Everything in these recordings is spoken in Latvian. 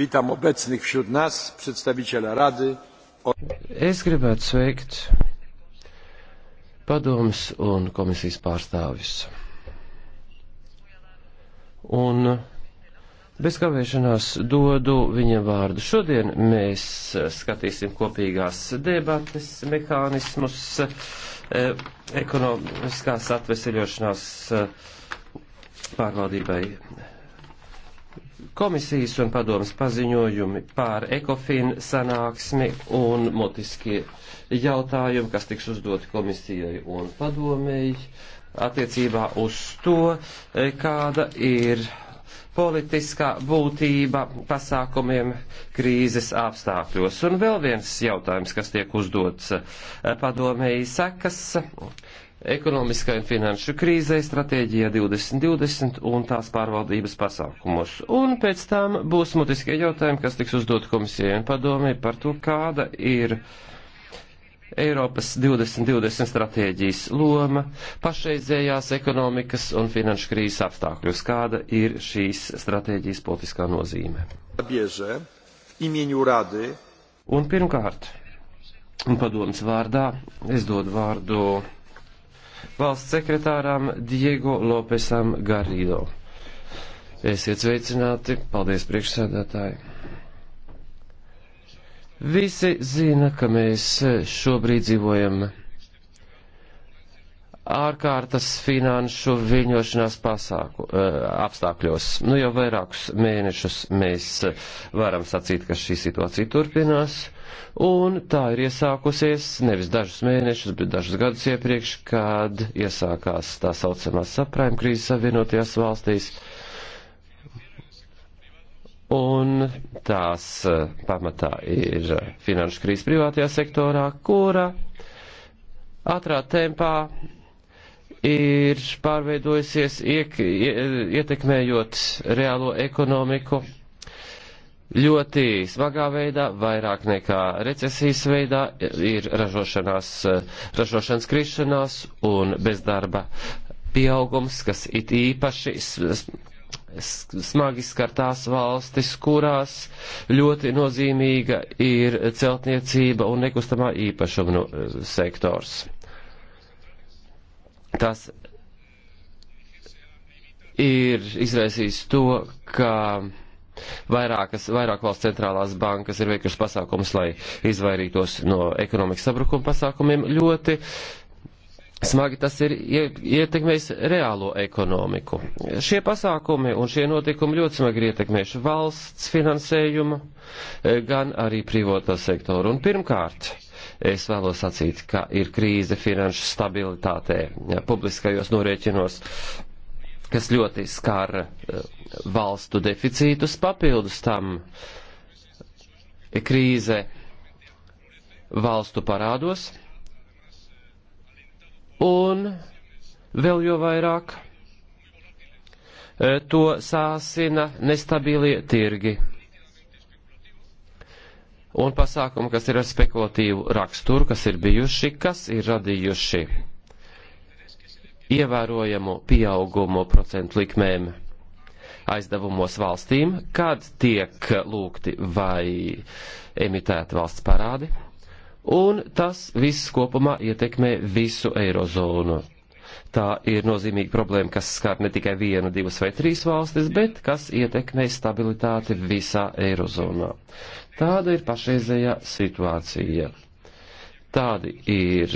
Witam obecnych wśród nas przedstawiciela Rady. Es gribētu sveikt padomus un komisijas pārstāvis. Un bez kavēšanās dodu viņam vārdu. Šodien mēs skatīsim kopīgās debates, mehānismus, eh, ekonomiskās atveseļošanās eh, pārvaldībai Komisijas un padomas paziņojumi pār ekofin sanāksmi un motiskie jautājumi, kas tiks uzdoti komisijai un padomēji attiecībā uz to, e, kāda ir politiskā būtība pasākumiem krīzes apstākļos. Un vēl viens jautājums, kas tiek uzdots e, padomēji sekas ekonomiskai un finanšu krīzei, stratēģijā 2020 un tās pārvaldības pasākumos. Un pēc tam būs mutiskie jautājumi, kas tiks uzdot komisijai un padomē par to, kāda ir Eiropas 2020 stratēģijas loma pašreizējās ekonomikas un finanšu krīzes apstākļos, kāda ir šīs stratēģijas politiskā nozīme. Un pirmkārt, un padomas vārdā, es dodu vārdu valsts sekretāram Diego Lopesam Garrido. Esiet sveicināti, paldies priekšsēdētāji. Visi zina, ka mēs šobrīd dzīvojam ārkārtas finanšu viļņošanās pasāku, eh, apstākļos. Nu jau vairākus mēnešus mēs eh, varam sacīt, ka šī situācija turpinās un tā ir iesākusies nevis dažus mēnešus, bet dažus gadus iepriekš, kad iesākās tā saucamā saprājuma krīze savienotajās valstīs. Un tās eh, pamatā ir finanšu krīze privātajā sektorā, kura ātrā tempā ir pārveidojusies, iek, ie, ietekmējot reālo ekonomiku ļoti smagā veidā, vairāk nekā recesijas veidā, ir ražošanās, ražošanas krišanās un bezdarba pieaugums, kas it īpaši smagi skar tās valstis, kurās ļoti nozīmīga ir celtniecība un nekustamā īpašuma nu, sektors. Tas ir izraisījis to, ka Vairākas, vairāk valsts centrālās bankas ir veikušas pasākumus, lai izvairītos no ekonomikas sabrukuma pasākumiem. Ļoti smagi tas ir ietekmējis reālo ekonomiku. Šie pasākumi un šie notikumi ļoti smagi ir ietekmējuši valsts finansējumu, e, gan arī privāto sektoru. Un pirmkārt, es vēlos sacīt, ka ir krīze finanšu stabilitātē, publiskajos norēķinos kas ļoti skar eh, valstu deficītus, papildus tam eh, krīze valstu parādos, un vēl jo vairāk eh, to sāsina nestabilie tirgi un pasākumi, kas ir ar spekulatīvu raksturu, kas ir bijuši, kas ir radījuši ievērojamu pieaugumu procentu likmēm aizdevumos valstīm, kad tiek lūgti vai emitēti valsts parādi, un tas viss kopumā ietekmē visu eirozonu. Tā ir nozīmīga problēma, kas skar ne tikai vienu, divas vai trīs valstis, bet kas ietekmē stabilitāti visā eirozonā. Tāda ir pašreizējā situācija. Tādi ir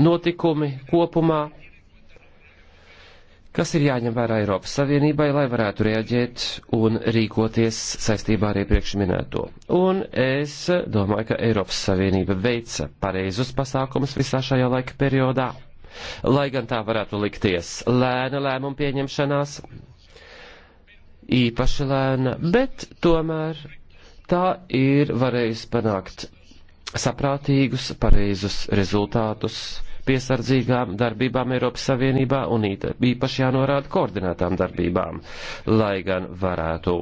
notikumi kopumā, kas ir jāņem vērā Eiropas Savienībai, lai varētu reaģēt un rīkoties saistībā ar iepriekš minēto. Un es domāju, ka Eiropas Savienība veica pareizus pasākumus visā šajā laika periodā, lai gan tā varētu likties lēna lēmuma pieņemšanās, īpaši lēna, bet tomēr tā ir varējusi panākt saprātīgus, pareizus rezultātus piesardzīgām darbībām Eiropas Savienībā un īpaši jānorāda koordinētām darbībām, lai gan varētu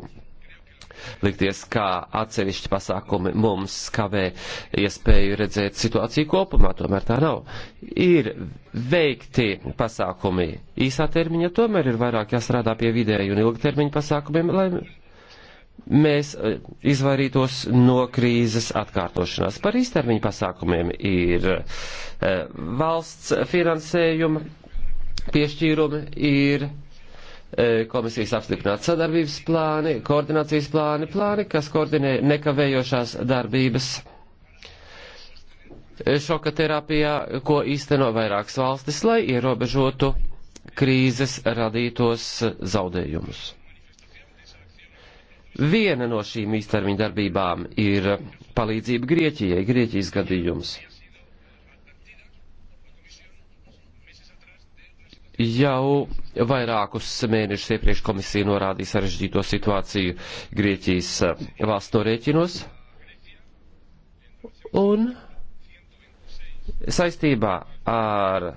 likties, kā atsevišķi pasākumi mums kavē iespēju redzēt situāciju kopumā, tomēr tā nav. Ir veikti pasākumi īsā termiņa, tomēr ir vairāk jāstrādā pie vidēju un ilgtermiņa pasākumiem, lai mēs e, izvairītos no krīzes atkārtošanās. Par īstermiņu pasākumiem ir e, valsts finansējuma piešķīrumi, ir e, komisijas apstiprināts sadarbības plāni, koordinācijas plāni, plāni, kas koordinē nekavējošās darbības šoka terapijā, ko īsteno vairākas valstis, lai ierobežotu krīzes radītos zaudējumus. Viena no šīm īstermiņa darbībām ir palīdzība Grieķijai, Grieķijas gadījums. Jau vairākus mēnešus iepriekš komisija norādīja sarežģīto situāciju Grieķijas eh, valsts norēķinos. Un saistībā ar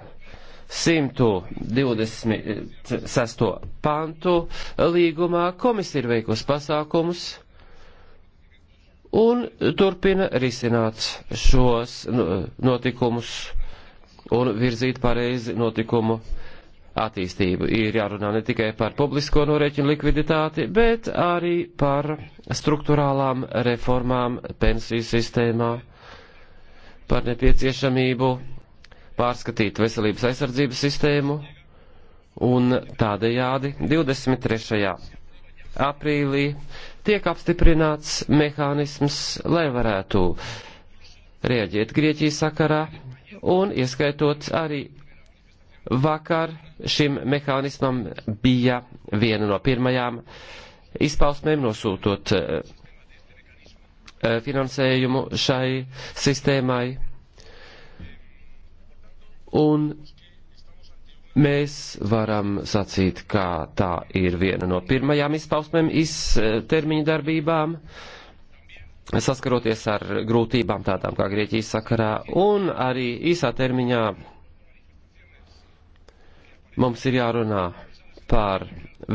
126. pantu līgumā komisija ir veikusi pasākumus un turpina risināt šos nu, notikumus un virzīt pareizi notikumu attīstību. Ir jārunā ne tikai par publisko norēķinu likviditāti, bet arī par struktūrālām reformām pensiju sistēmā, par nepieciešamību pārskatīt veselības aizsardzības sistēmu un tādējādi 23. aprīlī tiek apstiprināts mehānisms, lai varētu rēģēt Grieķijas sakarā un ieskaitot arī vakar šim mehānismam bija viena no pirmajām izpausmēm nosūtot eh, eh, finansējumu šai sistēmai Un mēs varam sacīt, ka tā ir viena no pirmajām izpausmēm iztermiņa darbībām, saskaroties ar grūtībām tādām kā Grieķijas sakarā, un arī īsā termiņā mums ir jārunā par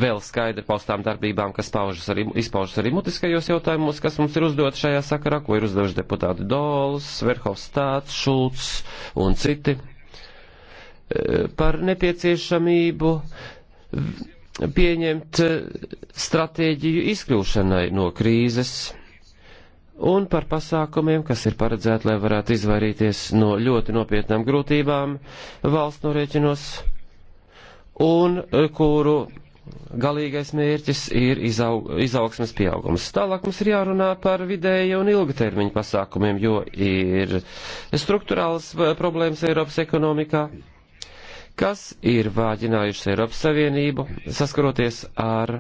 vēl skaidri paustām darbībām, kas paužas arī, izpaužas arī mutiskajos jautājumos, kas mums ir uzdot šajā sakarā, ko ir uzdevuši deputāti Dols, Verhofstāts, Šulcs un citi par nepieciešamību pieņemt stratēģiju izkļūšanai no krīzes un par pasākumiem, kas ir paredzēti, lai varētu izvairīties no ļoti nopietnām grūtībām valsts norēķinos un e, kuru galīgais mērķis ir izaug, izaugsmes pieaugums. Tālāk mums ir jārunā par vidēja un ilgtermiņa pasākumiem, jo ir struktūrāls e, problēmas Eiropas ekonomikā kas ir vāģinājušas Eiropas Savienību, saskaroties ar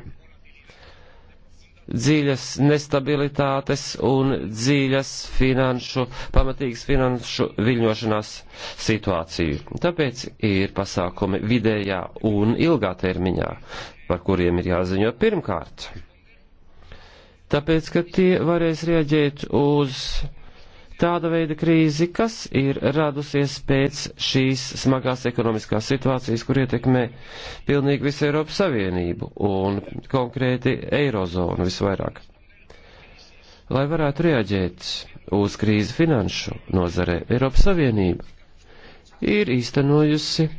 dziļas nestabilitātes un dziļas finanšu, pamatīgas finanšu viļņošanās situāciju. Tāpēc ir pasākumi vidējā un ilgā termiņā, par kuriem ir jāziņo pirmkārt. Tāpēc, ka tie varēs rieģēt uz tāda veida krīzi, kas ir radusies pēc šīs smagās ekonomiskās situācijas, kur ietekmē pilnīgi visu Eiropas Savienību un konkrēti Eirozonu visvairāk. Lai varētu reaģēt uz krīzi finanšu nozarē, Eiropas Savienība ir īstenojusi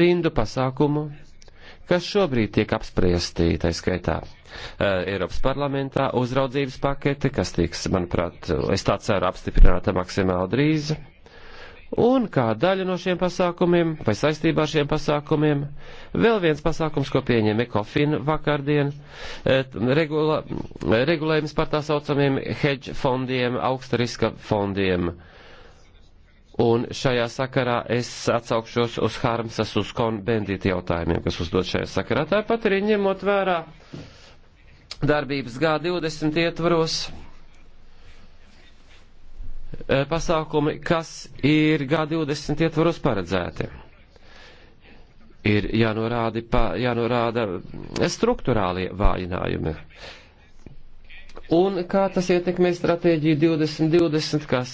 rindu pasākumu kas šobrīd tiek apspriesti, tā skaitā eh, Eiropas parlamentā, uzraudzības pakete, kas tiks, manuprāt, es tā ceru, apstiprināta maksimāli drīz. Un kā daļa no šiem pasākumiem, vai saistībā ar šiem pasākumiem, vēl viens pasākums, ko pieņēma Ekofin vakardien, eh, regula, regulējums par tā saucamiem hedge fondiem, augsta riska fondiem. Uh, Un šajā sakarā es atsaukšos uz Harmsas, uz konbendīta jautājumiem, kas uzdot šajā sakarā. Tāpat arī ņemot vērā darbības G20 ietvaros e, pasākumi, kas ir G20 ietvaros paredzēti. Ir jānorāda, jānorāda struktūrālie vājinājumi un kā tas ietekmē stratēģiju 2020, kas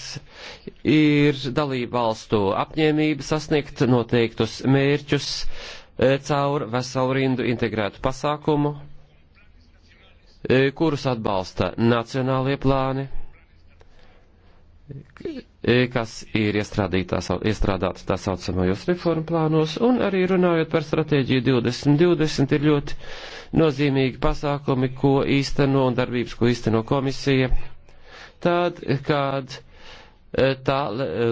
ir dalība valstu apņēmība sasniegt noteiktus mērķus e, caur veselu rindu integrētu pasākumu, e, kurus atbalsta nacionālie plāni E, kas ir iestrādāta tā saucamajos reformu plānos, un arī runājot par stratēģiju 2020 ir ļoti nozīmīgi pasākumi, ko īsteno un darbības, ko īsteno komisija, tad, kad e, tā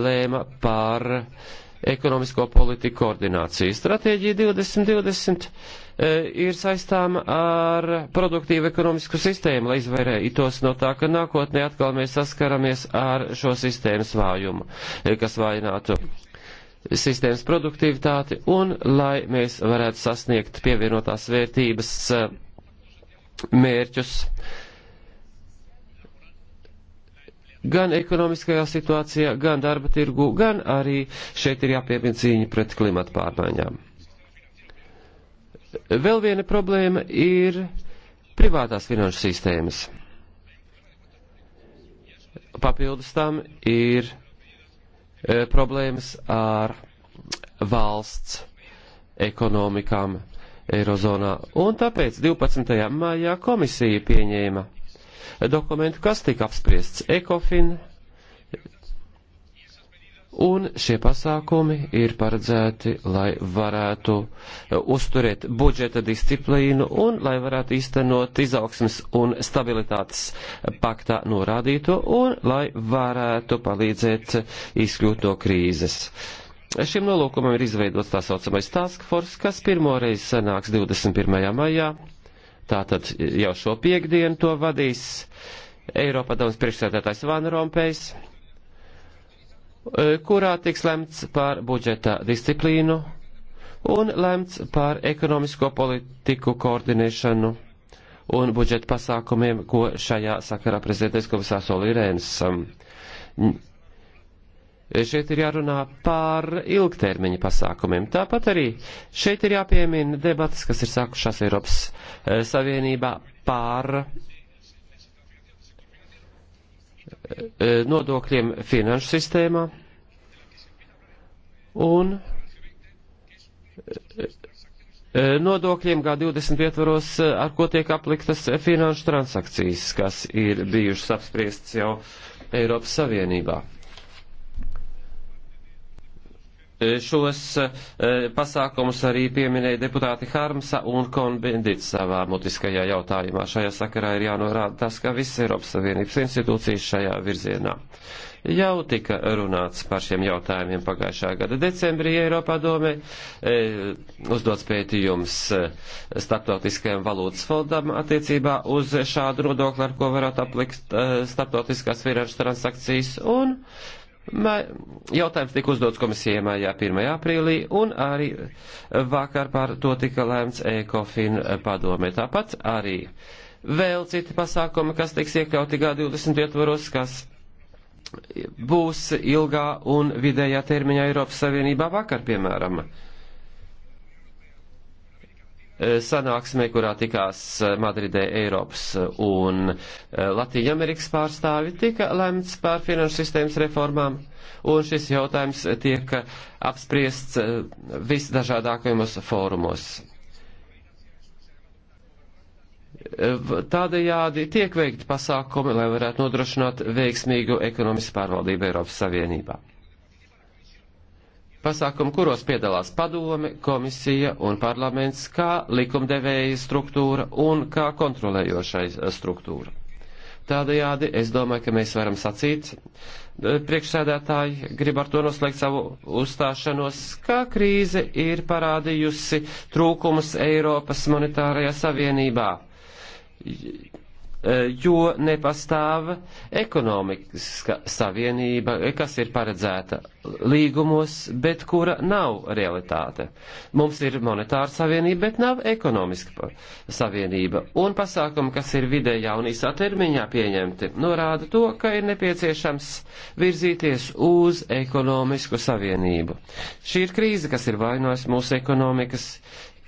lēma par uh, ekonomisko politiku koordināciju. Stratēģija 2020 e, ir saistāma ar produktīvu ekonomisku sistēmu, lai izvairītos no tā, ka nākotnē atkal mēs saskaramies ar šo sistēmas vājumu, e, kas vājinātu sistēmas produktivitāti un lai mēs varētu sasniegt pievienotās vērtības e, mērķus gan ekonomiskajā situācijā, gan darba tirgu, gan arī šeit ir jāpiemina cīņa pret klimatu pārmaiņām. Vēl viena problēma ir privātās finanšu sistēmas. Papildus tam ir e, problēmas ar valsts ekonomikām Eirozonā. Un tāpēc 12. maijā komisija pieņēma dokumentu, kas tika apspriests ECOFIN, un šie pasākumi ir paredzēti, lai varētu e, uzturēt budžeta disciplīnu un lai varētu īstenot izaugsmes un stabilitātes paktā norādīto un lai varētu palīdzēt izkļūt no krīzes. Šim nolūkumam ir izveidots tā saucamais task force, kas pirmoreiz sanāks 21. maijā Tātad jau šo piekdienu to vadīs Eiropadomas priekšsēdētājs Van Rompējs, eh, kurā tiks lemts par budžeta disciplīnu un lemts par ekonomisko politiku koordinēšanu un budžeta pasākumiem, ko šajā sakarā prezidentēs komisārs Olirēns Šeit ir jārunā par ilgtermiņa pasākumiem. Tāpat arī šeit ir jāpiemina debatas, kas ir sākušās Eiropas eh, Savienībā par eh, nodokļiem finanšu sistēmā un eh, nodokļiem G20 ietvaros, ar ko tiek apliktas finanšu transakcijas, kas ir bijušas apspriestas jau Eiropas Savienībā. E, šos e, pasākumus arī pieminēja deputāti Harmsa un Konbendits savā mutiskajā jautājumā. Šajā sakarā ir jānorāda tas, ka visas Eiropas Savienības institūcijas šajā virzienā jau tika runāts par šiem jautājumiem pagājušā gada decembrī Eiropā domē. E, uzdots pētījums e, starptautiskajam valūtas fondam attiecībā uz šādu nodokli, ar ko varētu aplikt e, starptautiskās finanšu transakcijas. Un Jautājums tika uzdots komisijai mājā 1. aprīlī, un arī vakar par to tika lēmts ECOFIN padomē. Tāpat arī vēl citi pasākumi, kas tiks iekļauti G20 ietvaros, kas būs ilgā un vidējā termiņā Eiropas Savienībā vakar, piemēram. E, sanāksmē, kurā tikās e, Madridē Eiropas e, un Latvijas Amerikas pārstāvi, tika lemts par finanšu sistēmas reformām, un šis jautājums tiek apspriests visdažādākajos fórumos. Tādējādi tiek veikti pasākumi, lai varētu nodrošināt veiksmīgu ekonomisku pārvaldību Eiropas Savienībā pasākumu, kuros piedalās padome, komisija un parlaments kā likumdevēja struktūra un kā kontrolējošais struktūra. Tādējādi es domāju, ka mēs varam sacīt, priekšsēdētāji grib ar to noslēgt savu uzstāšanos, ka krīze ir parādījusi trūkumus Eiropas monetārajā savienībā Eh, jo nepastāv ekonomiska savienība, eh, kas ir paredzēta līgumos, bet kura nav realitāte. Mums ir monetāra savienība, bet nav ekonomiska savienība. Un pasākumi, kas ir vidējā un īsā termiņā pieņemti, norāda to, ka ir nepieciešams virzīties uz ekonomisku savienību. Šī ir krīze, kas ir vainojusi mūsu ekonomikas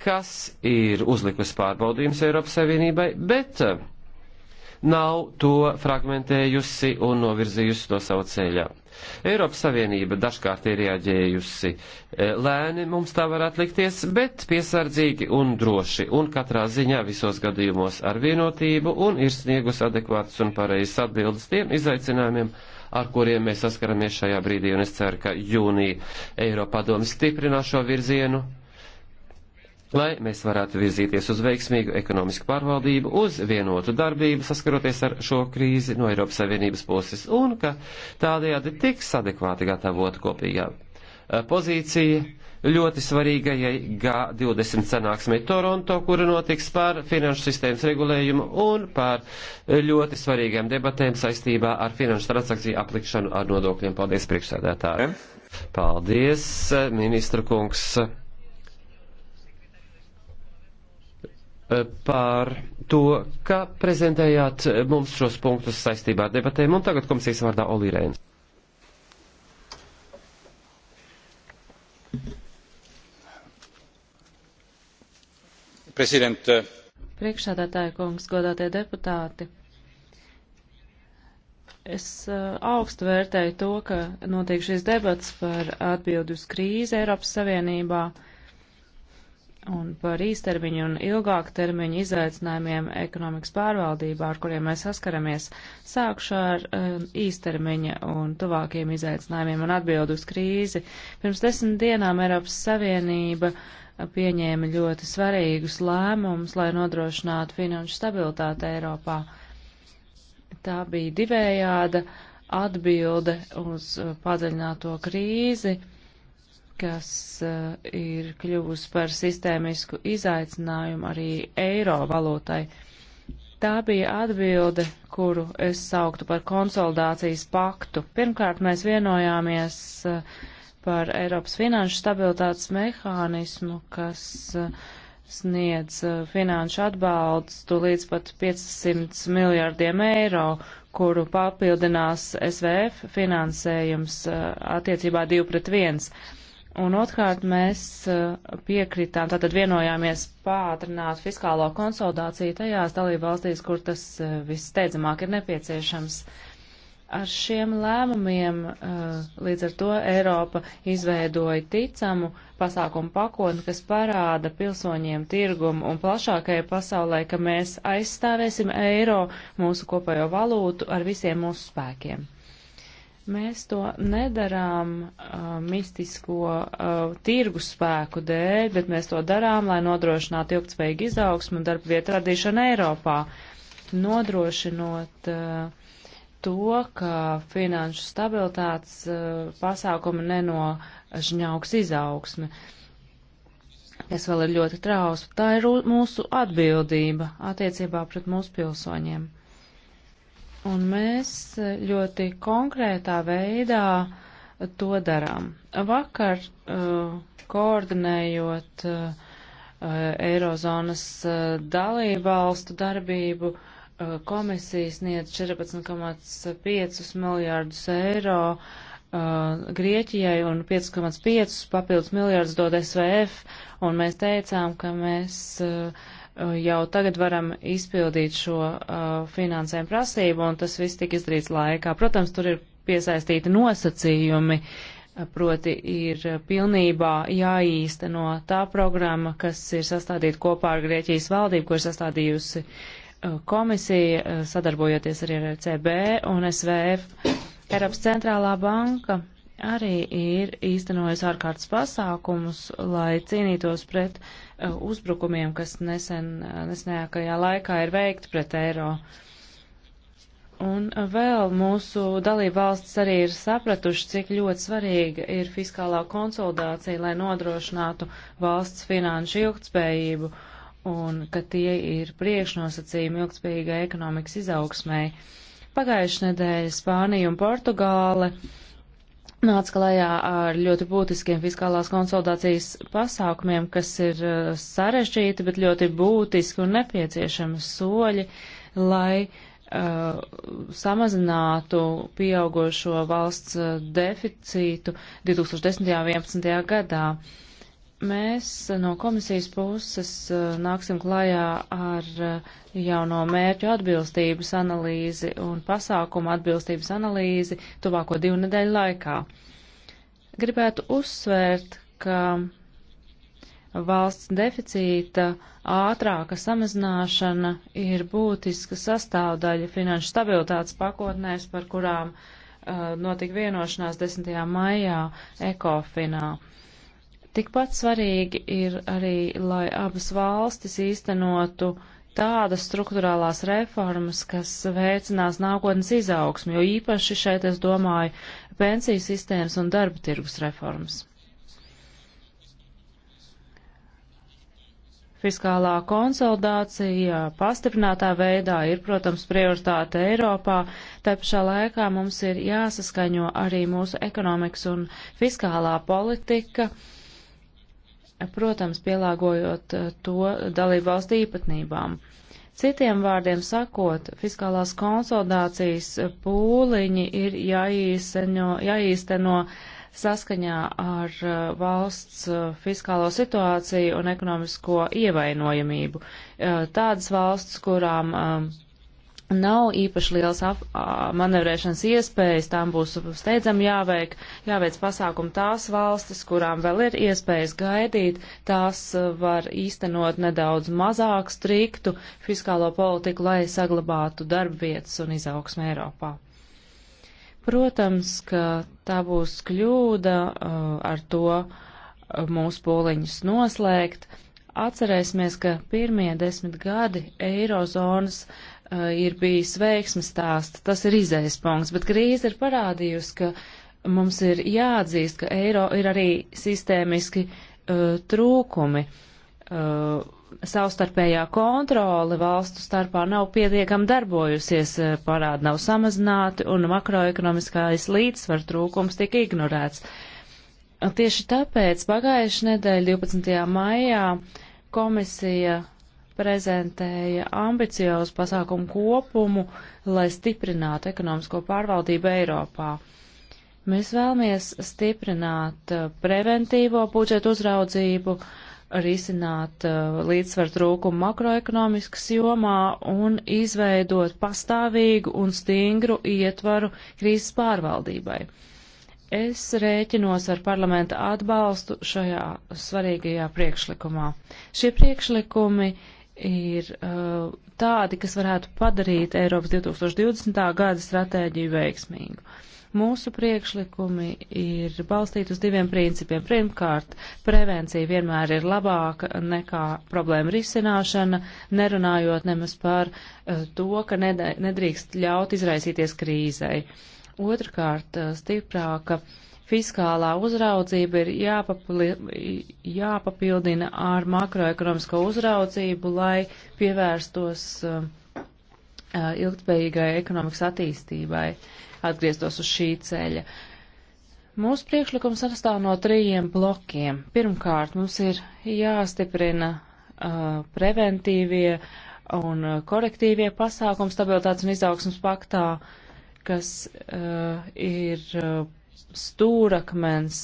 kas ir uzlikusi pārbaudījums Eiropas Savienībai, bet uh, nav to fragmentējusi un novirzījusi no sava ceļa. Eiropas Savienība dažkārt ir reaģējusi e, lēni, mums tā varētu likties, bet piesardzīgi un droši, un katrā ziņā visos gadījumos ar vienotību, un ir sniegus adekvātas un pareizas atbildes tiem izaicinājumiem, ar kuriem mēs saskaramies šajā brīdī, un es ceru, ka jūnija Eiropa domas stiprinā šo virzienu lai mēs varētu virzīties uz veiksmīgu ekonomisku pārvaldību, uz vienotu darbību, saskaroties ar šo krīzi no Eiropas Savienības puses, un ka tādējādi tiks adekvāti gatavota kopīgā eh, pozīcija ļoti svarīgajai G20 sanāksmei Toronto, kura notiks par finanšu sistēmas regulējumu un par ļoti svarīgiem debatēm saistībā ar finanšu transakciju aplikšanu ar nodokļiem. Paldies, priekšsēdētāji! Paldies, ministra kungs! Eh, par to, ka prezentējāt mums šos punktus saistībā ar debatēm, un tagad komisijas vārdā Olīrēns. Prezident. Eh, Priekšsādātāja kungs, godātie deputāti. Es eh, augstu vērtēju to, ka notiek šīs debats par atbildi uz krīzi Eiropas Savienībā. Uh, un par īstermiņu un ilgāku termiņu izaicinājumiem ekonomikas pārvaldībā, ar kuriem mēs saskaramies. Sākšu ar um, īstermiņa un tuvākiem izaicinājumiem un atbildu uz krīzi. Pirms desmit dienām Eiropas Savienība pieņēma ļoti svarīgus lēmumus, lai nodrošinātu finanšu stabilitāti Eiropā. Tā bija divējāda atbilde uz uh, padziļināto krīzi kas eh, ir kļuvusi par sistēmisku izaicinājumu arī eiro valūtai. Tā bija atbilde, kuru es sauktu par konsolidācijas paktu. Pirmkārt, mēs vienojāmies eh, par Eiropas finanšu stabilitātes mehānismu, kas eh, sniedz finanšu atbalstu līdz pat 500 miljārdiem eiro, kuru papildinās SVF finansējums attiecībā 2 pret 1. Un otrkārt mēs uh, piekritām, tātad vienojāmies pātrināt fiskālo konsolidāciju tajās dalībvalstīs, kur tas uh, visteidzamāk ir nepieciešams. Ar šiem lēmumiem uh, līdz ar to Eiropa izveidoja ticamu pasākumu pakotni, kas parāda pilsoņiem tirgumu un plašākajai pasaulē, ka mēs aizstāvēsim eiro, mūsu kopējo valūtu, ar visiem mūsu spēkiem. Mēs to nedarām uh, mistisko uh, tirgus spēku dēļ, bet mēs to darām, lai nodrošinātu ilgtspējīgu izaugsmu un darba vietu radīšanu Eiropā, nodrošinot uh, to, ka finanšu stabilitātes uh, pasākumi nenožņauks izaugsmi. Uh, kas vēl ir ļoti trausla. Tā ir mūsu atbildība attiecībā pret mūsu pilsoņiem. Un mēs ļoti konkrētā veidā to darām. Vakar uh, koordinējot uh, Eirozonas uh, dalību valstu darbību, uh, komisija sniedz 14,5 miljārdus eiro uh, Grieķijai un 5,5 papildus miljārdus dod SVF, un mēs teicām, ka mēs uh, jau tagad varam izpildīt šo finansējumu prasību, un tas viss tika izdarīts laikā. Protams, tur ir piesaistīti nosacījumi, proti ir pilnībā jāīsteno tā programma, kas ir sastādīta kopā ar Grieķijas valdību, ko ir sastādījusi komisija, sadarbojoties arī ar CB un SVF. Eiropas centrālā banka arī ir īstenojusi ārkārtas pasākumus, lai cīnītos pret uh, Eh, uzbrukumiem, kas nesen, eh, nesenākajā laikā ir veikti pret eiro. Un eh, vēl mūsu dalība valsts arī ir sapratuši, cik ļoti svarīga ir fiskālā konsolidācija, lai nodrošinātu valsts finanšu ilgtspējību un ka tie ir priekšnosacījumi ilgtspējīgai ekonomikas izaugsmēji. Pagājušajā nedēļā Spānija un Portugāle uh, nāca klajā ar ļoti būtiskiem fiskālās konsolidācijas pasākumiem, kas ir eh, sarežģīti, bet ļoti būtiski un nepieciešami soļi, lai uh, samazinātu pieaugošo valsts eh, deficītu 2010. un 2011. gadā. Mēs no komisijas puses uh, nāksim klajā ar uh, jauno mērķu atbilstības analīzi un pasākumu atbilstības analīzi tuvāko divu nedēļu laikā. Gribētu uzsvērt, ka valsts deficīta ātrāka samazināšana ir būtiska sastāvdaļa finanšu stabilitātes pakotnēs, par kurām uh, notika vienošanās 10. maijā Ekofinā. Uh, Tikpat svarīgi ir arī, lai abas valstis īstenotu tādas struktūrālās reformas, kas veicinās nākotnes izaugsmu, jo īpaši šeit es domāju pensiju sistēmas un darba tirgus reformas. Fiskālā konsolidācija pastiprinātā veidā ir, protams, prioritāte Eiropā, tā pašā laikā mums ir jāsaskaņo arī mūsu ekonomikas un fiskālā politika. Uh, protams, pielāgojot eh, to dalību valstu īpatnībām. Citiem vārdiem sakot, fiskālās konsolidācijas eh, pūliņi ir jāīsteno, jāīsteno saskaņā ar eh, valsts fiskālo situāciju un ekonomisko ievainojamību. Tādas valsts, kurām nav īpaši liels manevrēšanas iespējas, tām būs steidzami jāveik, jāveic pasākumi tās valstis, kurām vēl ir iespējas gaidīt, tās var īstenot nedaudz mazāk striktu fiskālo politiku, lai saglabātu darbvietas un izaugsmē Eiropā. Protams, ka tā būs kļūda ar to mūsu poliņus noslēgt. Atcerēsimies, ka pirmie desmit gadi Eirozonas uh, ir bijis veiksmes stāsts, tas ir izējas punkts, bet krīze ir parādījusi, ka mums ir jāatzīst, ka eiro ir arī sistēmiski uh, trūkumi. Uh, savstarpējā kontrole valstu starpā nav pietiekami darbojusies, uh, parādi nav samazināti un makroekonomiskais līdzsvar trūkums tika ignorēts. Tieši tāpēc pagājuši nedēļa 12. maijā komisija prezentēja ambiciozu pasākumu kopumu, lai stiprinātu ekonomisko pārvaldību Eiropā. Mēs vēlamies stiprināt uh, preventīvo budžetu uzraudzību, risināt uh, līdzsvar trūkumu makroekonomiskas jomā un izveidot pastāvīgu un stingru ietvaru krīzes pārvaldībai. Es rēķinos ar parlamenta atbalstu šajā svarīgajā priekšlikumā. Šie priekšlikumi uh, ir uh, tādi, kas varētu padarīt Eiropas 2020. gada stratēģiju veiksmīgu. Mūsu priekšlikumi ir balstīti uz diviem principiem. Pirmkārt, prevencija vienmēr ir labāka nekā problēma risināšana, nerunājot nemaz par uh, to, ka nedrīkst ļaut izraisīties krīzei. Otrakārt, uh, stiprāka uh, fiskālā uzraudzība ir jāpapli, jāpapildina ar makroekonomisko uzraudzību, lai pievērstos um, uh, ilgtspējīgai ekonomikas attīstībai, atgrieztos uz šī ceļa. Mūsu priekšlikums sastāv no trījiem blokiem. Pirmkārt, mums ir jāstiprina uh, preventīvie un uh, korektīvie pasākumi stabilitātes un izaugsmas paktā, kas uh, ir. Uh, stūrakmens.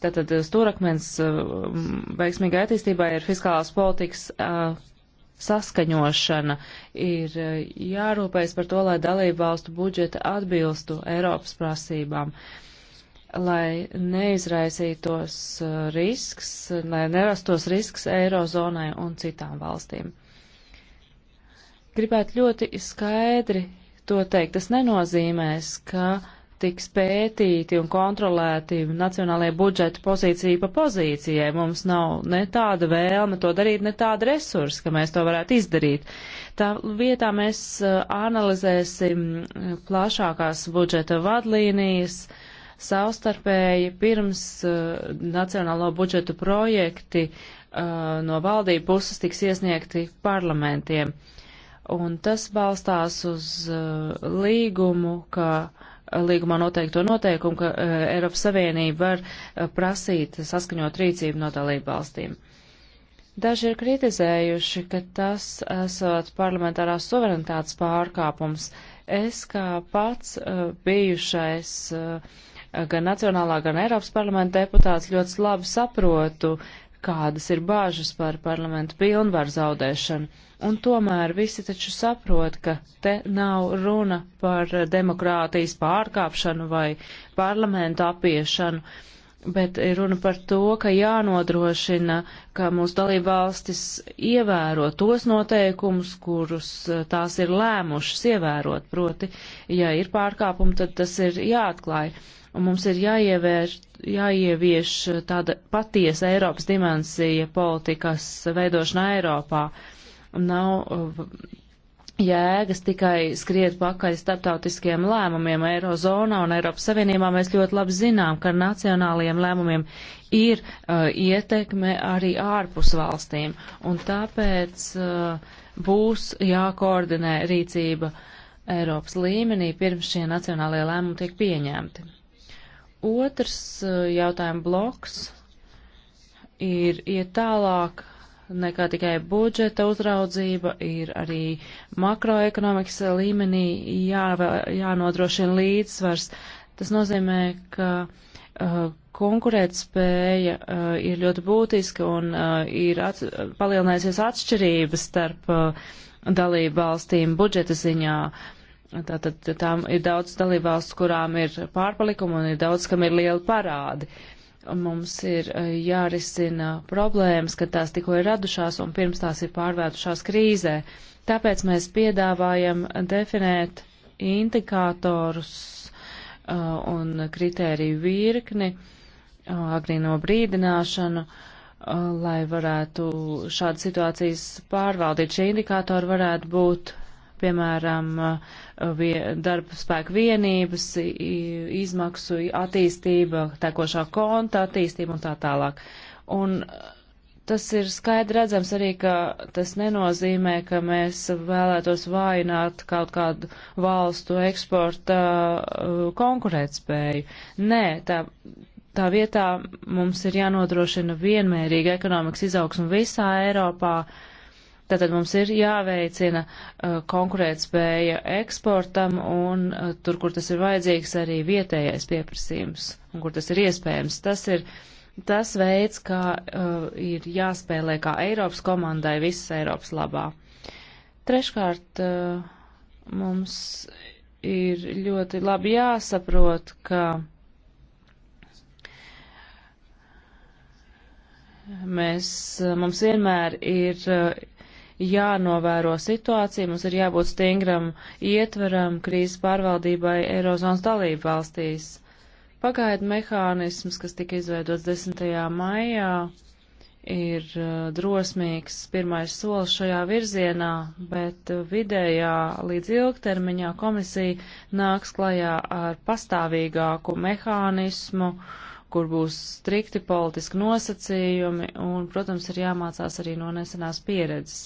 Tātad stūrakmens um, veiksmīgai attīstībai ir fiskālās politikas uh, saskaņošana. Ir uh, jārūpējas par to, lai dalību valstu budžeta atbilstu Eiropas prasībām lai neizraisītos uh, risks, lai nerastos risks Eirozonai un citām valstīm. Gribētu ļoti skaidri to teikt. Tas nenozīmēs, ka uh, tiks pētīti un kontrolēti nacionālajie budžeti pozīcija pa pozīcijai. Mums nav ne tāda vēlme to darīt, ne tāda resursa, ka mēs to varētu izdarīt. Tā vietā mēs uh, analizēsim uh, plašākās budžeta vadlīnijas savstarpēji pirms uh, nacionālo budžetu projekti uh, no valdību puses tiks iesniegti parlamentiem. Un tas balstās uz uh, līgumu, ka līgumā noteikto noteikumu, ka eh, Eiropas Savienība var eh, prasīt saskaņot rīcību no dalību valstīm. Daži ir kritizējuši, ka tas esot parlamentārās suverenitātes pārkāpums. Es kā pats eh, bijušais gan nacionālā, gan Eiropas parlamenta deputāts ļoti labi saprotu, kādas ir bāžas par parlamentu pilnvaru zaudēšanu. Un tomēr visi taču saprot, ka te nav runa par demokrātijas pārkāpšanu vai parlamentu apiešanu, bet ir runa par to, ka jānodrošina, ka mūsu dalībvalstis ievēro tos noteikumus, kurus eh, tās ir lēmušas ievērot. Proti, ja ir pārkāpumi, tad tas ir jāatklāj un mums ir jāievērš, jāievieš tāda patiesa Eiropas dimensija politikas veidošanā Eiropā. Nav uh, jēgas tikai skriet pakaļ starptautiskiem lēmumiem Eirozonā un Eiropas Savienībā. Mēs ļoti labi zinām, ka nacionālajiem lēmumiem ir uh, ietekme arī ārpus valstīm, un tāpēc uh, būs jākoordinē rīcība Eiropas līmenī pirms šie nacionālajie lēmumi tiek pieņemti. Otrs eh, jautājuma bloks ir iet tālāk nekā tikai budžeta uzraudzība, ir arī makroekonomikas līmenī jā, jānodrošina līdzsvars. Tas nozīmē, ka uh, eh, konkurētspēja uh, eh, ir ļoti būtiska un uh, ir at, palielinājusies atšķirības starp uh, dalību valstīm budžeta ziņā. Uh, Tātad tām ir daudz dalībvalsts, kurām ir pārpalikumi un ir daudz, kam ir liela parādi. Mums ir eh, jārisina problēmas, kad tās tikko ir radušās un pirms tās ir pārvērtušās krīzē. Tāpēc mēs piedāvājam definēt indikātorus uh, un kritēriju virkni, uh, agrīno brīdināšanu, uh, lai varētu šādas situācijas pārvaldīt. Šie indikātori varētu būt, piemēram, uh, darba spēka vienības, izmaksu attīstība, tekošā konta attīstība un tā tālāk. Un uh, tas ir skaidri redzams arī, ka tas nenozīmē, ka mēs vēlētos vājināt kaut kādu valstu eksporta uh, konkurētspēju. Nē, tā, tā vietā mums ir jānodrošina vienmērīga ekonomikas izaugsma visā Eiropā. Uh, Tātad mums ir jāveicina uh, konkurētspēja eksportam un uh, tur, kur tas ir vajadzīgs, arī vietējais pieprasījums un kur tas ir iespējams. Tas ir tas veids, kā uh, ir jāspēlē kā Eiropas komandai visas Eiropas labā. Treškārt, uh, mums ir ļoti labi jāsaprot, ka mēs, uh, mums vienmēr ir uh, jānovēro situācija, mums ir jābūt stingram ietveram krīzes pārvaldībai Eirozonas dalību valstīs. Pagaidu mehānisms, kas tika izveidots 10. maijā, ir uh, drosmīgs pirmais solis šajā virzienā, bet vidējā līdz ilgtermiņā komisija nāks klajā ar pastāvīgāku mehānismu, kur būs strikti politiski nosacījumi un, protams, ir jāmācās arī no nesenās pieredzes.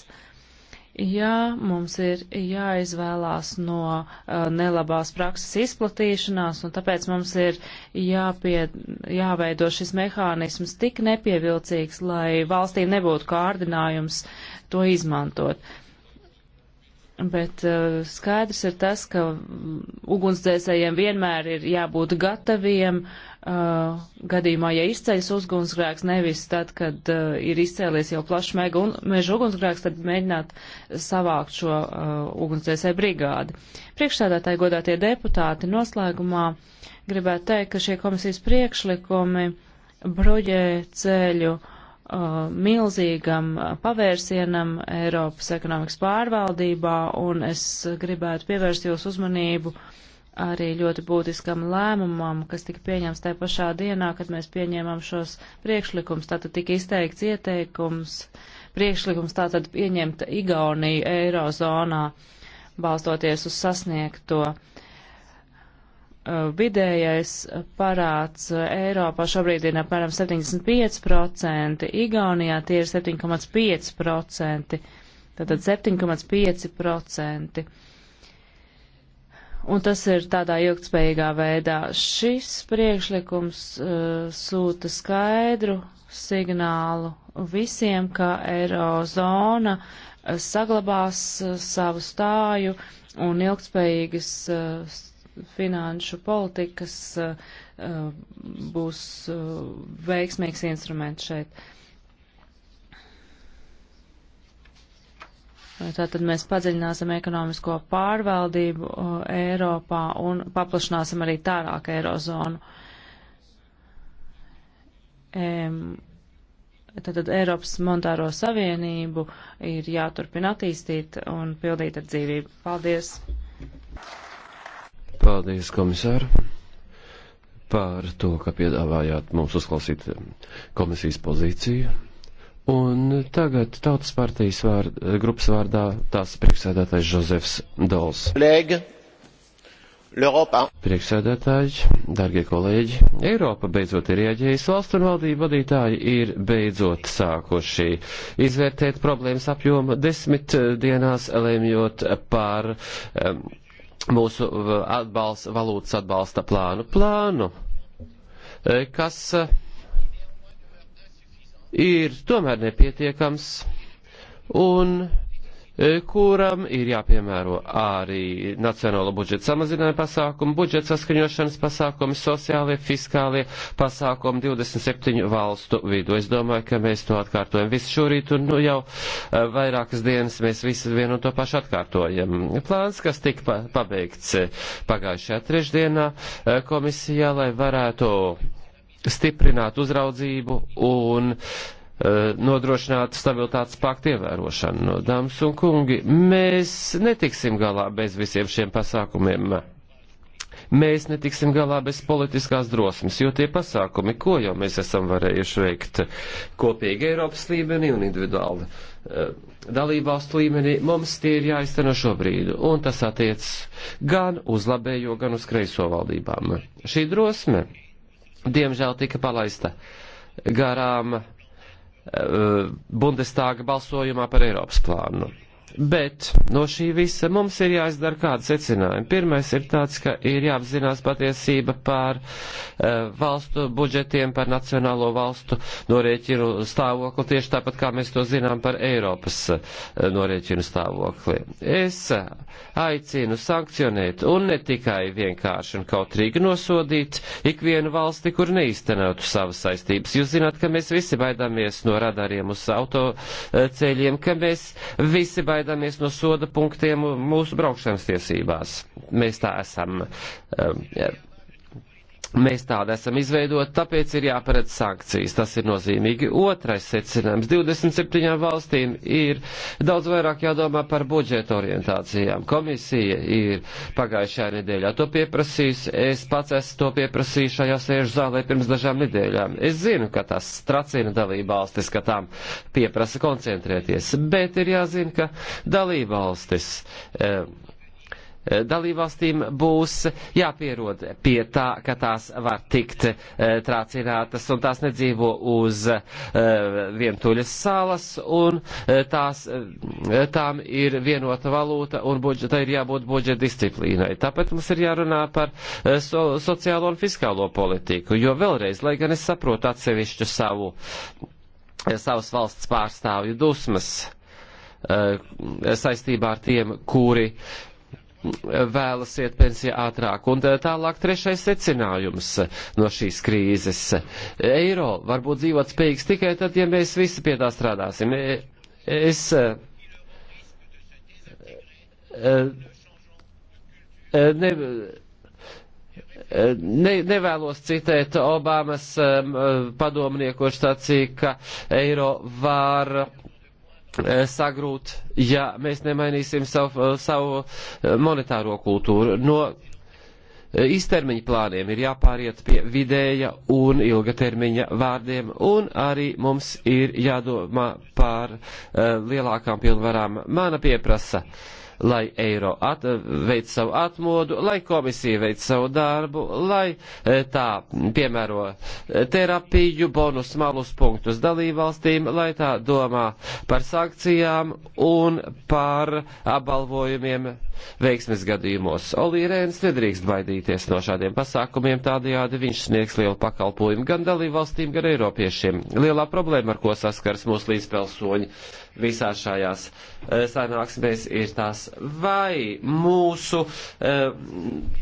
Jā, mums ir jāizvēlās no uh, nelabās prakses izplatīšanās, un tāpēc mums ir jāpie, jāveido šis mehānisms tik nepievilcīgs, lai valstīm nebūtu kārdinājums to izmantot. Bet uh, skaidrs ir tas, ka mm, ugunsdzēsējiem vienmēr ir jābūt gataviem uh, gadījumā, ja izceļas ugunsgrēks, nevis tad, kad uh, ir izcēlies jau plašs un, meža ugunsgrēks, tad mēģināt savākt šo uh, ugunsdzēsēju brigādi. Priekšstādātāji godātie deputāti noslēgumā gribētu teikt, ka šie komisijas priekšlikumi broģē ceļu uh, Uh, milzīgam uh, pavērsienam Eiropas ekonomikas pārvaldībā, un es gribētu pievērst jūs uzmanību arī ļoti būtiskam lēmumam, kas tika pieņemts tajā pašā dienā, kad mēs pieņēmām šos priekšlikums. Tātad tika izteikts ieteikums, priekšlikums tātad pieņemta Igaunija Eirozonā, balstoties uz sasniegto. Uh, Uh, vidējais parāds uh, Eiropā šobrīd ir apmēram 75%, Igaunijā tie ir 7,5%, tātad 7,5%. Un tas ir tādā ilgtspējīgā veidā. Šis priekšlikums uh, sūta skaidru signālu visiem, ka Eirozona uh, saglabās savu stāju un ilgtspējīgas uh, finanšu politikas eh, būs eh, veiksmīgs instruments šeit. Tātad mēs padziļināsim ekonomisko pārvaldību eh, Eiropā un paplašināsim arī tālāk Eirozonu. Tātad Eiropas monetāro savienību ir jāturpina attīstīt un pildīt ar dzīvību. Paldies! Paldies, komisār, par to, ka piedāvājāt mums uzklausīt eh, komisijas pozīciju. Un tagad Tautas partijas vār, grupas vārdā tās priekšsēdētājs Žozefs Dols. Lēga. Priekšsēdētāji, darbie kolēģi, Eiropa beidzot ir rieģējusi, valstu un valdību vadītāji ir beidzot sākuši izvērtēt problēmas apjomu desmit eh, dienās, lēmjot par um, mūsu uh, atbalsta, valūtas atbalsta plānu, plānu, uh, kas uh, ir tomēr nepietiekams un E, kuram ir jāpiemēro arī nacionālo budžetu samazinājuma pasākumu, budžeta saskaņošanas pasākumi, sociālie, fiskālie pasākumi 27 valstu vidu. Es domāju, ka mēs to atkārtojam visu šorīt un nu, jau e, vairākas dienas mēs visu vienu un to pašu atkārtojam. Plāns, kas tika pabeigts e, pagājušajā trešdienā komisijā, lai varētu stiprināt uzraudzību un uh, Eh, nodrošināt stabilitātes paktu ievērošanu. No dāmas un kungi, mēs netiksim galā bez visiem šiem pasākumiem mēs netiksim galā bez politiskās drosmes, jo tie pasākumi, ko jau mēs esam varējuši veikt kopīgi Eiropas līmenī un individuāli eh, dalībvalstu līmenī, mums tie ir jāizteno šobrīd, un tas attiec gan uz labējo, gan uz kreiso valdībām. Šī drosme, diemžēl, tika palaista garām Bundestāga balsojumā par Eiropas plānu. Bet no šī visa mums ir jāizdara kāda secinājuma. Pirmais ir tāds, ka ir jāapzinās patiesība pār uh, eh, valstu budžetiem, par nacionālo valstu norēķinu stāvokli, tieši tāpat kā mēs to zinām par Eiropas uh, norēķinu stāvokli. Es uh, aicinu sankcionēt un ne tikai vienkārši un kautrīgi nosodīt ikvienu valsti, kur neiztenotu savas saistības. Jūs zināt, ka mēs visi baidāmies no radariem uz autoceļiem, ka mēs visi baidāmies izvairāmies no soda punktiem mūsu braukšanas tiesībās. Mēs tā esam um, Mēs tādu esam izveidot, tāpēc ir jāparedz sankcijas. Tas ir nozīmīgi. Otrais secinājums. 27 valstīm ir daudz vairāk jādomā par budžeta orientācijām. Komisija ir pagājušajā nedēļā to pieprasījusi. Es pats esmu to pieprasījis šajā sēžu zālē pirms dažām nedēļām. Es zinu, ka tas tracina dalība valstis, ka tām pieprasa koncentrēties, bet ir jāzina, ka dalība valstis. Eh, Eh, dalībvalstīm būs jāpierod pie tā, ka tās var tikt eh, trācinātas un tās nedzīvo uz eh, vientuļas salas un tās, tām ir vienota valūta un budžeta ir jābūt budžeta disciplīnai. Tāpēc mums ir jārunā par so, sociālo un fiskālo politiku, jo vēlreiz, lai gan es saprotu atsevišķu savu, savas valsts pārstāvju dusmas saistībā ar tiem, kuri uh, vēlas iet pensijā ātrāk. Un eh, tālāk trešais secinājums no šīs krīzes. Eiro var būt dzīvot spējīgs tikai tad, ja mēs visi pie tā strādāsim. E, es e, e, ne, ne, nevēlos citēt Obamas padomnieku, kurš sacīja, ka eiro var Eh, sagrūt, ja mēs nemainīsim savu, eh, savu eh, monetāro kultūru. No Īstermiņa plāniem ir jāpāriet pie vidēja un ilgatermiņa vārdiem, un arī mums ir jādomā par uh, lielākām pilnvarām. Mana pieprasa uh, lai eiro at, veic savu atmodu, lai komisija veic savu darbu, lai eh, tā piemēro eh, terapiju, bonus malus punktus dalībvalstīm, lai tā domā par sankcijām un par apbalvojumiem veiksmes gadījumos. Olī Rēns nedrīkst baidīties no šādiem pasākumiem, tādējādi viņš sniegs lielu pakalpojumu gan dalībvalstīm, gan eiropiešiem. Lielā problēma, ar ko saskars mūsu līdzpilsoņi, visā šajās eh, sanāksmēs ir tās, vai mūsu eh,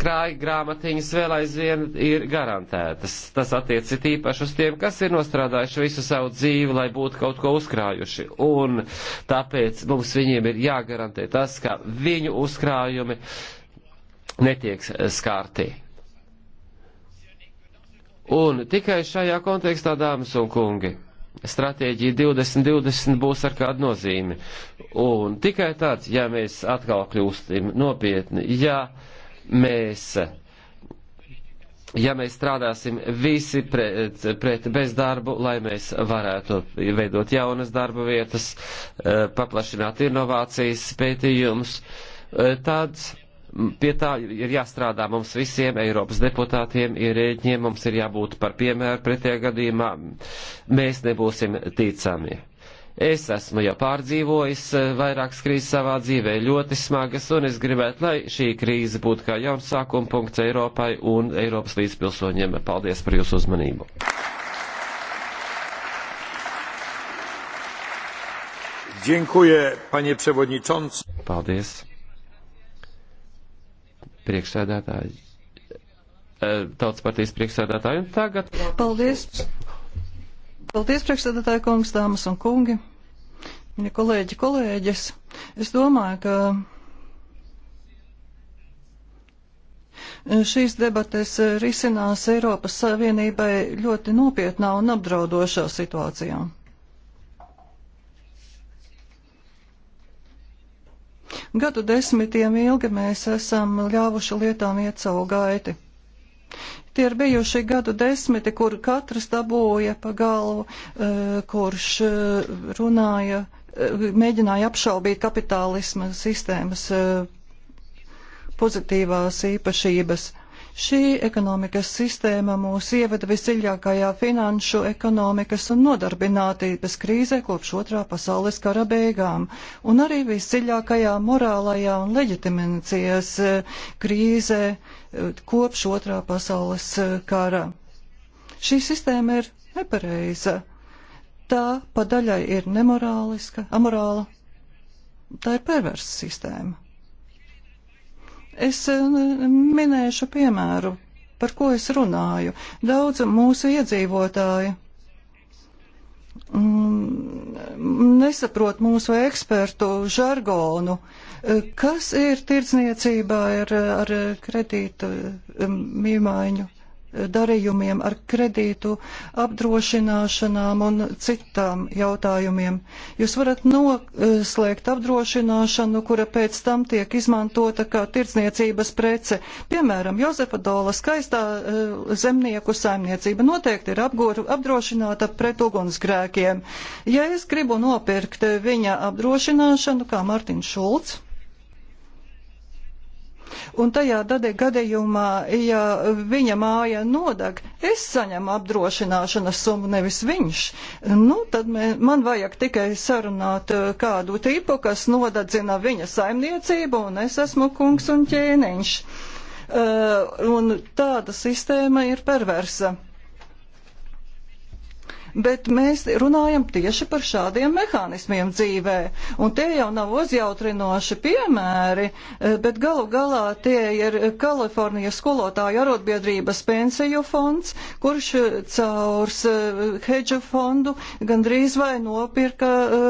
krāja grāmatiņas vēl aizvien ir garantētas. Tas attiec ir īpaši uz tiem, kas ir nostrādājuši visu savu dzīvi, lai būtu kaut ko uzkrājuši. Un tāpēc mums viņiem ir jāgarantē tas, ka viņu uzkrājumi netiek skārti. Un tikai šajā kontekstā, dāmas un kungi, stratēģija 2020 būs ar kādu nozīmi. Un tikai tāds, ja mēs atkal kļūstam nopietni, ja mēs, ja mēs strādāsim visi pret, pret bezdarbu, lai mēs varētu veidot jaunas darba vietas, eh, paplašināt inovācijas pētījumus, eh, tāds Pie tā ir jāstrādā mums visiem, Eiropas deputātiem, ierēģiem, mums ir jābūt par piemēru pretējā gadījumā, mēs nebūsim ticami. Es esmu jau pārdzīvojis eh, vairākas krīzes savā dzīvē, ļoti smagas, un es gribētu, lai šī krīze būtu kā jauns sākuma punkts Eiropai un Eiropas līdzpilsoņiem. Paldies par jūsu uzmanību! Dziękuję, panie przewodniczący. Paldies priekšsēdētāji, eh, tautas partijas priekšsēdētāji. Un tagad. Paldies! Paldies, priekšsēdētāji kungs, dāmas un kungi! Ja kolēģi, kolēģis, es domāju, ka. Šīs debates risinās Eiropas Savienībai ļoti nopietnā un apdraudošā situācijā. Gadu desmitiem ilgi mēs esam ļāvuši lietām iet savu gaiti. Tie ir bijuši gadu desmiti, kur katrs dabūja pa galvu, e, kurš e, runāja, e, mēģināja apšaubīt kapitālisma sistēmas pozitīvās īpašības. Šī ekonomikas sistēma mūs ieveda visdziļākajā finanšu, ekonomikas un nodarbinātības krīzē kopš otrā pasaules kara beigām, un arī visdziļākajā morālajā un leģitimācijas eh, krīzē eh, kopš otrā pasaules eh, kara. Šī sistēma ir nepareiza. Tā padaļai ir nemorāliska, amorāla. Tā ir perversa sistēma. Es eh, minēšu piemēru, par ko es runāju. Daudz mūsu iedzīvotāju mm, nesaprot mūsu ekspertu žargonu. Eh, kas ir tirdzniecībā ar, eh, ar kredītu mīmaiņu? darījumiem ar kredītu, apdrošināšanām un citām jautājumiem. Jūs varat noslēgt apdrošināšanu, kura pēc tam tiek izmantota kā tirdzniecības prece. Piemēram, Jozefa Dola skaistā eh, zemnieku saimniecība noteikti ir apgūru, apdrošināta pret ugunsgrēkiem. Ja es gribu nopirkt viņa apdrošināšanu, kā Martins Šulcs, Un tajā gadījumā, ja viņa māja nodeg, es saņemu apdrošināšanas summu, nevis viņš. Nu, tad mē, man vajag tikai sarunāt eh, kādu tipu, kas nodedzina viņa saimniecību, un es esmu kungs un ķēniņš. Uh, un tāda sistēma ir perversa bet mēs runājam tieši par šādiem mehānismiem dzīvē. Un tie jau nav uzjautrinoši piemēri, e, bet galu galā tie ir Kalifornijas skolotāju arotbiedrības pensiju fonds, kurš caurs e, hedžu fondu gandrīz vai nopirka e,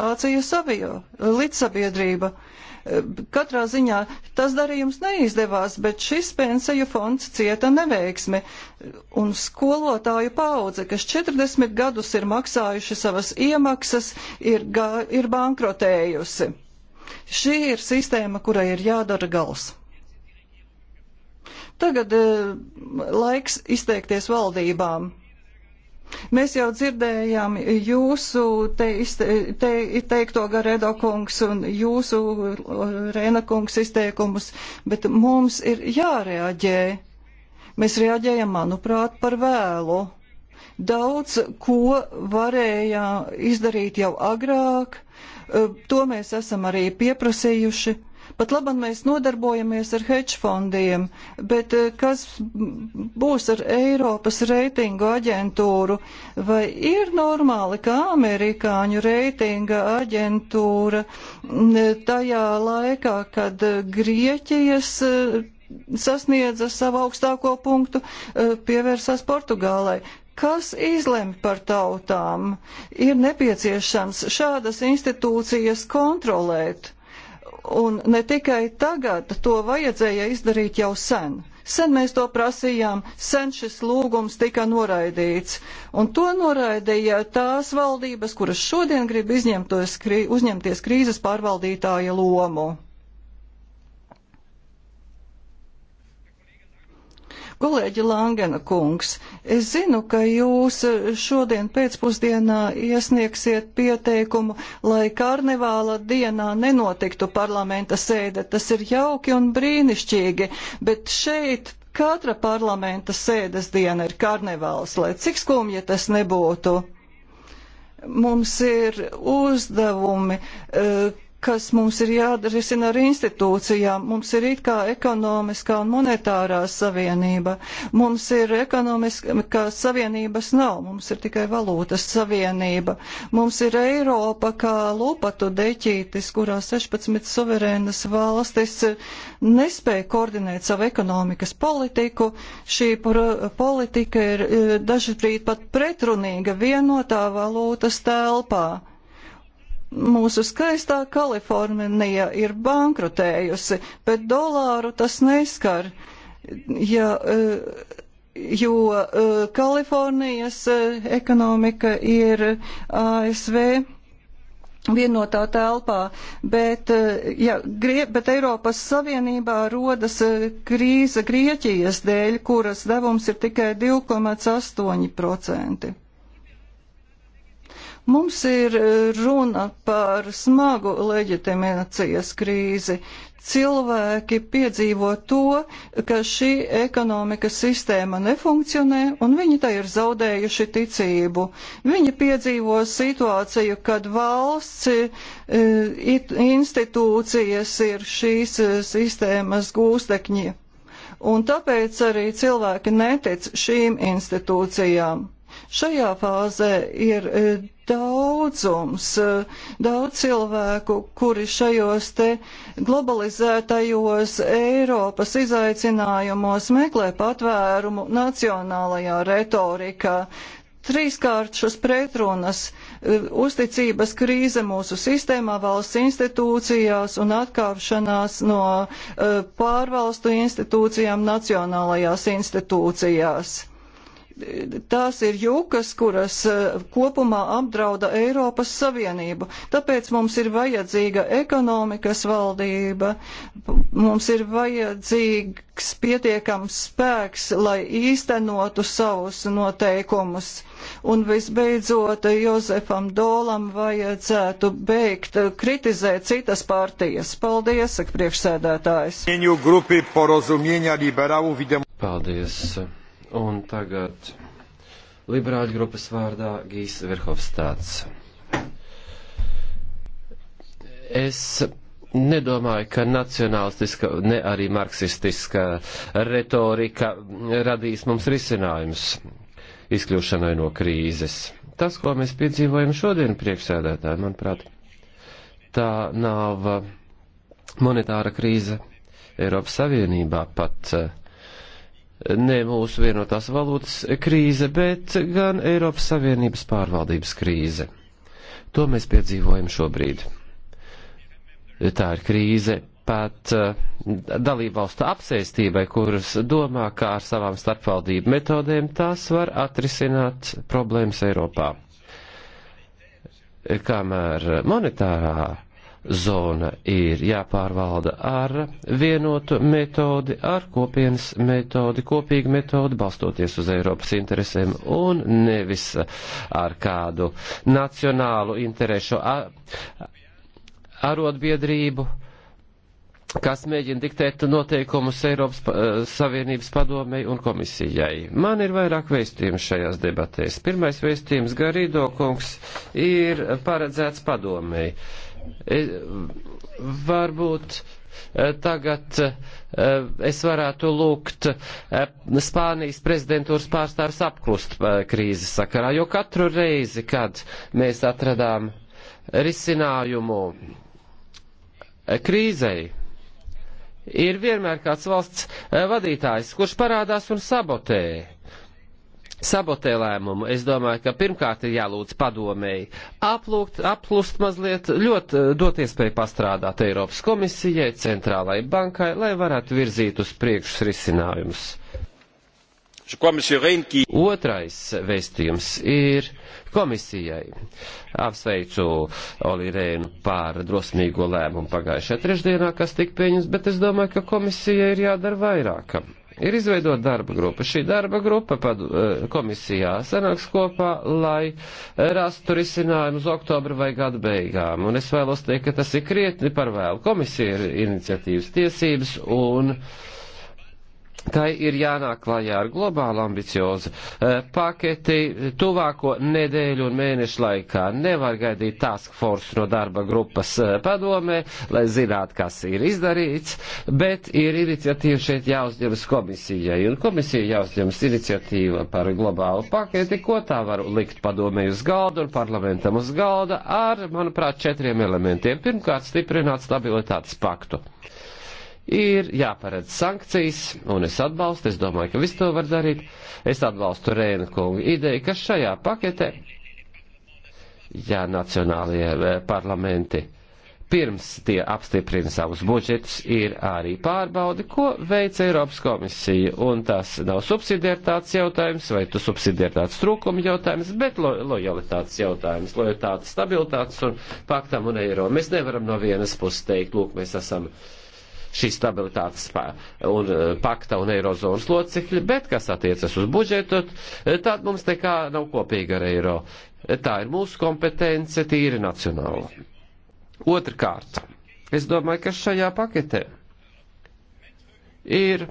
Vācijas avio līdzsabiedrība. Katrā ziņā tas darījums neizdevās, bet šis pensiju fonds cieta neveiksmi. Un skolotāju paudze, kas 40 gadus ir maksājuši savas iemaksas, ir, ga, ir bankrotējusi. Šī ir sistēma, kurai ir jādara gals. Tagad eh, laiks izteikties valdībām. Mēs jau dzirdējām jūsu te, te, teikto Garedo kungs un jūsu Rēna kungs izteikumus, bet mums ir jārēģē. Mēs reaģējam, manuprāt, par vēlu. Daudz ko varējām izdarīt jau agrāk, to mēs esam arī pieprasījuši. Pat labam mēs nodarbojamies ar hedge fondiem, bet eh, kas būs ar Eiropas reitingu aģentūru? Vai ir normāli, ka amerikāņu reitinga aģentūra tajā laikā, kad eh, Grieķijas eh, sasniedza savu augstāko punktu, pievērsās Portugālai. Kas izlemj par tautām? Ir nepieciešams šādas institūcijas kontrolēt. Un ne tikai tagad, to vajadzēja izdarīt jau sen. Sen mēs to prasījām, sen šis lūgums tika noraidīts. Un to noraidīja tās valdības, kuras šodien grib krī, uzņemties krīzes pārvaldītāja lomu. Kolēģi Langena kungs, es zinu, ka jūs eh, šodien pēcpusdienā iesniegsiet pieteikumu, lai karnevāla dienā nenotiktu parlamenta sēde. Tas ir jauki un brīnišķīgi, bet šeit katra parlamenta sēdes diena ir karnevāls, lai cik skumji tas nebūtu. Mums ir uzdevumi. Uh, kas mums ir jārisina ar institūcijām. Mums ir it kā ekonomiskā un monetārā savienība. Mums ir ekonomiskās savienības nav, mums ir tikai valūtas savienība. Mums ir Eiropa kā lopatu deķītis, kurā 16 suverēnas valstis nespēja koordinēt savu ekonomikas politiku. Šī politika ir eh, dažkārt pat pretrunīga vienotā valūtas telpā Mūsu skaistā Kalifornija ir bankrotējusi, bet dolāru tas neskar. Ja, eh, jo eh, Kalifornijas eh, ekonomika ir ASV vienotā telpā, bet, ja, grie, bet Eiropas Savienībā rodas krīze Grieķijas dēļ, kuras devums ir tikai 2,8%. Mums ir e, runa par smagu leģitimācijas krīzi. Cilvēki piedzīvo to, ka šī ekonomikas sistēma nefunkcionē, un viņi tai ir zaudējuši ticību. Viņi piedzīvo situāciju, kad valsts e, institūcijas ir šīs e, sistēmas gūstekņi un tāpēc arī cilvēki netic šīm institūcijām. Šajā fāzē ir daudzums, eh, daudz cilvēku, kuri šajos te globalizētajos Eiropas izaicinājumos meklē patvērumu nacionālajā retorikā. Trīskāršas pretrunas, eh, uzticības krīze mūsu sistēmā, valsts institūcijās un atkāpšanās no eh, pārvalstu institūcijām nacionālajās institūcijās Tās ir jūkas, kuras eh, kopumā apdrauda Eiropas Savienību. Tāpēc mums ir vajadzīga ekonomikas valdība, mums ir vajadzīgs pietiekams spēks, lai īstenotu savus noteikumus. Un visbeidzot, Jozefam Dolam vajadzētu beigt kritizēt citas partijas. Paldies, saka priekšsēdētājs. Paldies. Un tagad liberāļu grupas vārdā Gīs Verhofstāds. Es nedomāju, ka nacionālistiska, ne arī marksistiska retorika radīs mums risinājumus izkļūšanai no krīzes. Tas, ko mēs piedzīvojam šodien priekšsēdētāji, manuprāt, tā nav monetāra krīze Eiropas Savienībā pat. Uh, ne mūsu vienotās valūtas krīze, bet gan Eiropas Savienības pārvaldības krīze. To mēs piedzīvojam šobrīd. Tā ir krīze pat eh, dalībvalstu apsēstībai, kuras domā, kā ar savām starpvaldību metodēm tās var atrisināt problēmas Eiropā. Kamēr monetārā zona ir jāpārvalda ar vienotu metodi, ar kopienas metodi, kopīgu metodi, balstoties uz Eiropas interesēm un nevis ar kādu nacionālu interešu arotbiedrību, kas mēģina diktēt noteikumus Eiropas eh, Savienības padomei un komisijai. Man ir vairāk vēstījumu šajās debatēs. Pirmais vēstījums Garīdo kungs ir paredzēts padomei varbūt eh, tagad eh, es varētu lūgt eh, Spānijas prezidentūras pārstāvis apklust krīzes sakarā, jo katru reizi, kad mēs atradām risinājumu krīzei, ir vienmēr kāds valsts vadītājs, kurš parādās un sabotē sabotē lēmumu. Es domāju, ka pirmkārt ir jālūdz padomēji aplūkt, aplust mazliet, ļoti eh, dot iespēju pastrādāt Eiropas komisijai, centrālai bankai, lai varētu virzīt uz priekšus risinājumus. Otrais vēstījums ir komisijai. Apsveicu Olirēnu par drosmīgo lēmumu pagājušajā trešdienā, kas tika pieņems, bet es domāju, ka komisijai ir jādara vairākam ir izveidot darba grupa. Šī darba grupa pad, eh, komisijā sanāks kopā, lai eh, rastu risinājumu uz oktobra vai gada beigām. Un es vēlos teikt, ka tas ir krietni par vēlu. Komisija ir iniciatīvas tiesības un. Uh, Tai ir jānāk klajā ar globālu ambiciozu eh, paketi tuvāko nedēļu un mēnešu laikā. Nevar gaidīt task force no darba grupas eh, padomē, lai zinātu, kas ir izdarīts, bet ir iniciatīva šeit jāuzņemas komisijai, un komisija jāuzņemas iniciatīva par globālu paketi, ko tā var likt padomē uz galda un parlamentam uz galda ar, manuprāt, četriem elementiem. Pirmkārt, stiprināt stabilitātes paktu ir jāparedz sankcijas, un es atbalstu, es domāju, ka viss to var darīt. Es atbalstu Rēna kungu ideju, ka šajā paketē, ja nacionālajie eh, parlamenti pirms tie apstiprina savus budžetus, ir arī pārbaudi, ko veic Eiropas komisija. Un tas nav subsidiertāts jautājums vai tu subsidiertāts trūkuma jautājums, bet lo lojalitātes jautājums, lojalitātes stabilitātes un paktam un eiro. Mēs nevaram no vienas puses teikt, lūk, mēs esam. Uh, šī stabilitātes un e, pakta un eirozonas locekļi, bet kas attiecas uz budžetu, e, tad mums nekā nav kopīga ar eiro. E, tā ir mūsu kompetence, tīri nacionāla. Otrkārt, es domāju, ka šajā paketē ir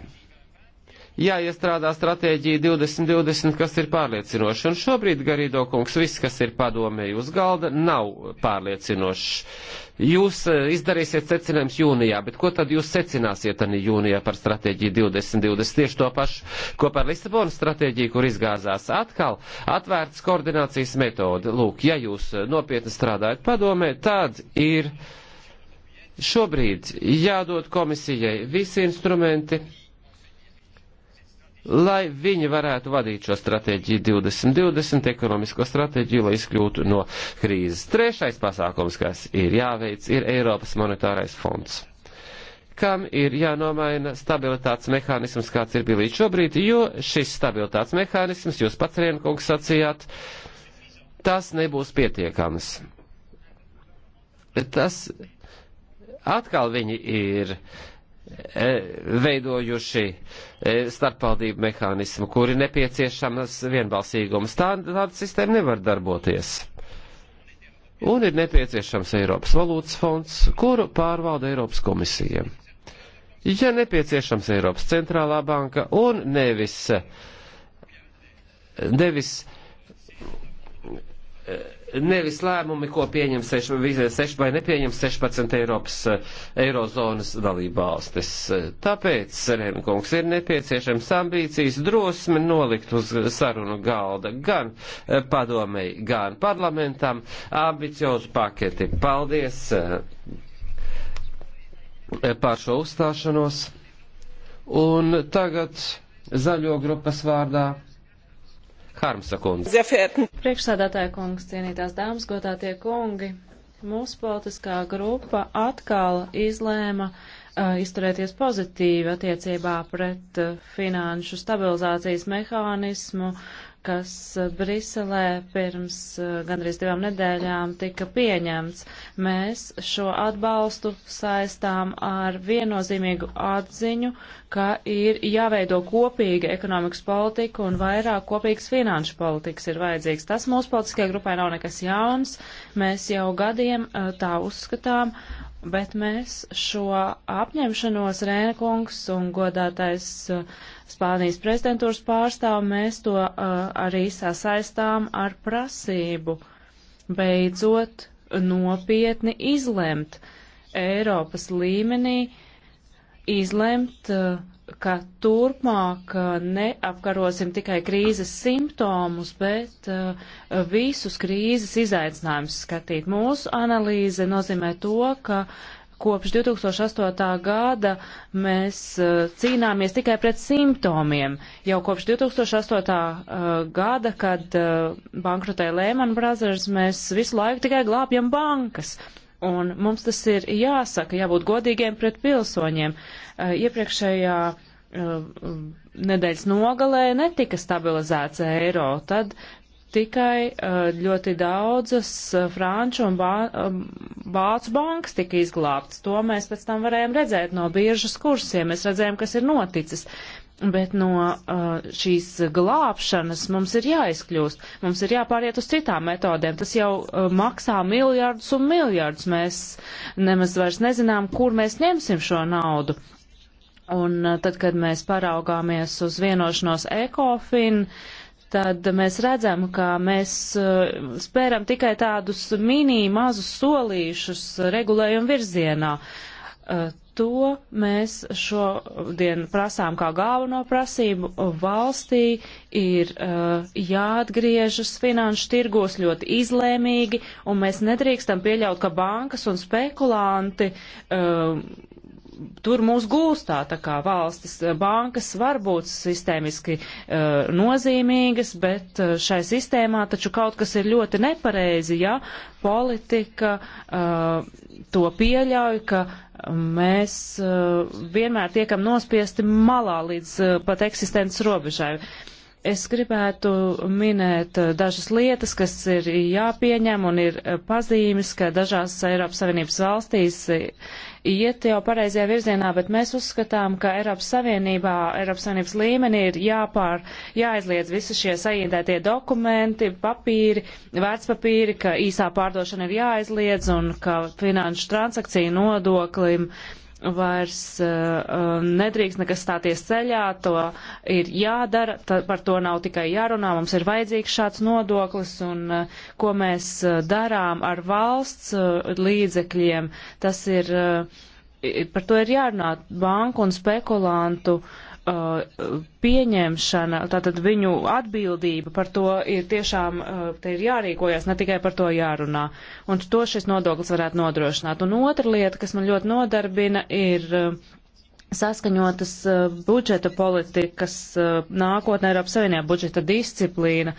jāiestrādā stratēģija 2020, kas ir pārliecinoša. Un šobrīd, Garīdo kungs, viss, kas ir padomēji uz galda, nav pārliecinošs. Jūs eh, izdarīsiet secinājums jūnijā, bet ko tad jūs secināsiet arī jūnijā par stratēģiju 2020? Tieši to pašu, ko par Lisabonas stratēģiju, kur izgāzās atkal atvērts koordinācijas metode. Lūk, ja jūs eh, nopietni strādājat padomē, tad ir šobrīd jādod komisijai visi instrumenti lai viņi varētu vadīt šo stratēģiju 2020, ekonomisko stratēģiju, lai izkļūtu no krīzes. Trešais pasākums, kas ir jāveic, ir Eiropas monetārais fonds kam ir jānomaina stabilitātes mehānisms, kāds ir bijis šobrīd, jo šis stabilitātes mehānisms, jūs pats Rienkungs sacījāt, tas nebūs pietiekams. Tas atkal viņi ir uh, E, veidojuši e, starpvaldību mehānismu, kuri nepieciešamas vienbalsīgums. Tā, tāda sistēma nevar darboties. Un ir nepieciešams Eiropas valūtas fonds, kuru pārvalda Eiropas komisija. Ja nepieciešams Eiropas centrālā banka un nevis, nevis e, nevis lēmumi, ko pieņem seš, seš, vai nepieņem 16 Eiropas eirozonas dalībvalstis. Tāpēc, Renkungs, ir nepieciešams ambīcijas drosme nolikt uz sarunu galda gan eh, padomei, gan parlamentam ambiciozu paketi. Paldies eh, par šo uzstāšanos. Un tagad zaļo grupas vārdā. Harmsa kundze. Priekšsādātāja kungs, cienītās dāmas, godātie kungi, mūsu politiskā grupa atkal izlēma uh, izturēties pozitīvi attiecībā pret uh, finanšu stabilizācijas mehānismu, kas eh, Briselē pirms eh, gandrīz divām nedēļām tika pieņemts. Mēs šo atbalstu saistām ar viennozīmīgu atziņu, ka ir jāveido kopīga ekonomikas politika un vairāk kopīgas finanšu politikas ir vajadzīgs. Tas mūsu politiskajai grupai nav nekas jauns. Mēs jau gadiem eh, tā uzskatām bet mēs šo apņemšanos Rēnekungs un godātais Spānijas prezidentūras pārstāvu, mēs to uh, arī sasaistām ar prasību beidzot nopietni izlemt Eiropas līmenī, izlemt, uh, ka turpmāk neapkarosim tikai krīzes simptomus, bet uh, visus krīzes izaicinājumus skatīt. Mūsu analīze nozīmē to, ka uh, Kopš 2008. gada mēs e, cīnāmies tikai pret simptomiem. Jau kopš 2008. E, gada, kad e, bankrotēja Lehman Brothers, mēs visu laiku tikai glābjam bankas. Un mums tas ir jāsaka, jābūt godīgiem pret pilsoņiem. Iepriekšējā nedēļas nogalē netika stabilizēts eiro, tad tikai eh, ļoti daudzas eh, franču un eh, vācu bankas tika izglābtas. To mēs pēc tam varējām redzēt no biežas kursiem. Mēs redzējām, kas ir noticis. Bet no šīs glābšanas mums ir jāizkļūst. Mums ir jāpāriet uz citām metodēm. Tas jau maksā miljardus un miljardus. Mēs nemaz vairs nezinām, kur mēs ņemsim šo naudu. Un tad, kad mēs paraugāmies uz vienošanos ECOFIN, uh, tad mēs redzam, ka mēs uh, spēram tikai tādus mini mazus solīšus regulējumu virzienā. Uh, to mēs šodien prasām kā galveno prasību. Valstī ir uh, jāatgriežas finanšu tirgos ļoti izlēmīgi, un mēs nedrīkstam pieļaut, ka bankas un spekulanti tur mūs gūstā, tā kā valstis eh, bankas var būt sistēmiski uh, nozīmīgas, bet eh, šai sistēmā taču kaut kas ir ļoti nepareizi, ja politika uh, to pieļauj, ka mēs uh, vienmēr tiekam nospiesti malā līdz pat eksistences robežai. Uh, Es gribētu minēt eh, dažas lietas, kas ir jāpieņem un ir eh, pazīmes, ka dažās Eiropas Savienības valstīs eh, iet jau pareizajā virzienā, bet mēs uzskatām, ka Eiropas Savienībā, Eiropas Savienības līmenī ir jāpār, jāizliedz visi šie saindētie dokumenti, papīri, vērtspapīri, ka īsā pārdošana ir jāizliedz un ka finanšu transakciju nodoklim uh, vairs uh, nedrīkst nekas stāties ceļā, to ir jādara, tā, par to nav tikai jārunā, mums ir vajadzīgs šāds nodoklis un uh, ko mēs uh, darām ar valsts uh, līdzekļiem, tas ir, uh, par to ir jārunā banku un spekulantu uh, Uh, pieņemšana, tātad viņu atbildība par to ir tiešām, uh, te ir jārīkojas, ne tikai par to jārunā. Un to šis nodoklis varētu nodrošināt. Un otra lieta, kas man ļoti nodarbina, ir uh, saskaņotas budžeta politikas nākotnē Eiropas Savienībā budžeta disciplīna.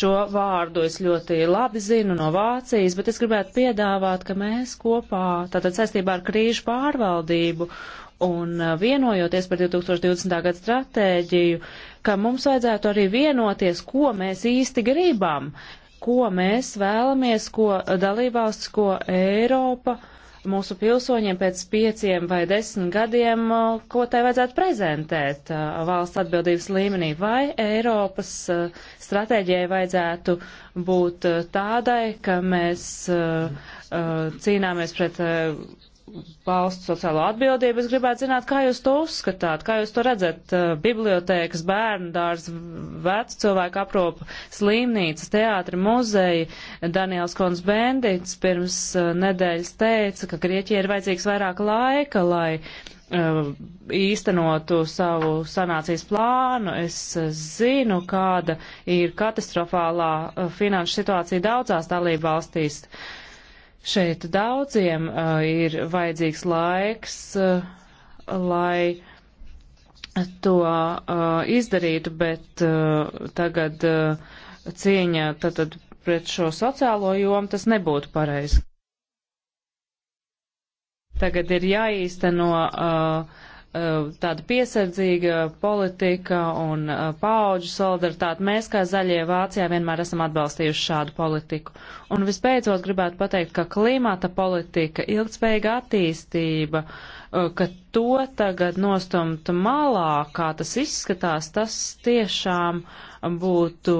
Šo vārdu es ļoti labi zinu no Vācijas, bet es gribētu piedāvāt, ka mēs kopā, tātad saistībā ar krīžu pārvaldību un uh, vienojoties par 2020. gadu stratēģiju, ka mums vajadzētu arī vienoties, ko mēs īsti gribam, ko mēs vēlamies, ko dalībvalsts, ko Eiropa mūsu pilsoņiem pēc pieciem vai desmit gadiem, uh, ko tai vajadzētu prezentēt uh, valsts atbildības līmenī, vai Eiropas stratēģijai vajadzētu būt tādai, ka mēs cīnāmies pret valsts sociālo atbildību. Es gribētu zināt, kā jūs to uzskatāt, kā jūs to redzat. Eh, bibliotēkas, bērnu dārs, vecu cilvēku aprūpa, slimnīcas, teātri, muzeji. Daniels Kons Bendits pirms eh, nedēļas teica, ka Grieķija ir vajadzīgs vairāk laika, lai uh, īstenotu savu sanācijas plānu. Es zinu, kāda ir katastrofālā finanšu situācija daudzās dalībvalstīs. valstīs Šeit daudziem uh, ir vajadzīgs laiks, uh, lai to uh, izdarītu, bet uh, tagad uh, cieņa tātad pret šo sociālo jomu tas nebūtu pareizi. Tagad ir jāīsteno uh, Eh, tāda piesardzīga politika un eh, paauģu solidaritāte. Mēs, kā zaļie Vācijā, vienmēr esam atbalstījuši šādu politiku. Un visbeidzot gribētu pateikt, ka klimata politika, ilgspējīga attīstība, eh, ka to tagad nostumt malā, kā tas izskatās, tas tiešām būtu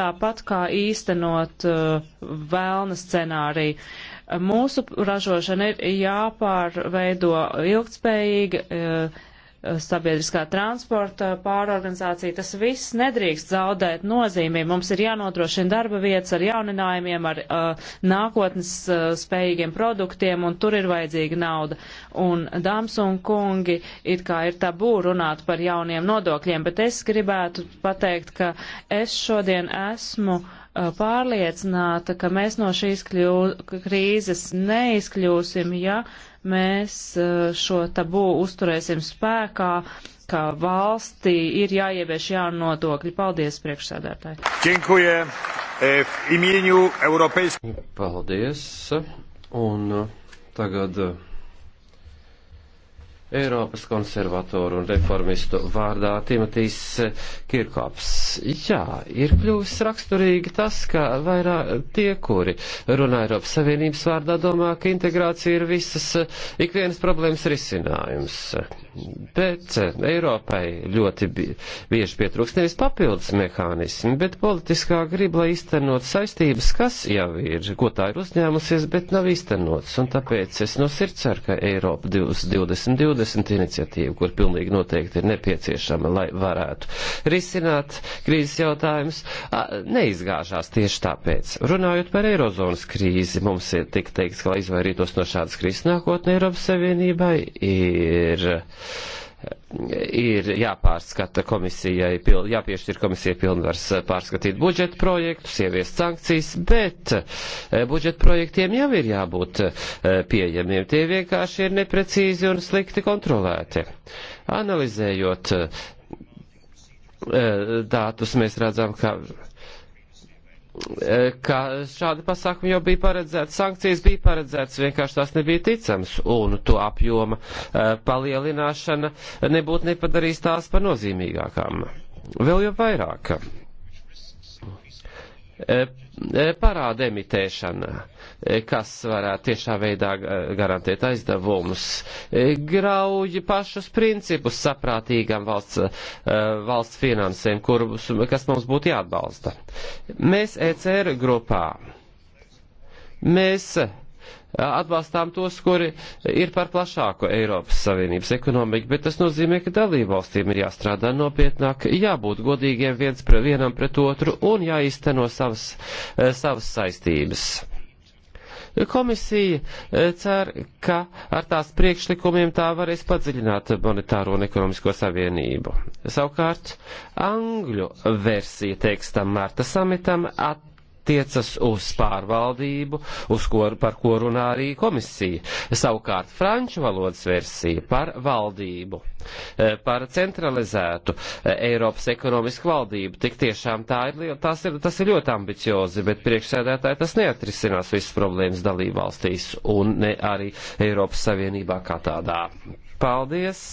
tāpat kā īstenot vēlna scenāriju Mūsu ražošana ir jāpārveido ilgtspējīga eh, sabiedriskā transporta pārorganizācija. Tas viss nedrīkst zaudēt nozīmī. Mums ir jānodrošina darba vietas ar jauninājumiem, ar uh, nākotnes uh, spējīgiem produktiem, un tur ir vajadzīga nauda. Un dāmas un kungi, it kā ir tabū runāt par jauniem nodokļiem, bet es gribētu pateikt, ka es šodien esmu uh, pārliecināta, ka mēs no šīs kļū, krīzes neizkļūsim, ja mēs šo tabū uzturēsim spēkā, ka valstī ir jāievieš jauni nodokļi. Paldies, priekšsēdētāji! Činkuje, e, Paldies! Un tagad. Eiropas konservatoru un reformistu vārdā Timotīs Kirkops. Jā, ir kļuvis raksturīgi tas, ka vairāk tie, kuri runā Eiropas Savienības vārdā, domā, ka integrācija ir visas ikvienas problēmas risinājums. Bet Eiropai ļoti bieži pietrūks nevis papildus mehānismi, bet politiskā griba, lai iztenot saistības, kas jau ir, ko tā ir uzņēmusies, bet nav iztenots. Un tāpēc es no sirds ceru, ka Eiropa 2020 G20 iniciatīvu, kur pilnīgi noteikti ir nepieciešama, lai varētu risināt krīzes jautājumus, neizgāžās tieši tāpēc. Runājot par Eirozonas krīzi, mums ir tik teikts, ka, lai izvairītos no šādas krīzes nākotnē Eiropas Savienībai, ir ir jāpārskata komisijai, jāpiešķir komisijai pilnvars pārskatīt budžeta projektus, ieviest sankcijas, bet eh, budžeta projektiem jau ir jābūt eh, pieejamiem. Tie vienkārši ir neprecīzi un slikti kontrolēti. Analizējot eh, datus, mēs redzam, ka E, ka šādi pasākumi jau bija paredzēti, sankcijas bija paredzētas, vienkārši tās nebija ticams, un to apjoma e, palielināšana nebūtu nepadarījis tās par nozīmīgākām. Vēl jau vairāk E, e, parāda emitēšana, e, kas varētu tiešā veidā garantēt aizdevumus, grauj pašus principus saprātīgam valsts, valsts finansēm, kur, kas mums būtu jāatbalsta. Mēs ECR grupā, mēs atbalstām tos, kuri ir par plašāku Eiropas Savienības ekonomiku, bet tas nozīmē, ka dalībvalstīm ir jāstrādā nopietnāk, jābūt godīgiem viens pret vienam pret otru un jāizteno savas, savas saistības. Komisija cer, ka ar tās priekšlikumiem tā varēs padziļināt monetāro un ekonomisko savienību. Savukārt, angļu versija tekstam Marta samitam at attiecas uz pārvaldību, uz ko, par ko runā arī komisija. Savukārt franču valodas versija par valdību, e, par centralizētu e, Eiropas ekonomisku valdību. Tik tiešām tā ir, tas ir, tas ir ļoti ambiciozi, bet priekšsēdētāji tas neatrisinās visas problēmas dalībvalstīs un ne arī Eiropas Savienībā kā tādā. Paldies!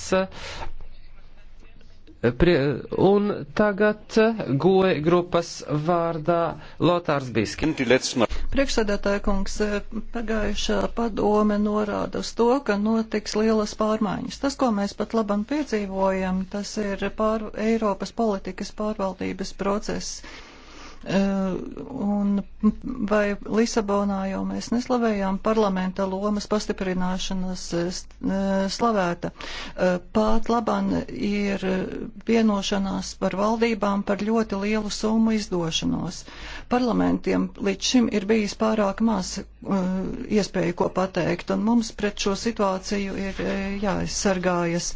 Prie, un tagad eh, goja grupas vārdā Lotārs Biski. Priekšsēdētāja kungs, eh, pagājušā padome norāda uz to, ka notiks lielas pārmaiņas. Tas, ko mēs pat labam piedzīvojam, tas ir pār, Eiropas politikas pārvaldības process Uh, un vai Lisabonā jau mēs neslavējām parlamenta lomas pastiprināšanas uh, uh, slavēta? Pat laban ir vienošanās par valdībām par ļoti lielu summu izdošanos. Parlamentiem līdz šim ir bijis pārāk maz iespēju ko pateikt, un mums pret šo situāciju ir jāaizsargājas.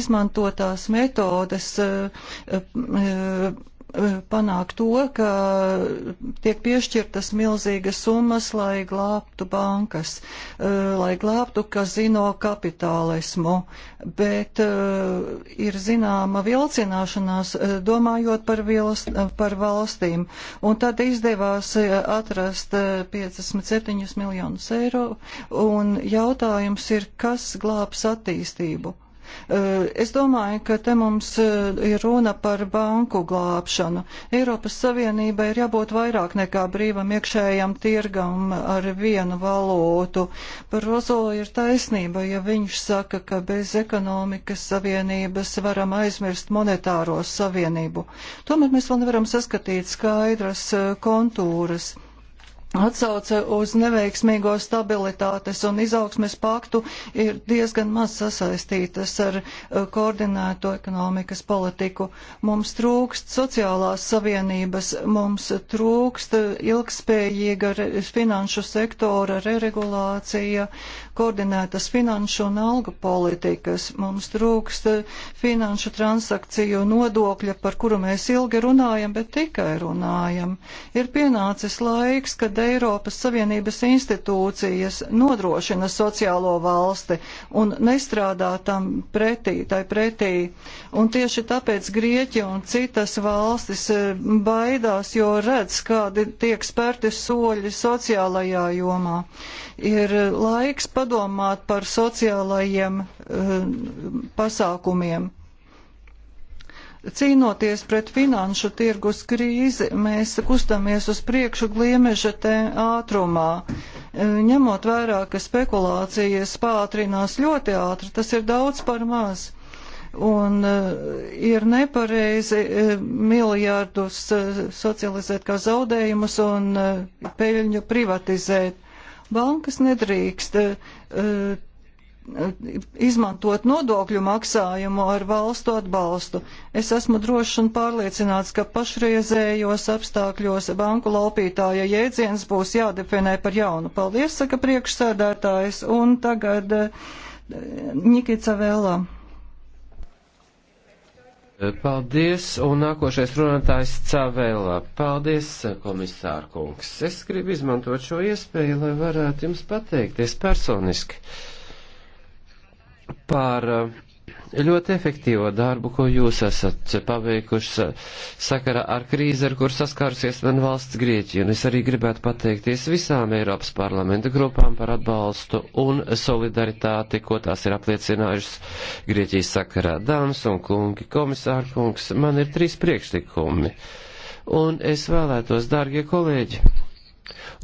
Izmantotās metodes Eh, panākt to, ka tiek piešķirtas milzīgas summas, lai glābtu bankas, eh, lai glābtu kazino kapitālismu, bet eh, ir zināma vilcināšanās domājot par, vilst, par valstīm. Un tad izdevās atrast 57 miljonus eiro, un jautājums ir, kas glābs attīstību. Es domāju, ka te mums ir runa par banku glābšanu. Eiropas Savienība ir jābūt vairāk nekā brīvam iekšējam tirgam ar vienu valūtu. Par Rozolo ir taisnība, ja viņš saka, ka bez ekonomikas savienības varam aizmirst monetāro savienību. Tomēr mēs vēl nevaram saskatīt skaidras kontūras. Atsauce uz neveiksmīgo stabilitātes un izaugsmes paktu ir diezgan maz sasaistītas ar eh, koordinēto ekonomikas politiku. Mums trūkst sociālās savienības, mums trūkst ilgspējīga finanšu sektora re regulācija, koordinētas finanšu un algu politikas. Mums trūkst finanšu transakciju nodokļa, par kuru mēs ilgi runājam, bet tikai runājam. Ir pienācis laiks, kad Eiropas Savienības institūcijas nodrošina sociālo valsti un nestrādā tam pretī, tai pretī. Un tieši tāpēc Grieķija un citas valstis eh, baidās, jo redz, kādi tiek spērti soļi sociālajā jomā. Ir laiks pat padomāt par sociālajiem eh, pasākumiem. Cīnoties pret finanšu tirgus krīzi, mēs kustamies uz priekšu gliemeža ātrumā. Eh, ņemot vērā, ka spekulācijas pātrinās ļoti ātri, tas ir daudz par maz un uh, ir nepareizi uh, miljārdus uh, socializēt kā zaudējumus un uh, peļņu privatizēt. Bankas nedrīkst eh, eh, izmantot nodokļu maksājumu ar valstu atbalstu. Es esmu drošs un pārliecināts, ka pašreizējos apstākļos banku laupītāja jēdziens būs jādefinē par jaunu. Paldies, saka priekšsēdētājs, un tagad eh, Nikita Vēlā. Paldies, un nākošais runātājs Cavēlā. Paldies, komisāra kungs. Es gribu izmantot šo iespēju, lai varētu jums pateikties personiski par uh, ļoti efektīvo darbu, ko jūs esat paveikuši sakarā ar krīzi, ar kur saskārusies man valsts Grieķija. Un es arī gribētu pateikties visām Eiropas parlamenta grupām par atbalstu un solidaritāti, ko tās ir apliecinājušas Grieķijas sakarā. Dāmas un kungi, komisārkungs, man ir trīs priekšlikumi. Un es vēlētos, dārgie kolēģi,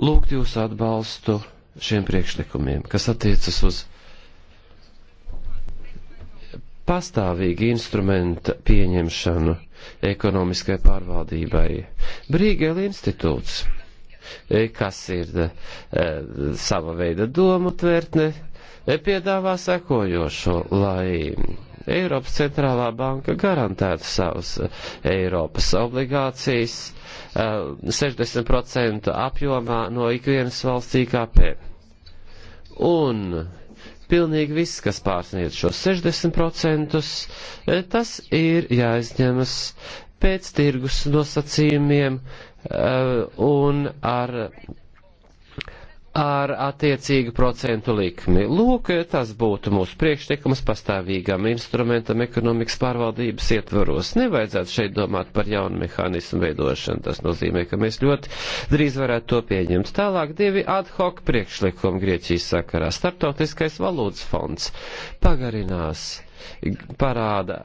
lūgt jūsu atbalstu šiem priekšlikumiem, kas attiecas uz pastāvīgi instrumenta pieņemšanu ekonomiskai pārvaldībai. Brīgeli institūts, e, kas ir e, sava veida domu tvērtne, e, piedāvā sekojošo, lai Eiropas centrālā banka garantētu savus e, Eiropas obligācijas e, 60% apjomā no ikvienas valsts IKP. Un pilnīgi viss, kas pārsniedz šos 60%, e, tas ir jāizņemas pēc tirgus nosacījumiem e, un ar ar attiecīgu procentu likmi. Lūk, tas būtu mūsu priekšlikums pastāvīgam instrumentam ekonomikas pārvaldības ietvaros. Nevajadzētu šeit domāt par jaunu mehānismu veidošanu. Tas nozīmē, ka mēs ļoti drīz varētu to pieņemt. Tālāk divi ad hoc priekšlikumi Grieķijas sakarā. Startautiskais valūtas fonds pagarinās parāda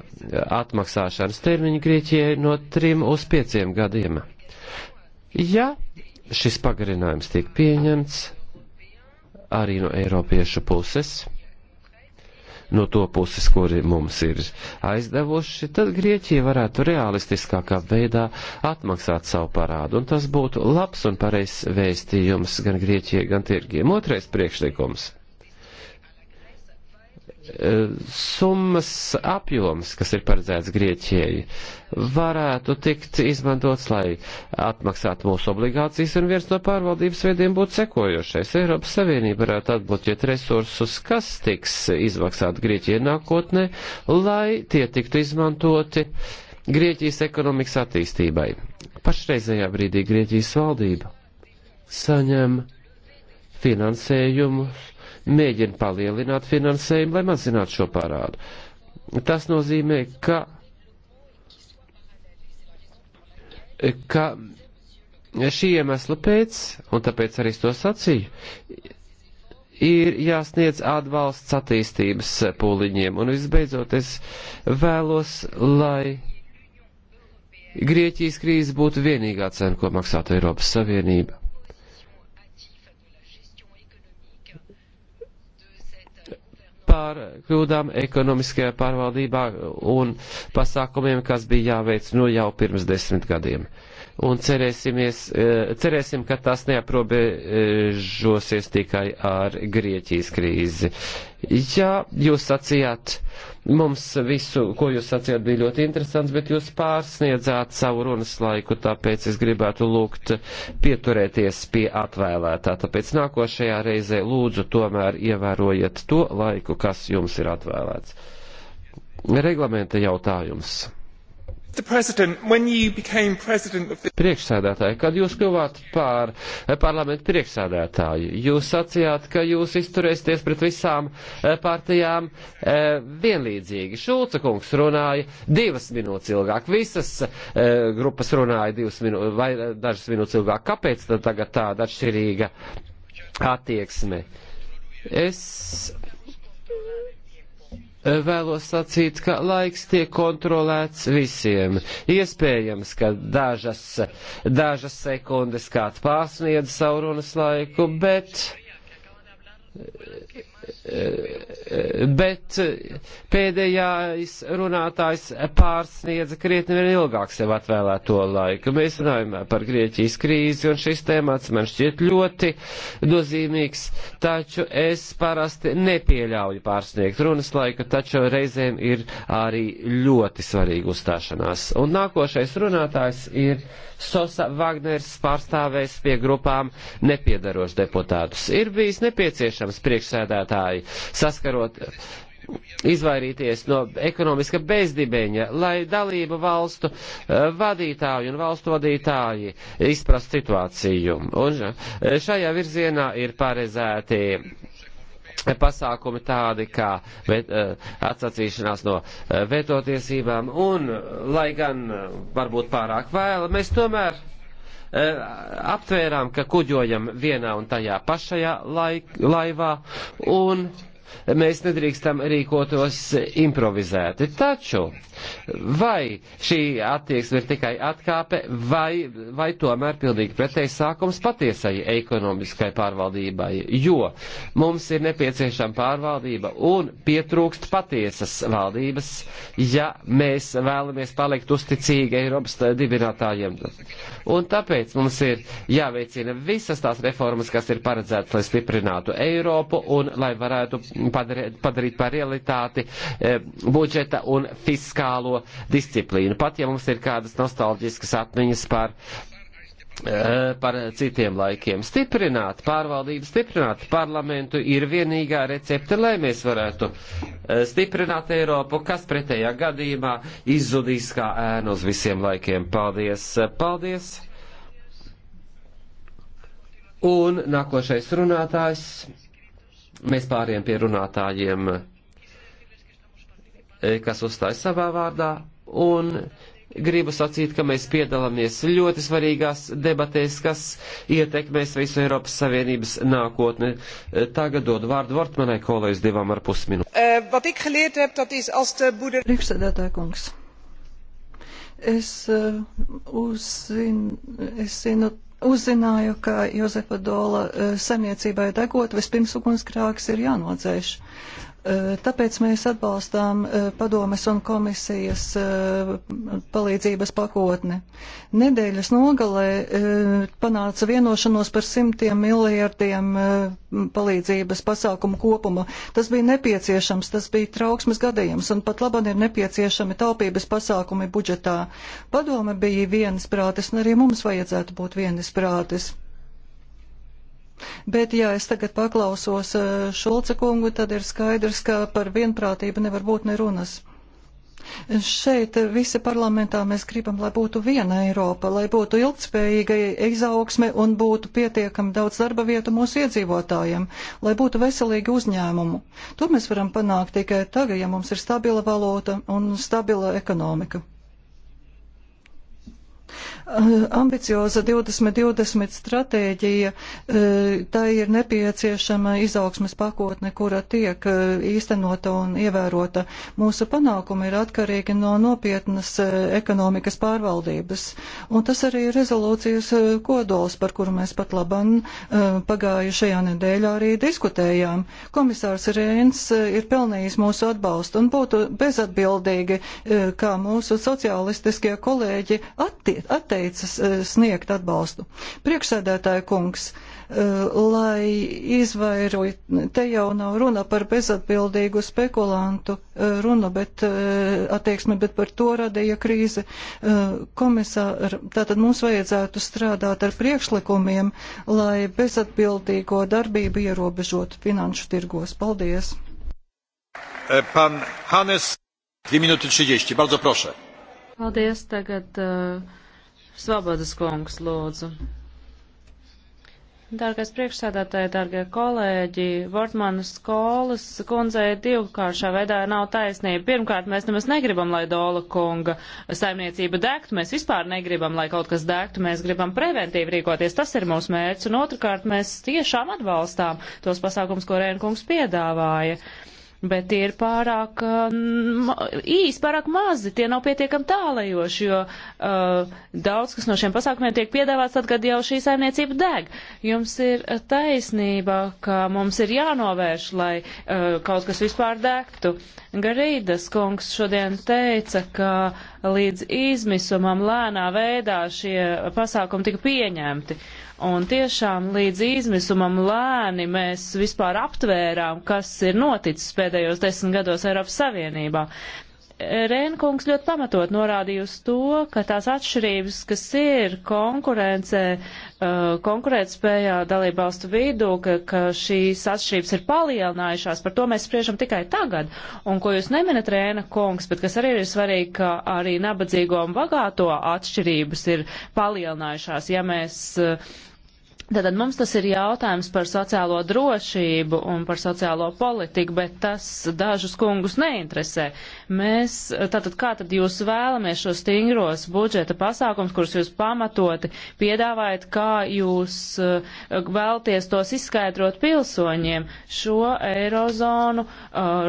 atmaksāšanas termiņu Grieķijai no trim uz pieciem gadiem. Ja šis pagarinājums tiek pieņemts arī no Eiropiešu puses, no to puses, kuri mums ir aizdevuši, tad Grieķija varētu realistiskākā veidā atmaksāt savu parādu, un tas būtu labs un pareizs vēstījums gan Grieķijai, gan tirgiem. Otrais priekšlikums summas apjoms, kas ir paredzēts Grieķijai, varētu tikt izmantots, lai atmaksātu mūsu obligācijas, un viens no pārvaldības veidiem būtu sekojošais. Eiropas Savienība varētu atbloķēt resursus, kas tiks izmaksāt Grieķijai nākotnē, lai tie tiktu izmantoti Grieķijas ekonomikas attīstībai. Pašreizējā brīdī Grieķijas valdība saņem finansējumus mēģina palielināt finansējumu, lai mazinātu šo parādu. Tas nozīmē, ka, ka šī iemesla pēc, un tāpēc arī es to sacīju, ir jāsniedz atbalsts attīstības pūliņiem. Un visbeidzot, es vēlos, lai Grieķijas krīze būtu vienīgā cena, ko maksātu Eiropas Savienība. par kļūdām ekonomiskajā pārvaldībā un pasākumiem, kas bija jāveic no nu jau pirms desmit gadiem un eh, cerēsim, ka tas neaprobežosies tikai ar Grieķijas krīzi. Jā, jūs sacījāt, mums visu, ko jūs sacījāt, bija ļoti interesants, bet jūs pārsniedzāt savu runas laiku, tāpēc es gribētu lūgt pieturēties pie atvēlētā. Tāpēc nākošajā reizē lūdzu tomēr ievērojiet to laiku, kas jums ir atvēlēts. Reglamenta jautājums. Priekšsēdētāji, kad jūs kļuvāt par parlamentu priekšsēdētāju, jūs sacījāt, ka jūs izturēsieties pret visām eh, partijām eh, vienlīdzīgi. Šulca kungs runāja divas minūtes ilgāk, visas eh, grupas runāja divas minūtes vai dažas minūtes ilgāk. Kāpēc tad tagad tāda atšķirīga attieksme? Es Eh, vēlos sacīt, ka laiks tiek kontrolēts visiem. Iespējams, ka dažas, dažas sekundes kāds pārsniedz savu runas laiku, bet bet pēdējais runātājs pārsniedza krietni vien ilgāk sev atvēlēto laiku. Mēs runājam par Grieķijas krīzi, un šis temats man šķiet ļoti nozīmīgs, taču es parasti nepieļauju pārsniegt runas laiku, taču reizēm ir arī ļoti svarīga uzstāšanās. Un nākošais runātājs ir Sosa Vagners pārstāvēs pie grupām nepiedarošs deputātus. Ir bijis nepieciešams priekšsēdētāji lai saskarot izvairīties no ekonomiska bezdibeņa, lai dalība valstu eh, vadītāji un valstu vadītāji izprast situāciju. Un eh, šajā virzienā ir paredzēti pasākumi tādi kā vet, eh, atsacīšanās no vetotiesībām un, lai gan varbūt pārāk vēla, mēs tomēr Eh, aptvērām, ka kuģojam vienā un tajā pašajā laik, laivā un mēs nedrīkstam rīkotos improvizēti. Taču vai šī attieksme ir tikai atkāpe, vai, vai tomēr pilnīgi pretējs sākums patiesai ekonomiskai pārvaldībai, jo mums ir nepieciešama pārvaldība un pietrūkst patiesas valdības, ja mēs vēlamies palikt uzticīgi Eiropas dibinātājiem. Un tāpēc mums ir jāveicina visas tās reformas, kas ir paredzētas, lai stiprinātu Eiropu un lai varētu padarīt, padarīt par realitāti e, budžeta un fiskālo disciplīnu. Pat ja mums ir kādas nostalģiskas atmiņas par e, par citiem laikiem. Stiprināt pārvaldību, stiprināt parlamentu ir vienīgā recepte, lai mēs varētu e, stiprināt Eiropu, kas pretējā gadījumā izzudīs kā ēnu uz visiem laikiem. Paldies! Paldies! Un nākošais runātājs Mēs pāriem pie runātājiem, e, kas uzstājas savā vārdā, un gribu sacīt, ka mēs piedalāmies ļoti svarīgās debatēs, kas ietekmēs visu Eiropas Savienības nākotni. E, tagad dod vārdu Vortmanai kolēģis divām ar pusminūtēm. E, uh, Priekšsēdētāja kungs. Es uh, uzzinu, es zinu uzzināju, ka Jozefa Dola eh, samiecībai degot vispirms ugunskrāks ir jānodzēš. Uh, Eh, tāpēc mēs atbalstām eh, padomes un komisijas eh, palīdzības pakotni. Nedēļas nogalē panāca vienošanos par simtiem miljardiem palīdzības pasākumu kopuma. Tas bija nepieciešams, tas bija trauksmes gadījums, un pat labam ir nepieciešami taupības pasākumi budžetā. Padome bija vienisprātis, un arī mums vajadzētu būt vienisprātis. Bet, ja es tagad paklausos eh, Šulce kungu, tad ir skaidrs, ka par vienprātību nevar būt nerunas. Šeit eh, visi parlamentā mēs gribam, lai būtu viena Eiropa, lai būtu ilgspējīga izaugsme un būtu pietiekami daudz darba vietu mūsu iedzīvotājiem, lai būtu veselīgi uzņēmumu. To mēs varam panākt tikai tagad, ja mums ir stabila valota un stabila ekonomika. Eh, ambicioza 2020 stratēģija, eh, tai ir nepieciešama izaugsmes pakotne, kura tiek eh, īstenota un ievērota. Mūsu panākumi ir atkarīgi no nopietnas ekonomikas pārvaldības. Un tas arī ir rezolūcijas kodols, par kuru mēs pat laban pagājušajā nedēļā arī diskutējām. Komisārs Rēns ir pelnījis mūsu atbalstu un būtu bezatbildīgi, kā mūsu sociālistiskie kolēģi attiec atteicis eh, sniegt atbalstu. Priekšsēdētāja kungs, eh, lai izvairoju, te jau nav runa par bezatbildīgu spekulantu eh, runu, bet attieksmi, bet par to radīja krīze. Komisāra, tātad mums vajadzētu strādāt ar priekšlikumiem, lai bezatbildīgo darbību ierobežotu finanšu tirgos. Paldies! Pan Hannes, 2 minūtes 30, bardzo proszę. Paldies, tagad uh, Svobodas kungs, lūdzu. Dārgais priekšsādātāji, dārgie kolēģi, Vortmanas skolas kundzei divkāršā veidā nav taisnība. Pirmkārt, mēs nemaz negribam, lai Dola kunga saimniecība degtu, mēs vispār negribam, lai kaut kas degtu, mēs gribam preventīvi rīkoties, tas ir mūsu mērķis, un otrkārt, mēs tiešām atbalstām tos pasākums, ko Rēna kungs piedāvāja. Uh, bet tie ir pārāk uh, īsi, pārāk mazi, tie nav pietiekami tālajoši, jo uh, daudz kas no šiem pasākumiem tiek piedāvāts tad, kad jau šī saimniecība deg. Jums ir uh, taisnība, ka mums ir jānovērš, lai uh, kaut kas vispār degtu. Garīdas kungs šodien teica, ka līdz izmisumam lēnā veidā šie pasākumi tika pieņemti. Uh, Un tiešām līdz izmisumam lēni mēs vispār aptvērām, kas ir noticis pēdējos desmit gados Eiropas Savienībā. Rēnkungs ļoti pamatot norādīja uz to, ka tās atšķirības, kas ir konkurencē, uh, konkurētspējā dalībvalstu vidū, ka, ka šīs atšķirības ir palielinājušās, par to mēs spriežam tikai tagad. Un ko jūs neminat, Rēna kungs, bet kas arī ir svarīgi, ka arī nabadzīgo un bagāto atšķirības ir palielinājušās. Ja mēs uh, Tātad mums tas ir jautājums par sociālo drošību un par sociālo politiku, bet tas dažus kungus neinteresē. Mēs, tātad kā tad jūs vēlamies šos stingros budžeta pasākums, kurus jūs pamatoti piedāvājat, kā jūs eh, vēlties tos izskaidrot pilsoņiem? Šo eirozonu uh,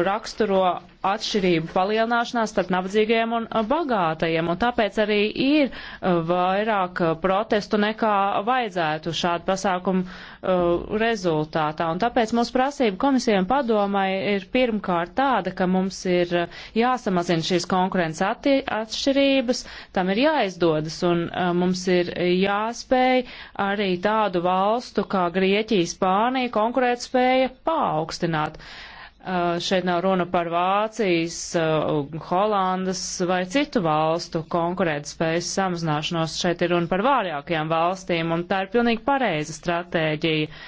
raksturo atšķirību palielināšanās starp nabadzīgajiem un uh, bagātajiem, un tāpēc arī ir uh, vairāk uh, protestu nekā vajadzētu šādu pasākumu uh, rezultātā. Un tāpēc mūsu prasība komisijām padomai ir pirmkārt tāda, ka mums ir jāsamazina šīs konkurences atšķirības, tam ir jāizdodas, un uh, mums ir jāspēj arī tādu valstu kā Grieķija, Spānija konkurētspēja paaugstināt. Uh, Uh, šeit nav runa par Vācijas, uh, Holandas vai citu valstu konkurētspējas samazināšanos. Šeit ir runa par vājākajām valstīm, un tā ir pilnīgi pareiza stratēģija.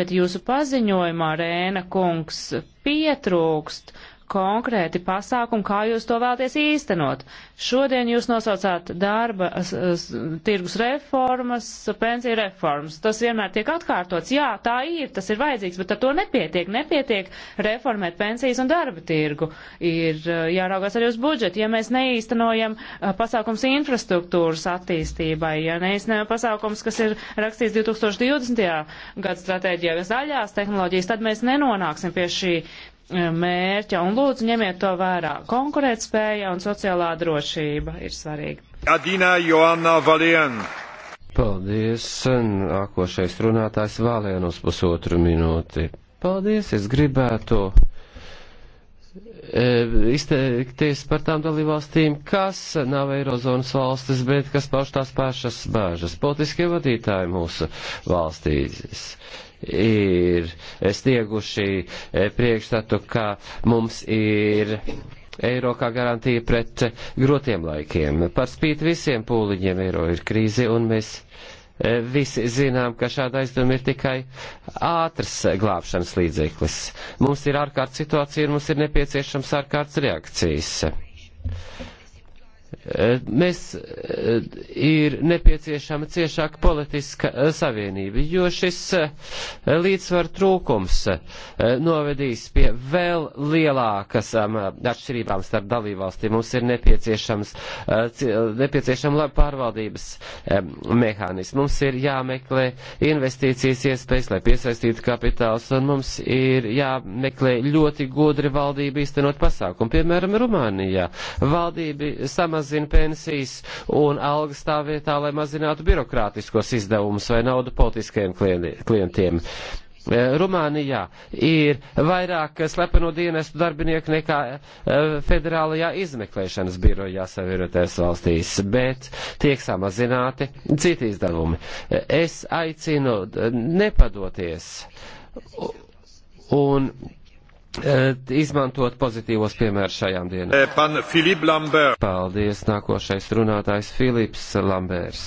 Bet jūsu paziņojumā, Rēna kungs, pietrūkst uh, konkrēti pasākumi, kā jūs to vēlaties īstenot. Šodien jūs nosaucāt darba tirgus reformas, pensiju reformas. Tas vienmēr tiek atkārtots. Jā, tā ir, tas ir vajadzīgs, bet ar to nepietiek. Nepietiek reformēt pensijas un darba tirgu. Ir jāraugās arī uz budžetu. Ja mēs neīstenojam pasākums infrastruktūras attīstībai, ja neīstenojam pasākums, kas ir rakstīts 2020. gada stratēģijā, kas zaļās tehnoloģijas, tad mēs nenonāksim pie šī mērķa, un lūdzu ņemiet to vērā. Konkurētspēja un sociālā drošība ir svarīga. Adina Joanna Valien. Paldies, nākošais runātājs Valien uz pusotru minūti. Paldies, es gribētu e, izteikties par tām dalībvalstīm, kas nav Eirozonas valstis, bet kas pauž tās pašas bāžas. Politiskie vadītāji mūsu valstīs ir snieguši eh, priekšstatu, ka mums ir eiro kā garantija pret grotiem laikiem. Par spīti visiem pūliņiem eiro ir krīze, un mēs eh, visi zinām, ka šāda aizdoma ir tikai ātras glābšanas līdzeklis. Mums ir ārkārtas situācija, un mums ir nepieciešams ārkārtas reakcijas mēs eh, ir nepieciešama ciešāka politiska eh, savienība, jo šis eh, līdzsvar trūkums novedīs pie vēl lielākas um, atšķirībām starp dalībvalstīm. Mums ir nepieciešams, nepieciešama laba pārvaldības mehānismi. Mums ir jāmeklē investīcijas iespējas, lai piesaistītu kapitāls, un mums ir jāmeklē ļoti godri valdība īstenot pasākumu. Piemēram, Rumānijā valdība samazina samazina pensijas un algas tā vietā, lai mazinātu birokrātiskos izdevumus vai naudu politiskajiem klientiem. E, Rumānijā ir vairāk slepeno dienestu darbinieku nekā e, federālajā izmeklēšanas birojā savienotās valstīs, bet tiek samazināti citi izdevumi. E, es aicinu nepadoties un Eh, izmantot pozitīvos piemērus šajām dienām. Eh, pan Filip Lambert. Paldies, nākošais runātājs Filips Lambērs.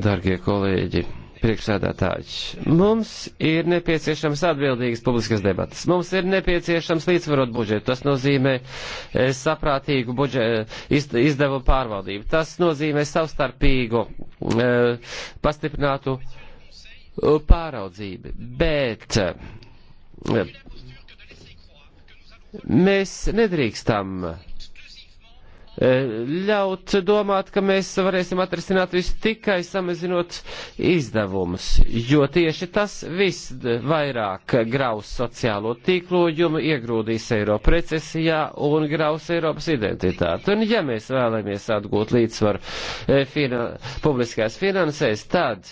Dargie kolēģi, priekšsēdētāji, mums ir nepieciešams atbildīgas publiskas debatas. Mums ir nepieciešams līdzvarot budžetu. Tas nozīmē eh, saprātīgu budžetu izdevumu pārvaldību. Tas nozīmē savstarpīgu pastiprinātu pāraudzību. Bet Mēs nedrīkstam eh, ļaut domāt, ka mēs varēsim atrisināt visu tikai samazinot izdevumus, jo tieši tas viss vairāk graus sociālo tīkloģumu, iegrūdīs Eiropu recesijā un graus Eiropas identitāti. Un ja mēs vēlamies atgūt līdzsvaru eh, fina, publiskās finansēs, tad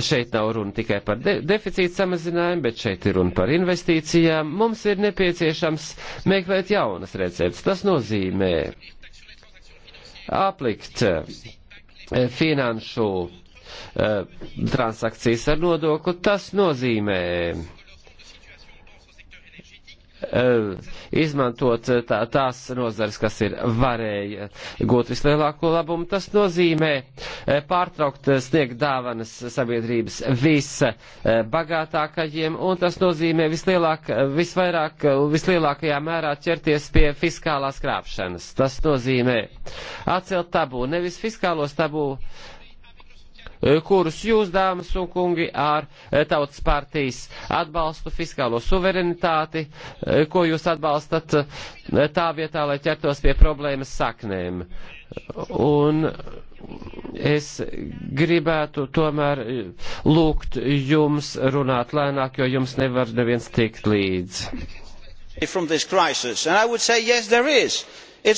Šeit nav runa tikai par de deficīta samazinājumu, bet šeit ir runa par investīcijām. Mums ir nepieciešams meklēt jaunas receptes. Tas nozīmē aplikt eh, finanšu eh, transakcijas ar nodokli. Tas nozīmē Eh, izmantot eh, tā, tās nozares, kas ir varēja gūt vislielāko labumu. Tas nozīmē eh, pārtraukt sniegt dāvanas sabiedrības visbagātākajiem, un tas nozīmē vislielāk, visvairāk, vislielākajā mērā ķerties pie fiskālās krāpšanas. Tas nozīmē atcelt tabū, nevis fiskālos tabū, E, kurus jūs, dāmas un kungi, ar e, Tautas partijas atbalstu fiskālo suverenitāti, e, ko jūs atbalstat tā vietā, lai ķertos pie problēmas saknēm. Un es gribētu tomēr lūgt jums runāt lēnāk, jo jums nevar neviens tikt līdzi. From this crisis, and I would say, yes, there is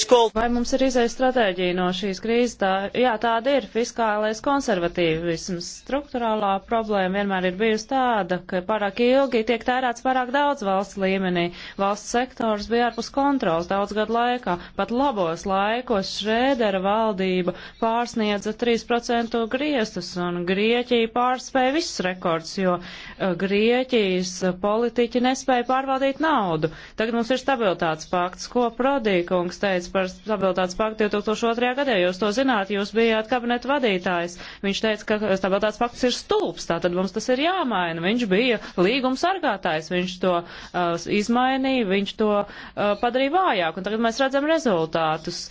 Called... Vai mums ir izēja stratēģija no šīs krīzes? Tā, jā, tāda ir fiskālais konservatīvisms. Struktūrālā problēma vienmēr ir bijusi tāda, ka pārāk ilgi tiek tērēts pārāk daudz valsts līmenī. Valsts sektors bija ārpus kontrols daudz gadu laikā. Pat labos laikos Šrēdera valdība pārsniedza 3% griestus un Grieķija pārspēja visus rekords, jo uh, Grieķijas politiķi nespēja pārvaldīt naudu. Tagad mums ir stabilitātes pakts, ko Prodīkungs teica teica par stabilitātes paktu 2002. gadā. Jūs to zināt, jūs bijāt kabineta vadītājs. Viņš teica, ka stabilitātes pakts ir stulps, tātad mums tas ir jāmaina. Viņš bija līgums sargātājs, viņš to uh, izmainīja, viņš to uh, padarīja vājāk, un tagad mēs redzam rezultātus.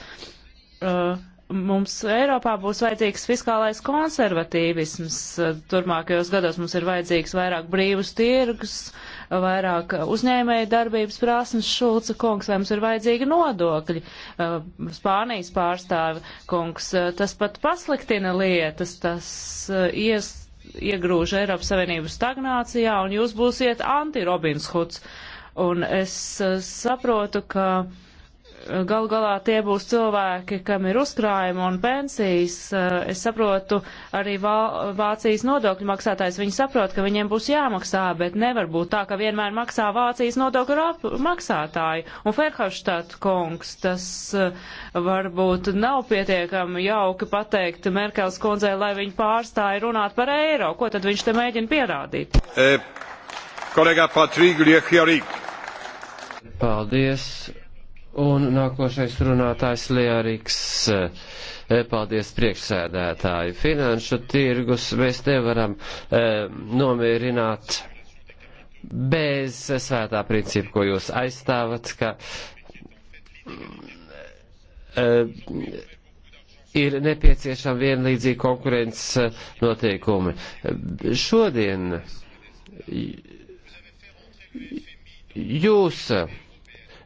Uh, mums Eiropā būs vajadzīgs fiskālais konservatīvisms. Turmākajos gados mums ir vajadzīgs vairāk brīvus tirgus, vairāk uzņēmēja darbības prasmes. Šulca kungs, vai mums ir vajadzīgi nodokļi? Uh, Spānijas pārstāve kungs, uh, tas pat pasliktina lietas, tas uh, ies, iegrūž Eiropas Savienības stagnācijā, un jūs būsiet anti-Robins Huds. Un es saprotu, ka uh, Galu galā tie būs cilvēki, kam ir uzkrājumi un pensijas. Eh, es saprotu, arī Vā, Vācijas nodokļu maksātājs viņi saprot, ka viņiem būs jāmaksā, bet nevar būt tā, ka vienmēr maksā Vācijas nodokļu maksātāji. Un Ferhofstadt kungs, tas eh, varbūt nav pietiekami jauki pateikt Merkels kundzei, lai viņa pārstāja runāt par eiro. Ko tad viņš te mēģina pierādīt? E, eh, kolēģa Patrīgļie Hjorīk. Paldies. Un nākošais runātājs Lieriks. Eh, paldies priekšsēdētāji. Finanšu tirgus mēs nevaram eh, nomierināt bez svētā principa, ko jūs aizstāvat, ka eh, ir nepieciešama vienlīdzīga konkurences eh, noteikumi. Šodien eh, jūs. Eh,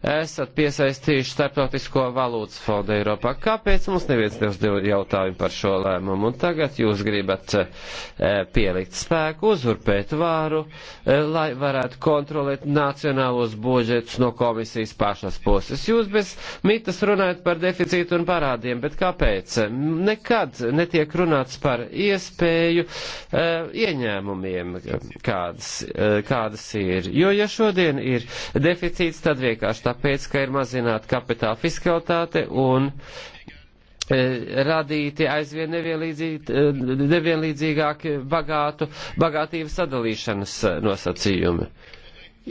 esat piesaistījuši starptautisko valūtas fondu Eiropā. Kāpēc mums neviens neuzdeva jautājumu par šo lēmumu? Un tagad jūs gribat eh, pielikt spēku, uzurpēt vāru, eh, lai varētu kontrolēt nacionālos budžetus no komisijas pašas puses. Jūs bez mitas runājat par deficītu un parādiem, bet kāpēc? Nekad netiek runāts par iespēju eh, ieņēmumiem, kādas, kādas ir. Jo, ja šodien ir deficīts, tad vienkārši tā tāpēc, ka ir mazināta kapitāla fiskalitāte un e, radīti aizvien e, nevienlīdzīgāki bagātu, bagātības sadalīšanas e, nosacījumi.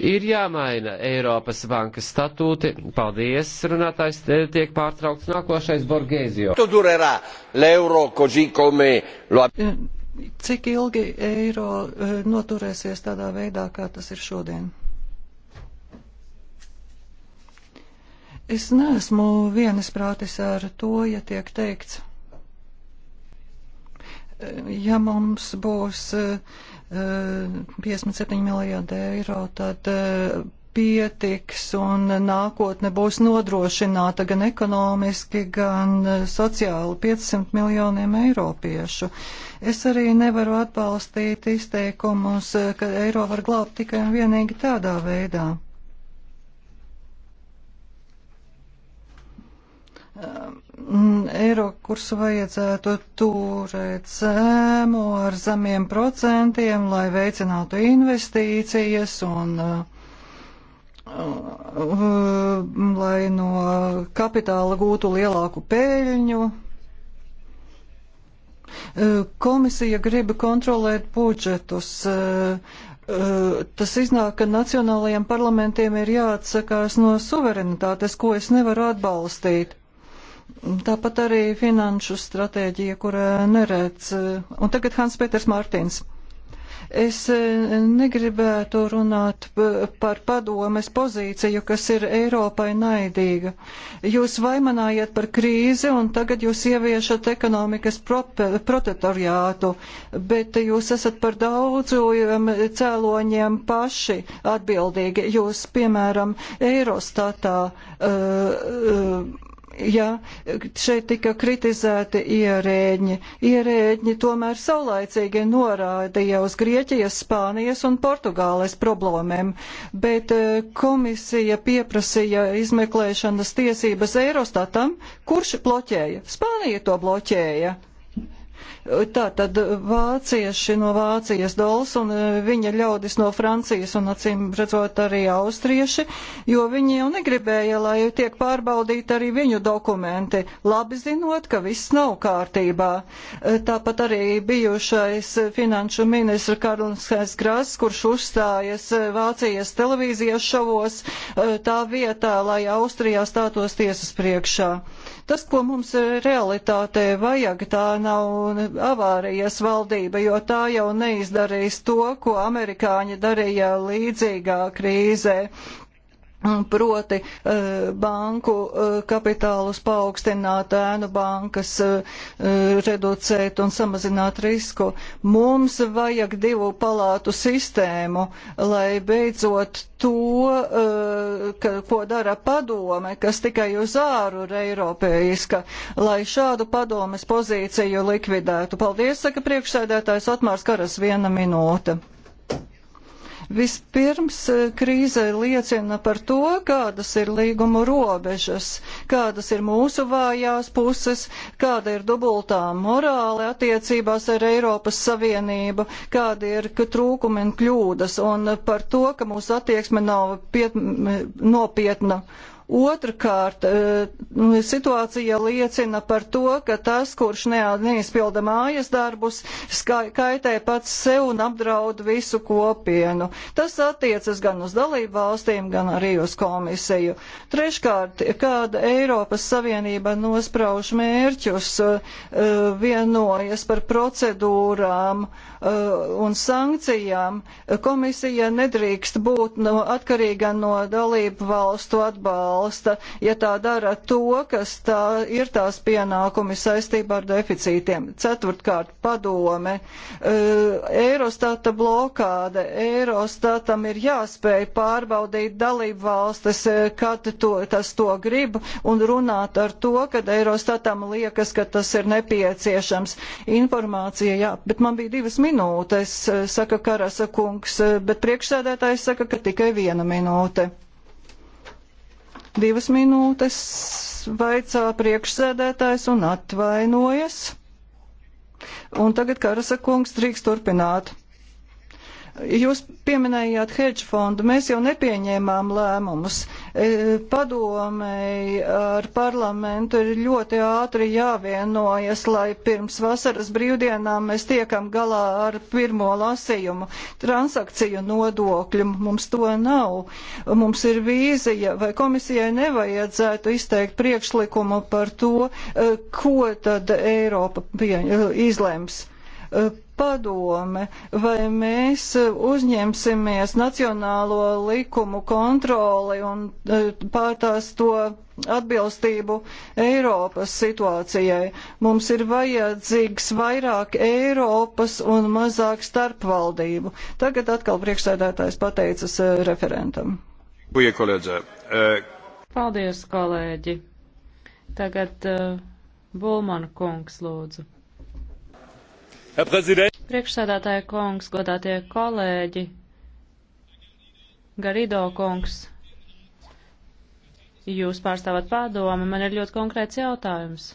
Ir jāmaina Eiropas bankas statūti. Paldies, runātājs tiek pārtraukts nākošais Borgēzio. Cik ilgi eiro noturēsies tādā veidā, kā tas ir šodien? Es neesmu vienisprātis ar to, ja tiek teikts, ja mums būs 57 eh, eh, miljārdi eiro, tad eh, pietiks un nākotne būs nodrošināta gan ekonomiski, gan sociāli 500 miljoniem eiropiešu. Es arī nevaru atbalstīt izteikumus, ka eiro var glābt tikai un vienīgi tādā veidā. Mm, Eiro kursu vajadzētu turēt zēmu ar zemiem procentiem, lai veicinātu investīcijas un uh, uh, lai no kapitāla gūtu lielāku peļņu. Uh, komisija grib kontrolēt budžetus. Tas iznāk, ka nacionālajiem parlamentiem ir jāatsakās no suverenitātes, ko es nevaru atbalstīt. Tāpat arī finanšu stratēģija, kura neredz. Un tagad Hans Peters Mārtins. Es e, negribētu runāt par padomes pozīciju, kas ir Eiropai naidīga. Jūs vaimanājat par krīzi un tagad jūs ieviešat ekonomikas protektoriātu, bet jūs esat par daudzu cēloņiem paši atbildīgi. Jūs, piemēram, Eirostatā. Uh, uh, ja šeit tika kritizēti ierēģi. Ierēģi tomēr saulaicīgi norādīja uz Grieķijas, Spānijas un Portugāles problēmēm, bet eh, komisija pieprasīja izmeklēšanas tiesības Eirostatam, kurš bloķēja. Spānija to bloķēja. Tātad vācieši no Vācijas dols un e, viņa ļaudis no Francijas un acīm redzot arī austrieši, jo viņi jau negribēja, lai tiek pārbaudīti arī viņu dokumenti, labi zinot, ka viss nav kārtībā. E, tāpat arī bijušais finanšu ministra Karlskais Gras, kurš uzstājas e, Vācijas televīzijas šovos tā vietā, lai Austrijā stātos tiesas priekšā. Tas, ko mums realitātē vajag, tā nav avārijas valdība, jo tā jau neizdarīs to, ko amerikāņi darīja līdzīgā krīzē. Proti eh, banku eh, kapitālus paaugstināt, ēnu bankas eh, reducēt un samazināt risku. Mums vajag divu palātu sistēmu, lai beidzot to, ka, ko dara padome, kas tikai uz āru ir eiropeiska, lai šādu padomes pozīciju likvidētu. Paldies, saka priekšsēdētājs Otmārs Karas, viena minūte. Vispirms e, krīze liecina par to, kādas ir līgumu robežas, kādas ir mūsu vājās puses, kāda ir dubultā morāla attiecībās ar Eiropas Savienību, kāda ir trūkumi un kļūdas, un par to, ka mūsu attieksme nav piet, nopietna. Otrakārt, eh, situācija liecina par to, ka tas, kurš neizpilda mājas darbus, kaitē pats sev un apdraud visu kopienu. Tas attiecas gan uz dalību valstīm, gan arī uz komisiju. Treškārt, kāda Eiropas Savienība nosprauž mērķus, eh, vienojas par procedūrām, uh, Uh, un sankcijām, komisija nedrīkst būt no, atkarīga no dalību valstu atbalsta, ja tā dara to, kas tā ir tās pienākumi saistībā ar deficītiem. Ceturtkārt, padome. Uh, Eirostata blokāde. Eirostatam ir jāspēj pārbaudīt dalību valstis, uh, kad to, tas to grib, un runāt ar to, kad Eirostatam liekas, ka tas ir nepieciešams. Informācija, jā, bet man bija divas minūtes minūtes, eh, saka Karasa kungs, eh, bet priekšsēdētājs saka, ka tikai viena minūte. Divas minūtes vaicā priekšsēdētājs un atvainojas. Un tagad Karasa kungs drīkst turpināt. Jūs pieminējāt hedge fondu, mēs jau nepieņēmām lēmumus. E, padomēji ar parlamentu ir ļoti ātri jāvienojas, lai pirms vasaras brīvdienām mēs tiekam galā ar pirmo lasījumu. Transakciju nodokļu mums to nav. Mums ir vīzija, vai komisijai nevajadzētu izteikt priekšlikumu par to, e, ko tad Eiropa izlems e, padome, vai mēs uzņemsimies nacionālo likumu kontroli un eh, pār tās to atbilstību Eiropas situācijai. Mums ir vajadzīgs vairāk Eiropas un mazāk starpvaldību. Tagad atkal priekšsēdētājs pateicas eh, referentam. Eh, Paldies, kolēģi. Tagad uh, Bulmana kungs lūdzu. Priekšsēdētāja kungs, godātie kolēģi, Garido kungs, jūs pārstāvat padomu, man ir ļoti konkrēts jautājums.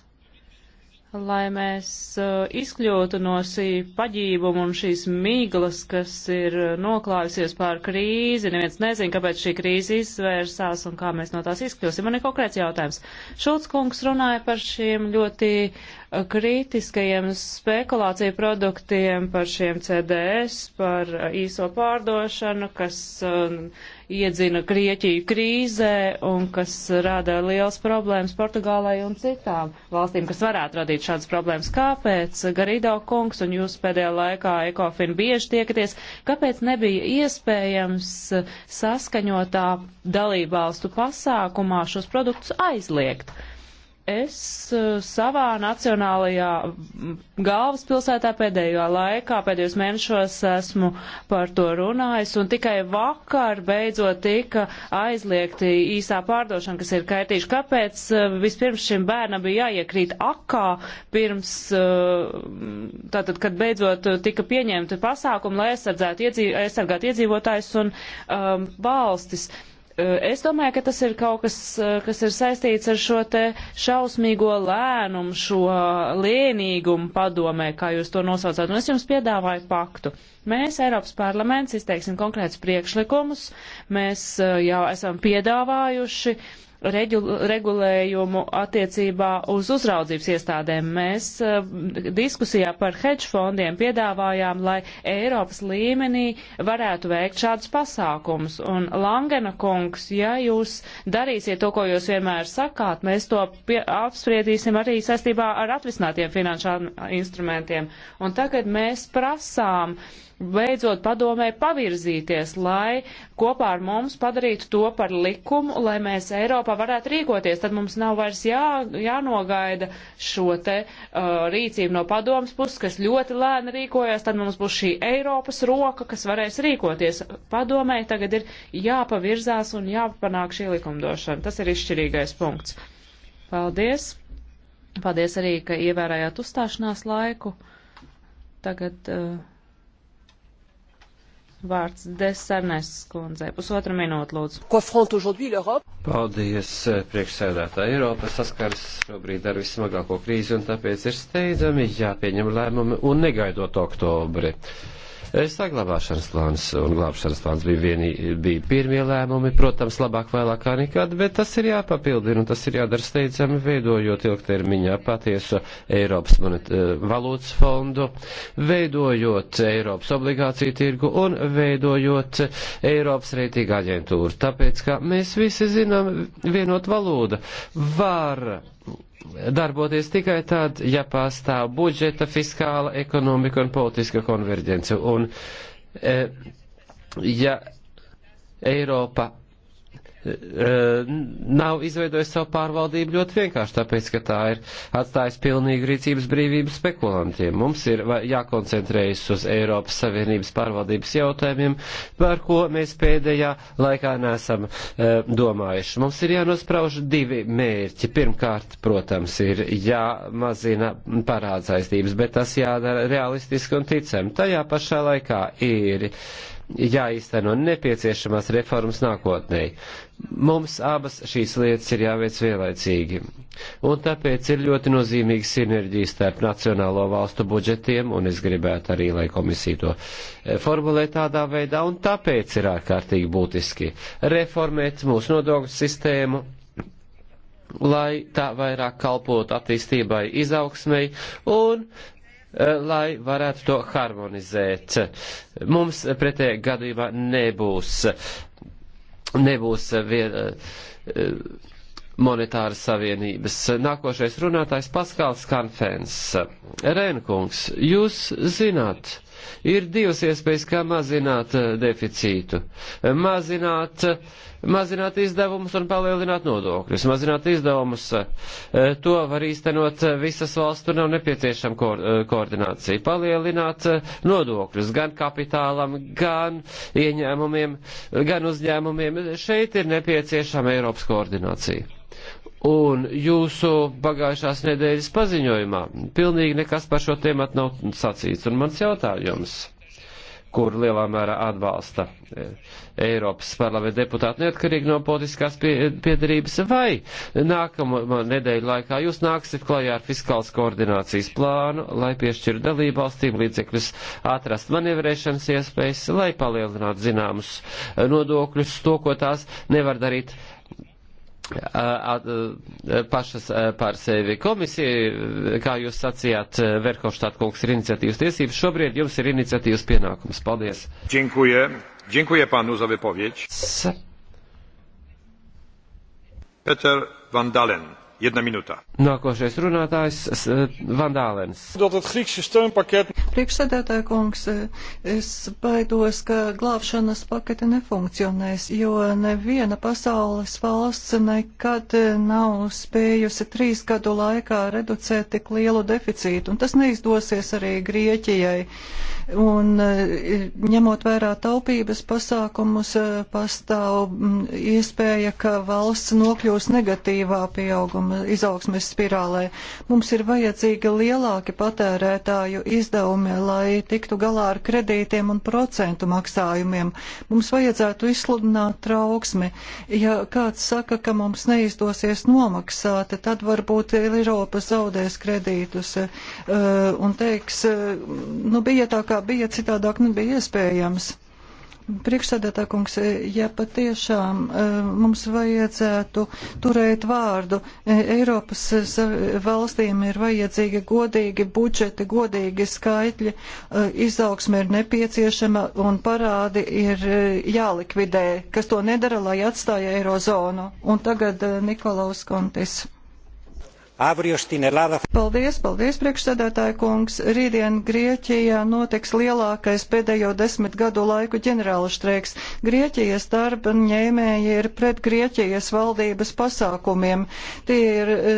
Lai mēs uh, izkļūtu no šī paģībuma un šīs mīglas, kas ir uh, noklājusies pār krīzi, neviens nezin, kāpēc šī krīze izvērsās un kā mēs no tās izkļūsim. Man ir konkrēts jautājums. Šulc kungs runāja par šiem ļoti uh, kritiskajiem spekulāciju produktiem, par šiem CDS, par uh, īso pārdošanu, kas uh, iedzina Grieķiju krīzē un kas rada liels problēmas Portugālai un citām valstīm, kas varētu radīt šādas problēmas. Kāpēc, Garido kungs, un jūs pēdējā laikā ekofin bieži tiekaties, kāpēc nebija iespējams saskaņotā dalībvalstu pasākumā šos produktus aizliegt? Uh, es eh, savā nacionālajā galvaspilsētā pēdējā laikā, pēdējos mēnešos esmu par to runājis, un tikai vakar beidzot tika aizliegti īsā pārdošana, kas ir kaitīši. Kāpēc eh, vispirms šim bērnam bija jāiekrīt akā, pirms, eh, tātad, kad beidzot tika pieņemti pasākumi, lai aizsargātu iedzīvotājus un um, valstis? Um, Eh, es domāju, ka tas ir kaut kas, eh, kas ir saistīts ar šo te šausmīgo lēnumu, šo lienīgumu padomē, kā jūs to nosaucāt. Un es jums piedāvāju paktu. Mēs, Eiropas parlaments, izteiksim konkrētus priekšlikumus. Mēs eh, jau esam piedāvājuši regulējumu attiecībā uz uzraudzības iestādēm. Mēs uh, diskusijā par hedge fondiem piedāvājām, lai Eiropas līmenī varētu veikt šādus pasākumus. Un Langena kungs, ja jūs darīsiet to, ko jūs vienmēr sakāt, mēs to pie, apspriedīsim arī saistībā ar atvisinātiem finanšu instrumentiem. Un tagad mēs prasām uh, beidzot padomē pavirzīties, lai kopā ar mums padarītu to par likumu, lai mēs Eiropā varētu rīkoties. Tad mums nav vairs jā, jānogaida šo te uh, rīcību no padomas puses, kas ļoti lēni rīkojas, tad mums būs šī Eiropas roka, kas varēs rīkoties. Padomē tagad ir jāpavirzās un jāpanāk šī likumdošana. Tas ir izšķirīgais punkts. Paldies! Paldies arī, ka ievērājāt uzstāšanās laiku. Tagad uh, Vārds Desarnes skundzei. Pusotra minūte, lūdzu. Paldies, eh, priekšsēdētāja Eiropa saskars šobrīd ar vismagāko krīzi un tāpēc ir steidzami jāpieņem lēmumi un negaidot oktobri. Uh, Eh, saglabāšanas plāns un glābšanas plāns bija, vienī, bija pirmie lēmumi, protams, labāk vēlāk kā nekad, bet tas ir jāpapildina un tas ir jādara steidzami, veidojot ilgtermiņā patiesu Eiropas monet, eh, valūtas fondu, veidojot Eiropas obligāciju tirgu un veidojot Eiropas reitinga aģentūru. Tāpēc, ka mēs visi zinām, vienot valūda var darboties tikai tad, ja pastāv budžeta, fiskāla, ekonomika un politiska konverģence. Un, e, ja Eiropa Eh, nav izveidojis savu pārvaldību ļoti vienkārši, tāpēc, ka tā ir atstājusi pilnīgi rīcības brīvību spekulantiem. Mums ir jākoncentrējas uz Eiropas Savienības pārvaldības jautājumiem, par ko mēs pēdējā laikā nesam eh, domājuši. Mums ir jānosprauž divi mērķi. Pirmkārt, protams, ir jāmazina parādsaistības, bet tas jādara realistiski un ticami. Tajā pašā laikā ir jāīsteno nepieciešamās reformas nākotnē. Mums abas šīs lietas ir jāveic vienlaicīgi, un tāpēc ir ļoti nozīmīga sinerģija starp nacionālo valstu budžetiem, un es gribētu arī, lai komisija to e, formulē tādā veidā, un tāpēc ir ārkārtīgi būtiski reformēt mūsu nodokļu sistēmu, lai tā vairāk kalpotu attīstībai, izaugsmai un Eh, lai varētu to harmonizēt. Mums pretējā gadījumā nebūs, nebūs eh, vien, eh, monetāras savienības. Nākošais runātājs Paskāls Kanfēns. Rēnkungs, jūs zināt, Ir divas iespējas, kā mazināt eh, deficītu. Mazināt, eh, mazināt izdevumus un palielināt nodokļus. Mazināt izdevumus, eh, to var īstenot visas valsts, tur nav nepieciešama ko koordinācija. Palielināt nodokļus gan kapitālam, gan ieņēmumiem, gan uzņēmumiem. Šeit ir nepieciešama Eiropas koordinācija. Un jūsu pagājušās nedēļas paziņojumā pilnīgi nekas par šo tēmu nav sacīts. Un mans jautājums, kur lielā mērā atbalsta e, Eiropas parlamenta deputāti neatkarīgi no politiskās piedarības, vai nākamā nedēļa laikā jūs nāksiet klajā ar fiskālas koordinācijas plānu, lai piešķir dalību valstīm līdzekļus, atrast manevrēšanas iespējas, lai palielinātu zināmus e, nodokļus, to, ko tās nevar darīt E, pašas e, par sevi. Komisija, e, kā jūs sacījāt, Verhofstāt kungs ir iniciatīvas tiesības, šobrīd jums ir iniciatīvas pienākums. Paldies. Dziękuję. Dziękuję panu za wypowiedź. Peter Van Dalen. Jedna minūtā. Nākošais runātājs Vandālens. Priekšsēdētāja kungs, es baidos, ka glābšanas pakete nefunkcionēs, jo neviena pasaules valsts nekad nav spējusi trīs gadu laikā reducēt tik lielu deficītu, un tas neizdosies arī Grieķijai. Un eh, ņemot vērā taupības pasākumus, eh, pastāv mm, iespēja, ka valsts nokļūs negatīvā pieauguma izaugsmes spirālē. Mums ir vajadzīgi lielāki patērētāju izdevumi, lai tiktu galā ar kredītiem un procentu maksājumiem. Mums vajadzētu izsludināt trauksmi. Ja kāds saka, ka mums neizdosies nomaksāt, tad varbūt Eiropa zaudēs kredītus eh, un teiks, nu bija tā kā kā bija, citādāk nebija nu, iespējams. Priekšsēdētā kungs, e, ja patiešām e, mums vajadzētu turēt vārdu, e, Eiropas valstīm ir vajadzīgi godīgi budžeti, godīgi skaitļi, izaugsme ir nepieciešama un parādi ir jālikvidē, kas to nedara, lai atstāja Eirozonu. Un tagad Nikolaus Kontis. Paldies, paldies, priekšsēdētāja kungs. Rītdien Grieķijā notiks lielākais pēdējo desmit gadu laiku ģenerāla streiks. Grieķijas darba ņēmēji ir pret Grieķijas valdības pasākumiem. Tie ir e,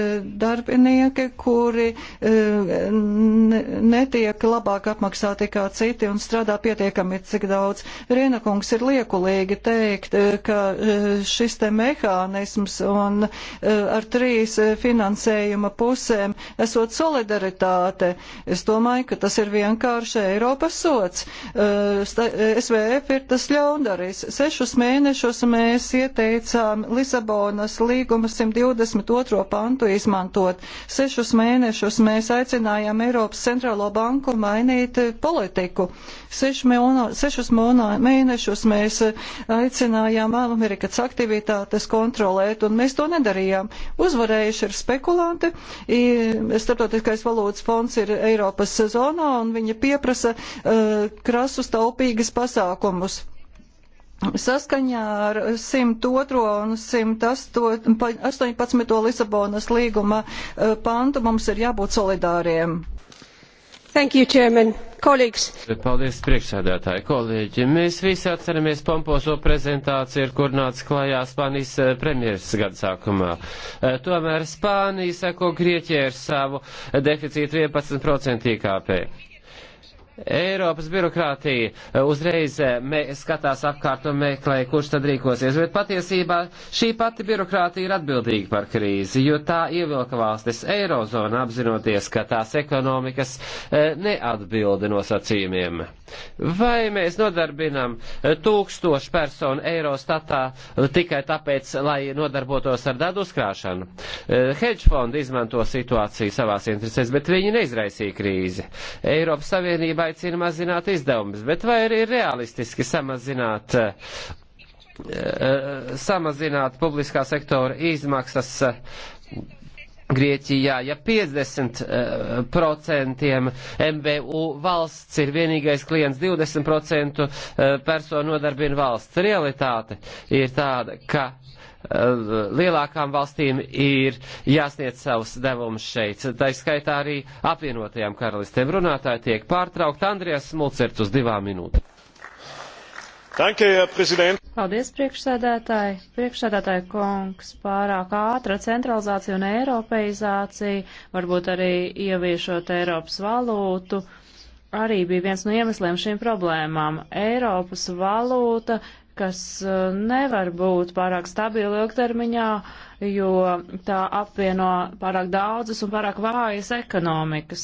darbinieki, kuri e, netiek labāk apmaksāti kā citi un strādā pietiekami cik daudz. Rēna kungs ir liekulīgi teikt, eh, ka e, šis te mehānisms un e, ar trīs finansējumu regulējuma pusēm esot solidaritāte. Es domāju, ka tas ir vienkārši Eiropas sots. Eh, SVF eh, ir tas ļaundaris. Sešus mēnešus mēs ieteicām Lisabonas līguma 122. pantu izmantot. Sešus mēnešus mēs aicinājām Eiropas centrālo banku mainīt eh, politiku. Sešus mēnešus mēs aicinājām Amerikas aktivitātes kontrolēt, un mēs to nedarījām. Uzvarējuši ir spekulanti panti. Startautiskais valūtas fonds ir Eiropas sezonā un viņa pieprasa e, krasus taupīgas pasākumus. Saskaņā ar 102. un 118. Lisabonas līguma e, pantu mums ir jābūt solidāriem. Thank you, Chairman. Kolīgs. Paldies, priekšsēdētāji, kolēģi. Mēs visi atceramies pomposo prezentāciju, ar kur nāca klajā Spānijas eh, premjeras gada sākumā. Eh, tomēr Spānija sako Grieķijai ar savu deficītu 11% IKP. Eiropas birokrātija eh, uzreiz eh, skatās apkārt un meklē, kurš tad rīkosies, bet patiesībā šī pati birokrātija ir atbildīga par krīzi, jo tā ievilka valstis Eirozona apzinoties, ka tās ekonomikas eh, neatbilda nosacījumiem. Vai mēs nodarbinam tūkstošu personu Eirostatā tikai tāpēc, lai nodarbotos ar dadu uzkrāšanu? Hedge fondi izmanto situāciju savās interesēs, bet viņi neizraisīja krīzi. Eiropas Savienībā aicina mazināt izdevumus, bet vai arī ir realistiski samazināt, eh, eh, samazināt publiskā sektora izmaksas eh, Grieķijā, ja 50% MBU valsts ir vienīgais klients, 20% personu nodarbina valsts. Realitāte ir tāda, ka lielākām valstīm ir jāsniedz savus devumus šeit. Tā skaitā arī apvienotajām karalistēm runātāji tiek pārtraukt. Andrijas Smulcerts uz divām minūtēm. Paldies, priekšsēdētāji. Priekšsēdētāji kungs, pārāk ātra centralizācija un eiropeizācija, varbūt arī ieviešot Eiropas valūtu arī bija viens no iemesliem šīm problēmām. Eiropas valūta kas e, nevar būt pārāk stabila ilgtermiņā, jo tā apvieno pārāk daudzas un pārāk vājas ekonomikas.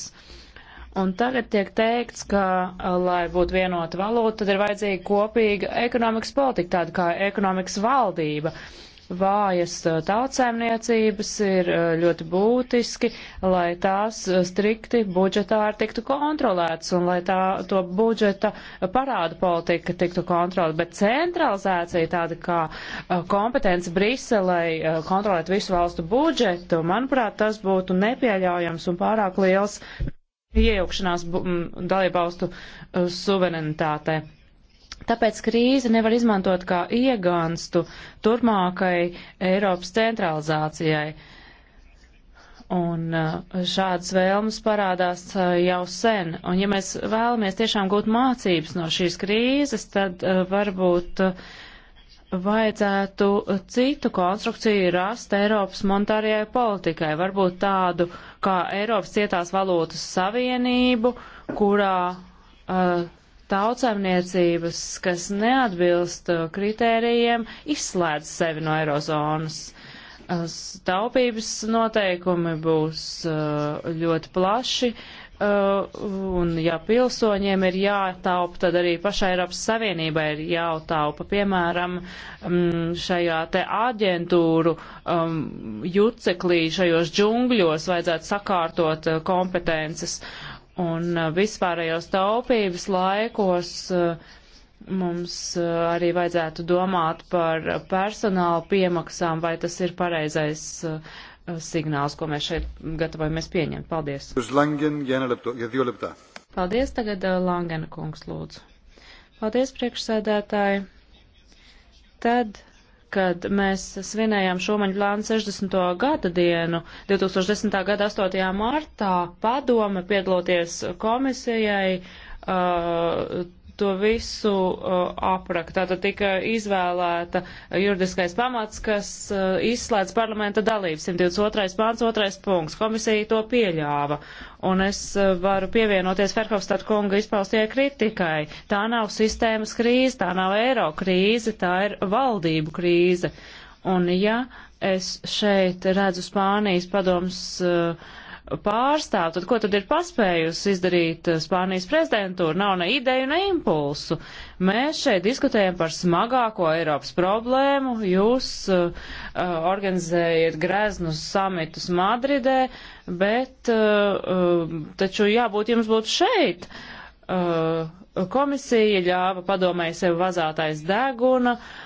Un tagad tiek teikts, ka, e, lai būtu vienota valūta, tad ir vajadzīga kopīga ekonomikas politika, tāda kā ekonomikas valdība. Uh, vājas tautsēmniecības ir ļoti būtiski, lai tās strikti budžetā tiktu kontrolētas un lai tā, to budžeta parādu politika tiktu kontrolēta. Bet centralizācija tāda kā kompetence Briselai kontrolēt visu valstu budžetu, manuprāt, tas būtu nepieļaujams un pārāk liels iejaukšanās dalībvalstu suverenitātei. Tāpēc krīzi nevar izmantot kā iegānstu turpmākai Eiropas centralizācijai. Un eh, šādas vēlmes parādās eh, jau sen. Un ja mēs vēlamies tiešām gūt mācības no šīs krīzes, tad eh, varbūt vajadzētu citu konstrukciju rast Eiropas monetārajai politikai, varbūt tādu kā Eiropas cietās valūtas savienību, kurā uh, tautsēmniecības, kas neatbilst uh, kritērijiem, izslēdz sevi no eirozonas. Taupības noteikumi būs uh, ļoti plaši, uh, un ja pilsoņiem ir jātaupa, tad arī pašai Eiropas Savienībai ir jātaupa. Piemēram, mm, šajā te aģentūru um, juceklī, šajos džungļos vajadzētu sakārtot kompetences. Uh, Un uh, vispārējos taupības laikos uh, mums uh, arī vajadzētu domāt par personāla piemaksām, vai tas ir pareizais signāls, ko mēs šeit gatavojamies pieņemt. Paldies. Langen, Paldies, tagad Langena kungs lūdzu. Paldies, priekšsēdētāji. Tad kad mēs svinējām Šumaņa plānu 60. gada dienu, 2010. gada 8. martā, padome piedaloties komisijai, uh, to visu uh, aprakt. Tātad tika izvēlēta juridiskais pamats, kas uh, izslēdz parlamenta dalību. 122. pāns, 2. punkts. Komisija to pieļāva. Un es uh, varu pievienoties Ferhofstad kunga izpaustajai kritikai. Tā nav sistēmas krīze, tā nav eiro krīze, tā ir valdību krīze. Un ja es šeit redzu Spānijas padoms. Uh, pārstāv, tad ko tad ir paspējusi izdarīt eh, Spānijas prezidentūra? Nav ne ideju, ne impulsu. Mēs šeit diskutējam par smagāko Eiropas problēmu. Jūs uh, eh, eh, organizējat greznus samitus Madridē, bet uh, taču jābūt jums būtu šeit. Uh, komisija ļāva padomēji sev vazātais deguna. Uh,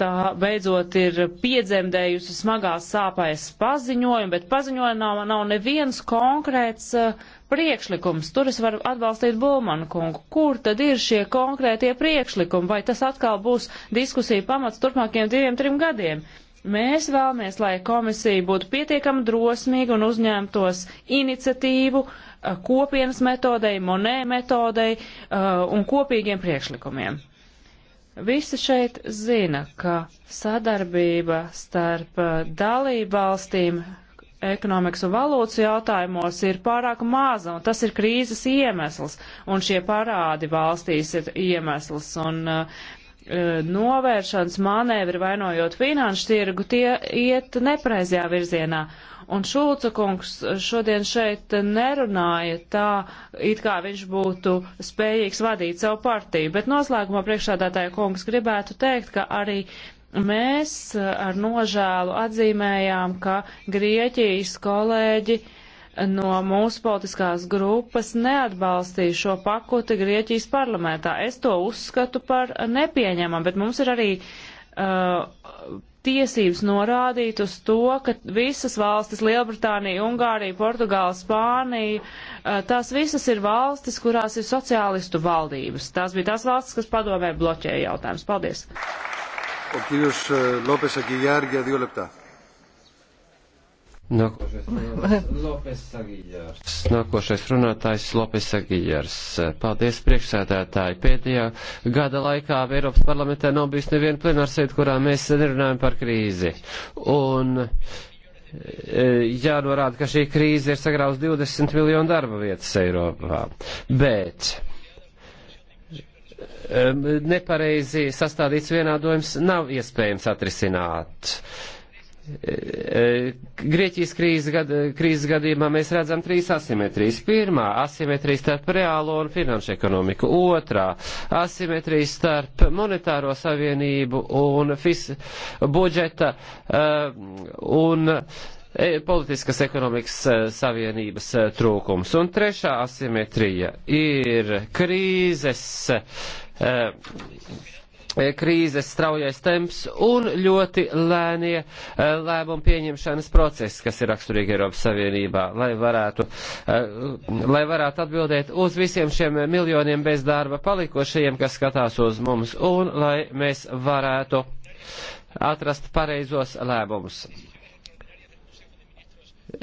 tā beidzot ir piedzemdējusi smagās sāpēs paziņojumu, bet paziņojumā nav, nav neviens konkrēts uh, priekšlikums. Tur es varu atbalstīt Bulmanu kungu. Kur tad ir šie konkrētie priekšlikumi? Vai tas atkal būs diskusija pamats turpmākiem diviem, trim gadiem? Mēs vēlamies, lai komisija būtu pietiekami drosmīga un uzņemtos iniciatīvu uh, kopienas metodei, monē metodei uh, un kopīgiem priekšlikumiem. Visi šeit zina, ka sadarbība starp uh, dalībvalstīm ekonomikas un valūtas jautājumos ir pārāk maza, un tas ir krīzes iemesls, un šie parādi valstīs ir iemesls, un uh, uh novēršanas manevri vainojot finanšu tirgu, tie iet nepreizajā virzienā. Un Šulca kungs šodien šeit nerunāja tā, it kā viņš būtu spējīgs vadīt savu partiju, bet noslēgumā priekšādātāja kungs gribētu teikt, ka arī mēs ar nožēlu atzīmējām, ka Grieķijas kolēģi no mūsu politiskās grupas neatbalstīja šo pakoti Grieķijas parlamentā. Es to uzskatu par nepieņemam, bet mums ir arī uh, tiesības norādīt uz to, ka visas valstis - Lielbritānija, Ungārija, Portugāla, Spānija eh, - tās visas ir valstis, kurās ir sociālistu valdības. Tās bija tās valstis, kas padomē bloķēja jautājumus. Paldies! O, kīdus, eh, Lopes, Aguilar, ja Nākošais runātājs Lopes Agijars. Paldies priekšsēdētāji. Pēdējā gada laikā Eiropas parlamentē nav bijis neviena plenārsēde, kurā mēs nerunājam par krīzi. Un e, jānorāda, ka šī krīze ir sagrauz 20 miljonu darba vietas Eiropā. Bet e, nepareizi sastādīts vienādojums nav iespējams atrisināt Grieķijas krīzes, gad, krīzes gadījumā mēs redzam trīs asimetrijas. Pirmā - asimetrija starp reālo un finanšu ekonomiku. Otrā - asimetrija starp monetāro savienību un fis, budžeta uh, un eh, politiskas ekonomikas eh, savienības trūkums. Un trešā asimetrija ir krīzes. Uh, E, krīzes straujais temps un ļoti lēnie e, lēmumu pieņemšanas procesi, kas ir raksturīgi Eiropas Savienībā, lai varētu, e, lai varētu atbildēt uz visiem šiem miljoniem bezdarba palikošajiem, kas skatās uz mums, un lai mēs varētu atrast pareizos lēmumus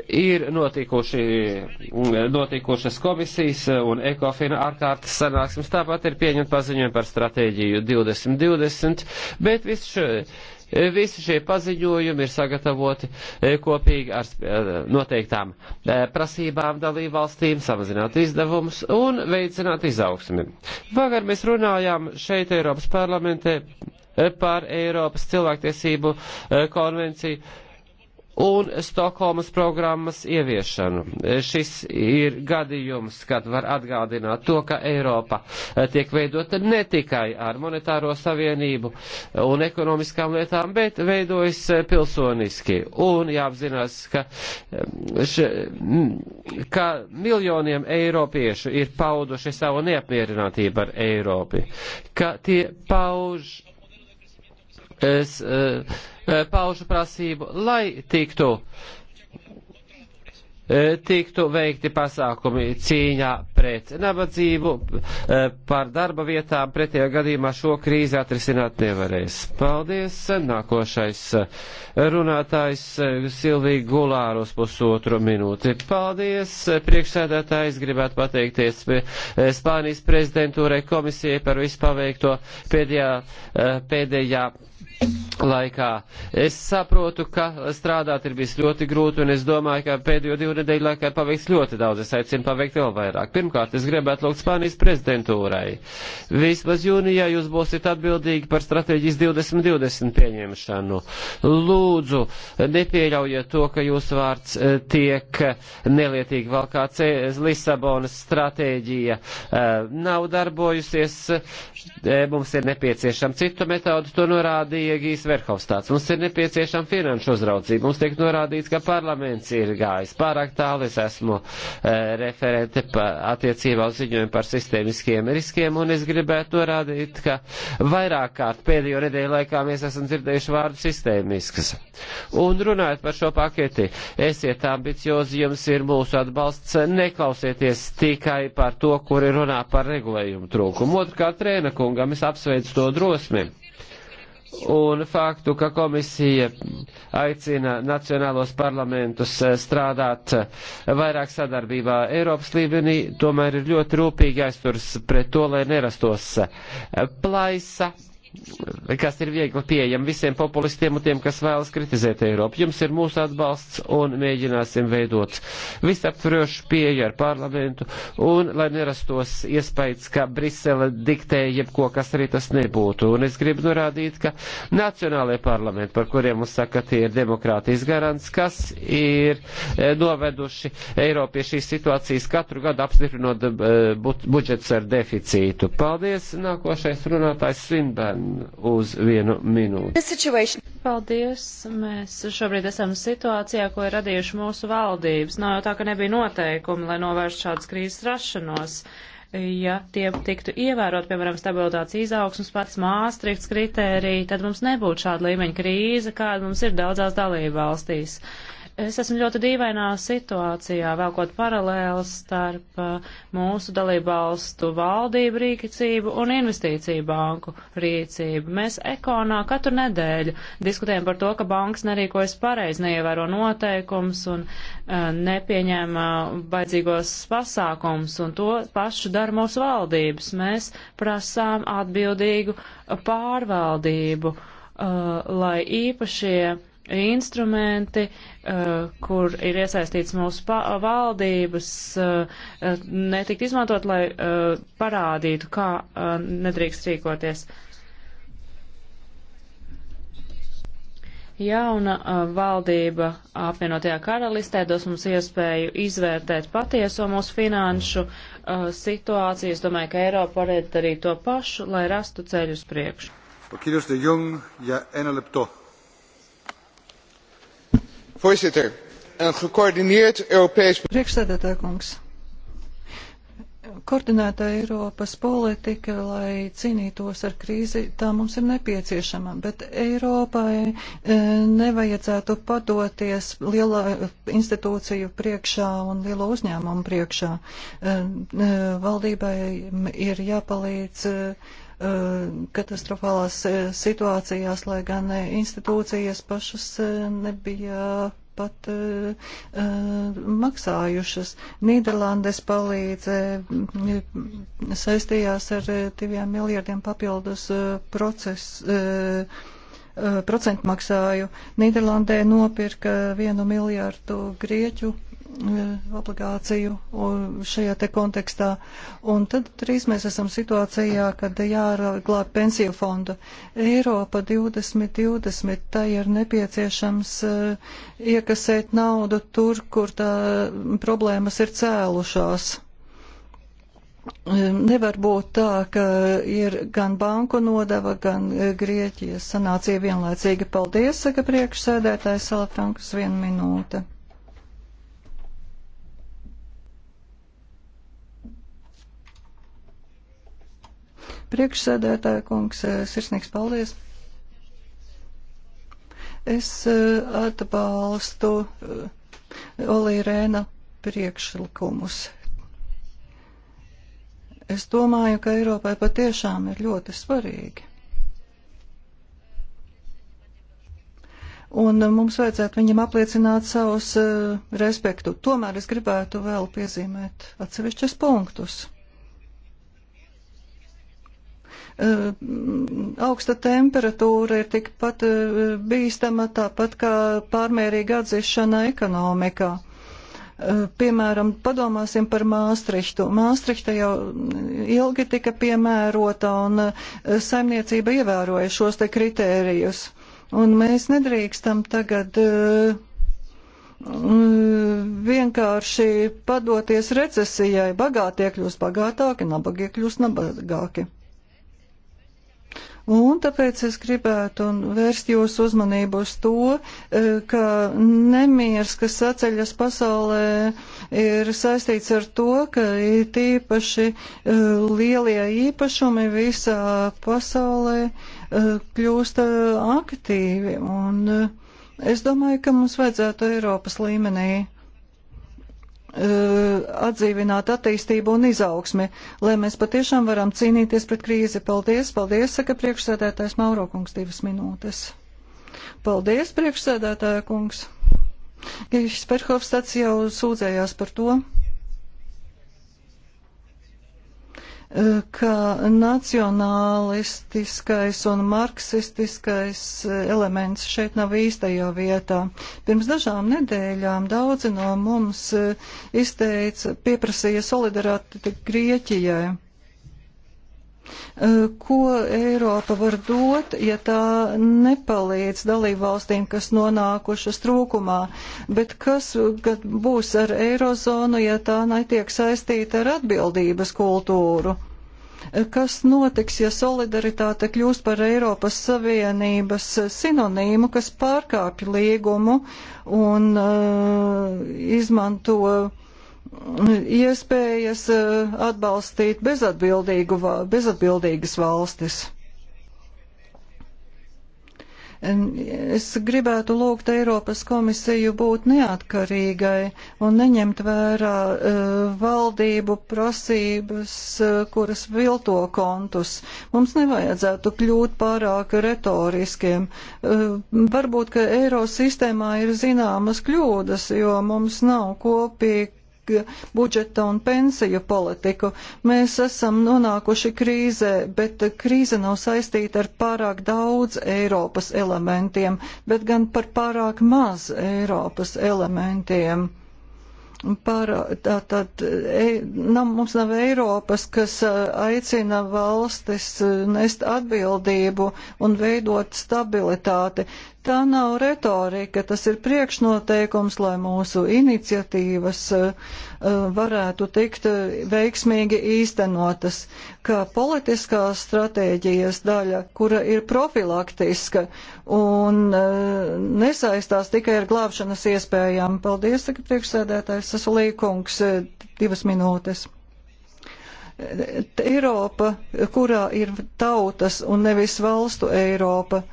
ir notikuši, notikušas komisijas un ekofina ārkārtas sanāksmes, tāpat ir pieņemt paziņojumi par stratēģiju 2020, bet viss šo. Visi šie paziņojumi ir sagatavoti e, kopīgi ar e, noteiktām e, prasībām dalībvalstīm samazināt izdevumus un veicināt izaugsmi. Vakar mēs runājām šeit Eiropas parlamentē par Eiropas cilvēktiesību konvenciju un Stokholmas programmas ieviešanu. Šis ir gadījums, kad var atgādināt to, ka Eiropa eh, tiek veidota ne tikai ar monetāro savienību un ekonomiskām lietām, bet veidojas eh, pilsoniski. Un jāapzinās, ka, eh, še, ka miljoniem eiropiešu ir pauduši savu neapmierinātību ar Eiropi, ka tie pauž. Es, uh, Eh, paužu prasību, lai tiktu, eh, tiktu veikti pasākumi cīņā pret nabadzību, eh, par darba vietām, pretējā gadījumā šo krīzi atrisināt nevarēs. Paldies! Nākošais runātājs Silvija Gulāros pusotru minūti. Paldies! Priekšsēdētājs gribētu pateikties Spānijas prezidentūrai komisijai par vispaveikto pēdējā, pēdējā laikā. Es saprotu, ka strādāt ir bijis ļoti grūti, un es domāju, ka pēdējo divu nedēļu laikā paveiks ļoti daudz. Es aicinu paveikt vēl vairāk. Pirmkārt, es gribētu lūgt Spānijas prezidentūrai. Vismaz jūnijā jūs būsiet atbildīgi par stratēģijas 2020 pieņemšanu. Lūdzu, nepieļaujiet to, ka jūsu vārds eh, tiek nelietīgi vēl kā e, Lisabonas stratēģija eh, nav darbojusies. E, mums ir nepieciešama citu metodu, to norāda norādīja Gīs Verhofstāts. Mums ir nepieciešama finanšu uzraudzība. Mums tiek norādīts, ka parlaments ir gājis pārāk tālu. Es esmu e, referente pa, attiecībā uz ziņojumu par sistēmiskiem riskiem, un es gribētu norādīt, ka vairāk kārt pēdējo nedēļu laikā mēs esam dzirdējuši vārdu sistēmisks. Un runājot par šo paketi, esiet ambiciozi, jums ir mūsu atbalsts, neklausieties tikai par to, kuri runā par regulējumu trūkumu. Otrkārt, Rēna kungam es apsveicu to drosmi un faktu, ka komisija aicina nacionālos parlamentus eh, strādāt eh, vairāk sadarbībā Eiropas līmenī, tomēr ir ļoti rūpīgi aizturs pret to, lai nerastos eh, plaisa kas ir viegli pieejama visiem populistiem un tiem, kas vēlas kritizēt Eiropu. Jums ir mūsu atbalsts un mēģināsim veidot visaptvarošu pieeju ar parlamentu un lai nerastos iespējas, ka Brisele diktē jebko, kas arī tas nebūtu. Un es gribu norādīt, ka nacionālajie parlamenti, par kuriem mums saka, tie ir demokrātijas garants, kas ir e, noveduši Eiropu pie šīs situācijas katru gadu apstiprinot e, budžets ar deficītu. Paldies, nākošais runātājs Svinbērn. Andersena uz vienu minūti. Paldies. Mēs šobrīd esam situācijā, ko ir radījuši mūsu valdības. Nav jau tā, ka nebija noteikumi, lai novērstu šādas krīzes rašanos. Ja tie tiktu ievērot, piemēram, stabilitātes izaugsmas pats māstrikts kritērija, tad mums nebūtu šāda līmeņa krīze, kāda mums ir daudzās dalība valstīs. Uh, Es esmu ļoti dīvainā situācijā, vēlkot paralēles starp uh, mūsu dalībvalstu valdību rīcību un investīciju banku rīcību. Mēs ekonā katru nedēļu diskutējam par to, ka bankas nerīkojas pareizi, neievēro noteikums un uh, nepieņem baidzīgos uh, pasākums, un to pašu dara mūsu valdības. Mēs prasām atbildīgu pārvaldību, lai īpašie instrumenti, eh, kur ir iesaistīts mūsu valdības, eh, netikt izmantot, lai eh, parādītu, kā nedrīkst rīkoties. Jauna valdība apvienotajā karalistē dos mums iespēju izvērtēt patieso mūsu finanšu situāciju. Es domāju, ka Eiropa varētu darīt to pašu, lai rastu ceļu uz priekšu. O, Voorzitter, een gecoördineerd Europees. Priekšsēdētāj kungs. Koordinēta Eiropas politika, lai cīnītos ar krīzi, tā mums ir nepieciešama, bet Eiropai e, nevajadzētu padoties lielā institūciju priekšā un lielo uzņēmumu priekšā. E, e, valdībai ir jāpalīdz. E, Eh, katastrofālās eh, situācijās, lai gan eh, institūcijas pašas nebija pat maksājušas. Nīderlandes palīdzē mm, saistījās ar diviem miljardiem papildus procesu procentu maksāju. Nīderlandē nopirka vienu miljārdu grieķu Eh, obligāciju šajā te kontekstā. Un tad drīz mēs esam situācijā, kad jāglāb pensiju fonda. Eiropa 2020, tai ir nepieciešams eh, iekasēt naudu tur, kur tā problēmas ir cēlušās. Eh, nevar būt tā, ka ir gan banku nodeva, gan Grieķijas sanācija vienlaicīgi. Paldies, saka priekšsēdētājs Salafrankas, viena minūte. Priekšsēdētāja kungs, eh, sirsnīgs paldies! Es eh, atbalstu eh, Olī Rēna priekšlikumus. Es domāju, ka Eiropai patiešām ir ļoti svarīgi. Un mums vajadzētu viņam apliecināt savus uh, respektu. Tomēr es gribētu vēl piezīmēt atsevišķas punktus. Uh, Eh, augsta temperatūra ir tikpat eh, bīstama, tāpat kā pārmērīga atzīšana ekonomikā. Eh, piemēram, padomāsim par Māstrihtu. Māstrihta jau ilgi tika piemērota un saimniecība ievēroja šos te kritērijus. Un mēs nedrīkstam tagad vienkārši padoties recesijai. Bagātie kļūst bagātāki, nabagie kļūst nabagāki. Un tāpēc es gribētu vērst jūsu uzmanību uz to, eh, ka nemiers, kas saceļas pasaulē, ir saistīts ar to, ka ir tīpaši eh, lielie īpašumi visā pasaulē eh, kļūst aktīvi. Un es domāju, ka mums vajadzētu Eiropas līmenī E, atdzīvināt attīstību un izaugsmi, lai mēs patiešām varam cīnīties pret krīzi. Paldies, paldies, saka priekšsēdētājs Mauro kungs divas minūtes. Paldies, priekšsēdētāja kungs. Gešs Perhovstats jau sūdzējās par to, ka nacionālistiskais un marksistiskais elements šeit nav īstajā vietā. Pirms dažām nedēļām daudzi no mums izteica, pieprasīja solidaritāti Grieķijai. Eh, ko Eiropa var dot, ja tā nepalīdz dalībvalstīm, kas nonākušas trūkumā? Bet kas būs ar Eirozonu, ja tā netiek saistīta ar atbildības kultūru? Eh, kas notiks, ja solidaritāte kļūs par Eiropas Savienības sinonīmu, kas pārkāpj līgumu un uh, izmanto uh, iespējas eh, atbalstīt bezatbildīgas valstis. Es gribētu lūgt Eiropas komisiju būt neatkarīgai un neņemt vērā uh, valdību prasības, uh, kuras vilto kontus. Mums nevajadzētu kļūt pārāk retoriskiem. Uh, varbūt, ka eiro sistēmā ir zināmas kļūdas, jo mums nav kopīgi budžeta un pensiju politiku. Mēs esam nonākuši krīzē, bet krīze nav saistīta ar pārāk daudz Eiropas elementiem, bet gan par pārāk maz Eiropas elementiem. Par, tā, tad, e, nav, mums nav Eiropas, kas e, aicina valstis e, nest atbildību un veidot stabilitāti. Tā nav retorika, tas ir priekšnoteikums, lai mūsu iniciatīvas uh, varētu tikt eh, veiksmīgi īstenotas, kā politiskā stratēģijas daļa, kura ir profilaktiska un eh, nesaistās tikai ar glābšanas iespējām. Paldies, saka priekšsēdētājs Sasulīkungs, eh, divas minūtes. Eiropa, kurā ir tautas un nevis valstu Eiropa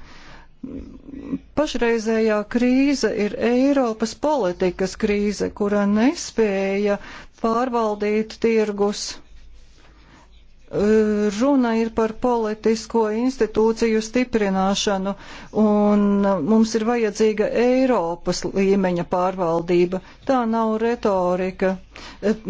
pašreizējā krīze ir Eiropas politikas krīze, kura nespēja pārvaldīt tirgus. Runa ir par politisko institūciju stiprināšanu, un mums ir vajadzīga Eiropas līmeņa pārvaldība. Tā nav retorika,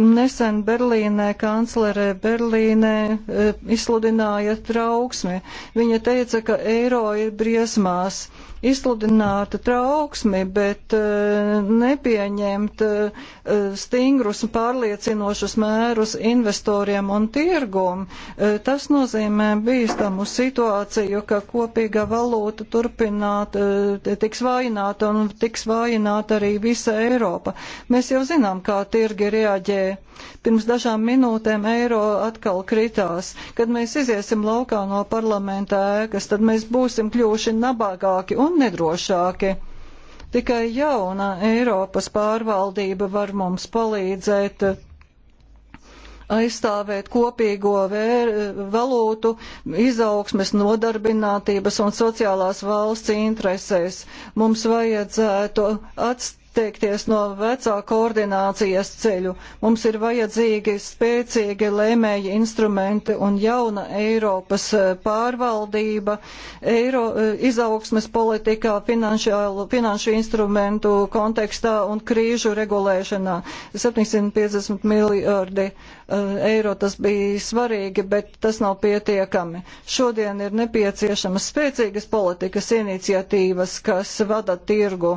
Nesen Berlīnē kanclere Berlīnē e, izsludināja trauksmi. Viņa teica, ka eiro ir briesmās. Izsludināta trauksmi, bet e, nepieņemt e, stingrus un pārliecinošus mērus investoriem un tirgum. Tas nozīmē bīstamu situāciju, ka kopīga valūta turpināt tiks vājināta un tiks vājināta arī visa Eiropa. Mēs jau zinām, kā tirgi ir jāreaģē. Pirms dažām minūtēm eiro atkal kritās. Kad mēs iziesim laukā no parlamenta ēkas, tad mēs būsim kļuvuši nabagāki un nedrošāki. Tikai jauna Eiropas pārvaldība var mums palīdzēt aizstāvēt kopīgo vēr, valūtu, izaugsmes, nodarbinātības un sociālās valsts interesēs. Mums vajadzētu atst, atteikties no vecā koordinācijas ceļu. Mums ir vajadzīgi spēcīgi lēmēji instrumenti un jauna Eiropas e, pārvaldība, Eiro, e, izaugsmes politikā, finanšu instrumentu kontekstā un krīžu regulēšanā. 750 miljardi e, eiro tas bija svarīgi, bet tas nav pietiekami. Šodien ir nepieciešamas spēcīgas politikas iniciatīvas, kas vada tirgu.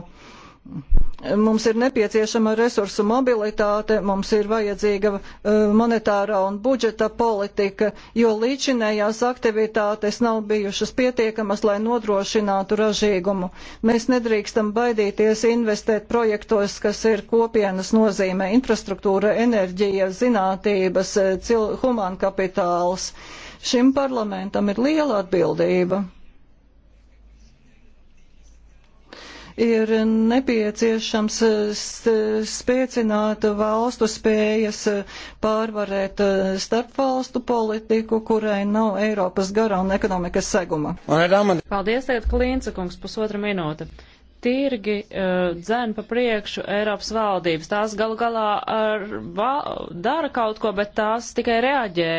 Mums ir nepieciešama resursu mobilitāte, mums ir vajadzīga uh, monetārā un budžeta politika, jo līdzinējās aktivitātes nav bijušas pietiekamas, lai nodrošinātu ražīgumu. Mēs nedrīkstam baidīties investēt projektos, kas ir kopienas nozīme - infrastruktūra, enerģija, zinātības, humānkapitāls. Šim parlamentam ir liela atbildība. ir nepieciešams eh, spēcināt valstu spējas eh, pārvarēt eh, starpvalstu politiku, kurai nav Eiropas gara un ekonomikas seguma. Paldies, tagad Klīnca kungs, pusotra minūte tirgi uh, eh, dzen pa priekšu Eiropas valdības. Tās galu galā ar, va, dara kaut ko, bet tās tikai reaģē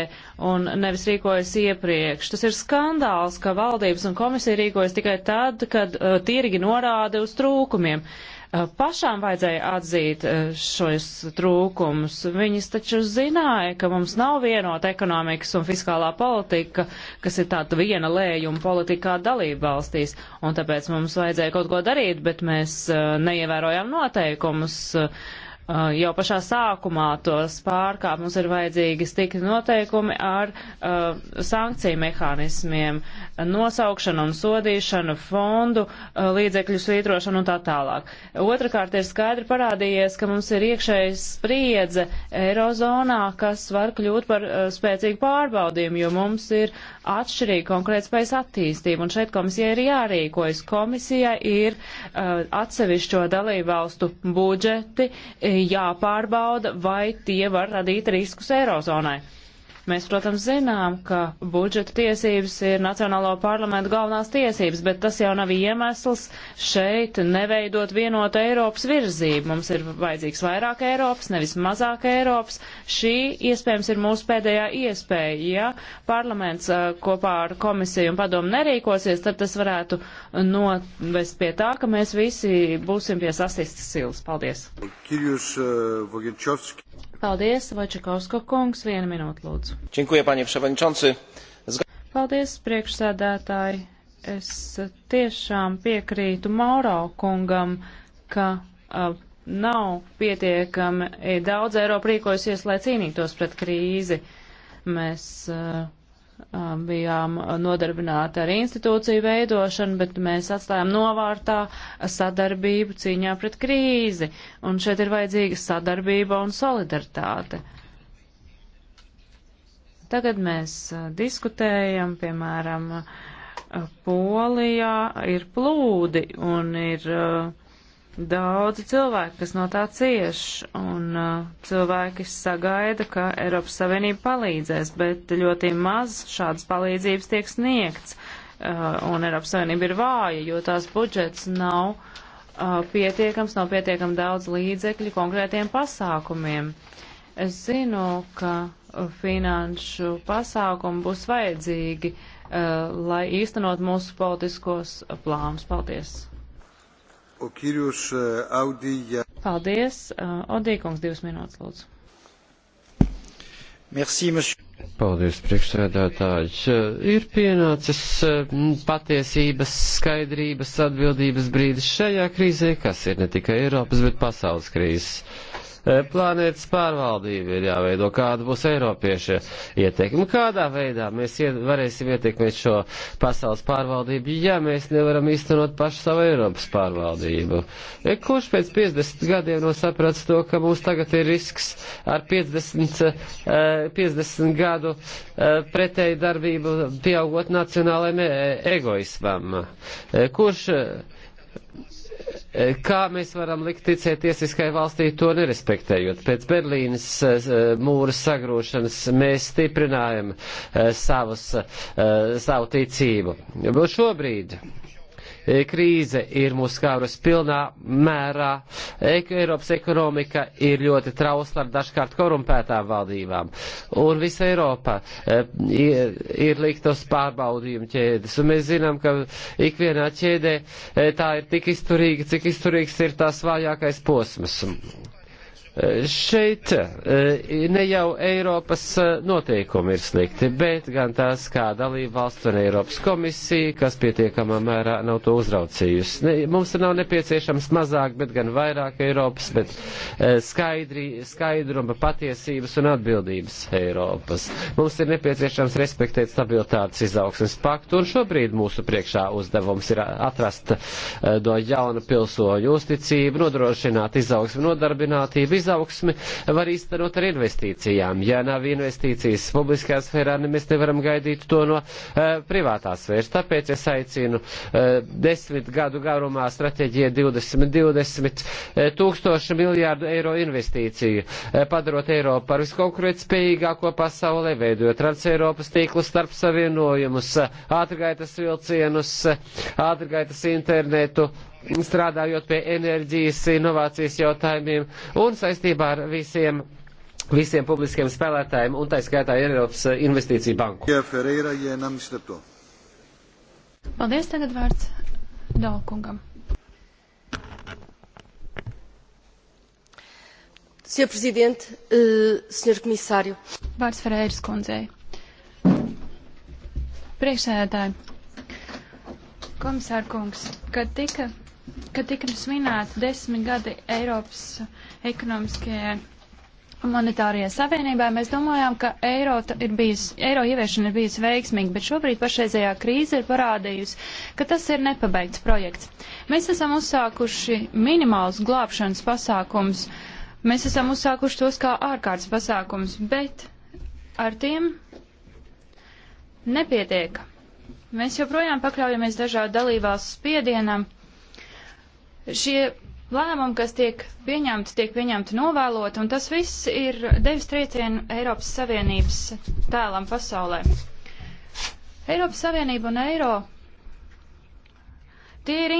un nevis rīkojas iepriekš. Tas ir skandāls, ka valdības un komisija rīkojas tikai tad, kad uh, tirgi norāda uz trūkumiem. Uh, Eh, pašām vajadzēja atzīt eh, šos trūkumus. Viņas taču zināja, ka mums nav vienota ekonomikas un fiskālā politika, kas ir tāda viena lējuma politikā dalība valstīs, un tāpēc mums vajadzēja kaut ko darīt, bet mēs eh, neievērojām noteikumus. Uh, Uh, jau pašā sākumā tos pārkāp, mums ir vajadzīgi stikri noteikumi ar uh, sankciju mehānismiem, nosaukšanu un sodīšanu, fondu uh, līdzekļu svītrošanu un tā tālāk. Otrakārt ir skaidri parādījies, ka mums ir iekšējas spriedze Eirozonā, kas var kļūt par uh, spēcīgu pārbaudījumu, jo mums ir atšķirīga konkrētspējas attīstība, un šeit komisija ir jārīkojas. Komisija ir uh, atsevišķo dalībvalstu budžeti, jāpārbauda, vai tie var radīt riskus Eirozonai. Mēs, protams, zinām, ka budžeta tiesības ir Nacionālo parlamentu galvenās tiesības, bet tas jau nav iemesls šeit neveidot vienotu Eiropas virzību. Mums ir vajadzīgs vairāk Eiropas, nevis mazāk Eiropas. Šī iespējams ir mūsu pēdējā iespēja. Ja parlaments kopā ar komisiju un padomu nerīkosies, tad tas varētu novest pie tā, ka mēs visi būsim pie sasistas silas. Paldies! Kirjus, uh, Paldies, Vačakausko kungs, viena minūte lūdzu. Činkuja, paņem ševaņčonci. Paldies, priekšsēdētāji. Es tiešām piekrītu Mauro kungam, ka uh, nav pietiekami e, daudz Eiropa rīkojusies, lai cīnītos pret krīzi. Mēs uh, bijām nodarbināti ar institūciju veidošanu, bet mēs atstājām novārtā sadarbību cīņā pret krīzi. Un šeit ir vajadzīga sadarbība un solidaritāte. Tagad mēs diskutējam, piemēram, Polijā ir plūdi un ir uh, daudzi cilvēki, kas no tā cieš, un uh, cilvēki sagaida, ka Eiropas Savienība palīdzēs, bet ļoti maz šādas palīdzības tiek sniegts, uh, un Eiropas Savienība ir vāja, jo tās budžets nav uh, pietiekams, nav pietiekami daudz līdzekļu konkrētiem pasākumiem. Es zinu, ka finanšu pasākumi būs vajadzīgi, uh, lai īstenot mūsu politiskos plānus. Paldies! Paldies. Odīkungs, divas minūtes, lūdzu. Merci, monsieur. Paldies, priekšsēdētājs. E, ir pienācis e, patiesības, skaidrības, atbildības brīdis šajā krīzē, kas ir ne tikai Eiropas, bet pasaules krīzes Eh, planētas pārvaldība ir jāveido, kāda būs Eiropieša ietekme, kādā veidā mēs iet, varēsim ietekmēt šo pasaules pārvaldību, ja mēs nevaram īstenot pašu savu Eiropas pārvaldību. Eh, kurš pēc 50 gadiem nav sapratis to, ka mums tagad ir risks ar 50, 50 eh, gadu pretēju darbību pieaugot nacionālajiem egoismam? Kurš Kā mēs varam likt ticēt tiesiskai valstī, to nerespektējot? Pēc Berlīnas eh, mūra sagrošanas mēs stiprinājam eh, savus, eh, savu ticību. Šobrīd E, krīze ir mūs skārus pilnā mērā. E, Eiropas ekonomika ir ļoti trausla ar dažkārt korumpētām valdībām. Un visa Eiropa e, ir, ir likt uz pārbaudījumu ķēdes. Un mēs zinām, ka ikvienā ķēdē tā ir tik izturīga, cik izturīgs ir tās vājākais posms. Šeit eh, ne jau Eiropas eh, noteikumi ir slikti, bet gan tās kā dalība valsts un Eiropas komisija, kas pietiekamā mērā nav to uzraucījusi. Ne, mums nav nepieciešams mazāk, bet gan vairāk Eiropas, bet eh, skaidri, skaidruma, patiesības un atbildības Eiropas. Mums ir nepieciešams respektēt stabilitātes izaugsmes paktu, un šobrīd mūsu priekšā uzdevums ir atrast no jauna pilsoņu uzticību, nodrošināt izaugsmu, nodarbinātību, izaugsmi var īstenot ar investīcijām. Ja nav investīcijas publiskajā sfērā, ne mēs nevaram gaidīt to no uh, privātās sfēras. Tāpēc es aicinu uh, desmit gadu garumā strateģija 2020 uh, eh, tūkstoši miljārdu eiro investīciju, uh, padarot Eiropu par viskonkurētspējīgāko pasaulē, veidojot Transeiropas tīklus starp savienojumus, uh, ātrgaitas vilcienus, uh, ātrgaitas internetu. Uh, strādājot pie enerģijas inovācijas jautājumiem un saistībā ar visiem visiem publiskiem spēlētājiem un tā skaitā Eiropas investīciju banku. Paldies, tagad vārds Dalkungam. Sr. Prezident, uh, eh, Sr. Komisāriju. Vārds Ferēras kundzei. Priekšsēdētāji, komisārkungs, kad tika kad tika svinēti desmit gadi Eiropas ekonomiskajai monetārajai savienībai, mēs domājām, ka eiro, ir bijis, eiro ieviešana ir bijusi veiksmīga, bet šobrīd pašreizējā krīze ir parādījusi, ka tas ir nepabeigts projekts. Mēs esam uzsākuši minimālus glābšanas pasākums, mēs esam uzsākuši tos kā ārkārtas pasākums, bet ar tiem nepietiek. Mēs joprojām pakļaujamies dažādu dalībās spiedienam. Šie lēmumi, kas tiek pieņemti, tiek pieņemti novēlot, un tas viss ir devis triecienu Eiropas Savienības tēlam pasaulē. Eiropas Savienība un eiro. Ir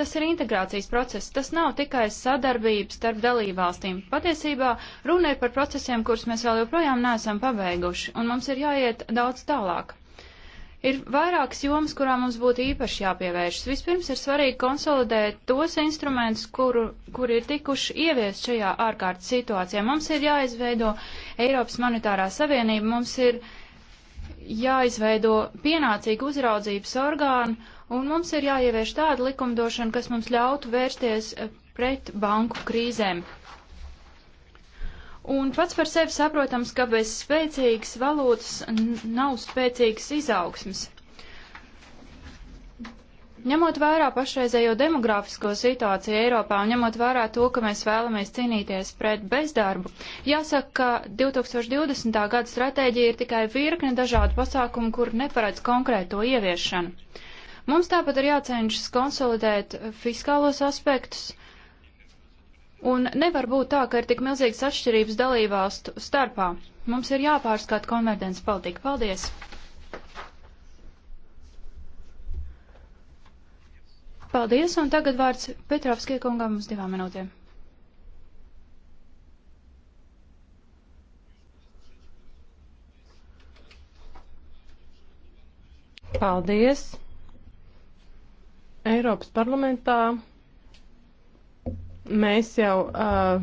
tas ir integrācijas process, tas nav tikai sadarbības starp dalībvalstīm. Patiesībā runa ir par procesiem, kurus mēs vēl joprojām neesam pabeiguši, un mums ir jāiet daudz tālāk. Ir vairākas jomas, kurām mums būtu īpaši jāpievēršas. Vispirms ir svarīgi konsolidēt tos instrumentus, kuru, kuri ir tikuši ieviest šajā ārkārtas situācijā. Mums ir jāizveido Eiropas monetārā savienība, mums ir jāizveido pienācīgi uzraudzības orgāni, un mums ir jāievieš tāda likumdošana, kas mums ļautu vērsties eh, pret banku krīzēm. Un pats par sevi saprotams, ka bez spēcīgas valūtas nav spēcīgas izaugsmas. Ņemot vērā pašreizējo demografisko situāciju Eiropā un ņemot vērā to, ka mēs vēlamies cīnīties pret bezdarbu, jāsaka, ka 2020. gada stratēģija ir tikai virkne dažādu pasākumu, kur neparedz konkrēto ieviešanu. Mums tāpat ir jācenšas konsolidēt fiskālos aspektus Un nevar būt tā, ka ir tik milzīgas atšķirības dalībvalstu starpā. Mums ir jāpārskata konverģences politika. Paldies! Paldies, un tagad vārds Petrovskie kungam uz divām minūtēm. Paldies! Eiropas parlamentā Mēs jau uh,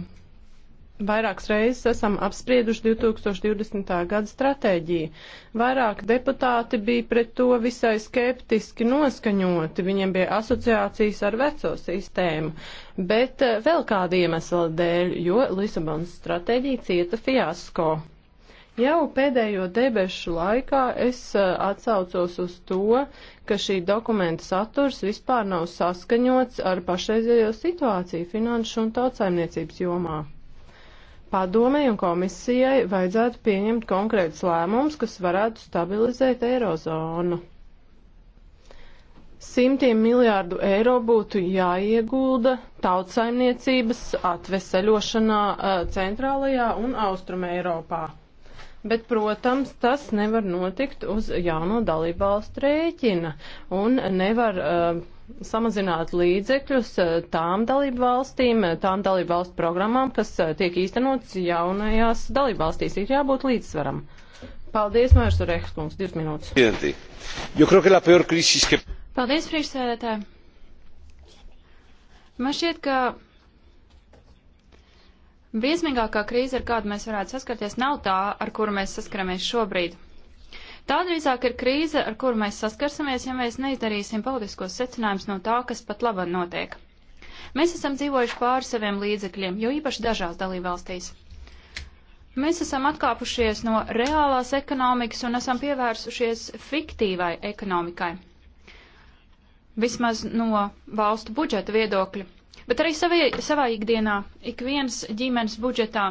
Vairākas reizes esam apsprieduši 2020. gada stratēģiju. Vairāk deputāti bija pret to visai skeptiski noskaņoti, viņiem bija asociācijas ar veco sistēmu, bet uh, vēl kāda iemesla dēļ, jo Lisabonas stratēģija cieta fiasko. Jau pēdējo debešu laikā es eh, atsaucos uz to, ka šī dokumenta saturs vispār nav saskaņots ar pašreizējo situāciju finanšu un tautsaimniecības jomā. Padomei un komisijai vajadzētu pieņemt konkrētus lēmumus, kas varētu stabilizēt eirozonu. Simtiem miljārdu eiro būtu jāiegulda tautsaimniecības atveseļošanā eh, centrālajā un austrum Eiropā bet, protams, tas nevar notikt uz jauno dalībvalstu rēķina un nevar uh, samazināt līdzekļus uh, tām dalībvalstīm, uh, tām dalībvalstu programmām, kas uh, tiek īstenotas jaunajās dalībvalstīs. Ir jābūt līdzsvaram. Paldies, Mairs Rehs, kungs, divas minūtes. Paldies, priekšsēdētāji. Man šķiet, ka Briesmīgākā krīze, ar kādu mēs varētu saskarties, nav tā, ar kuru mēs saskaramies šobrīd. Tā drīzāk ir krīze, ar kuru mēs saskarsimies, ja mēs neizdarīsim politiskos secinājumus no tā, kas pat laba notiek. Mēs esam dzīvojuši pāri saviem līdzekļiem, jo īpaši dažās dalībvalstīs. Mēs esam atkāpušies no reālās ekonomikas un esam pievērsušies fiktīvai ekonomikai. Vismaz no valstu budžeta viedokļa bet arī savie, savā ikdienā, ik viens ģimenes budžetā.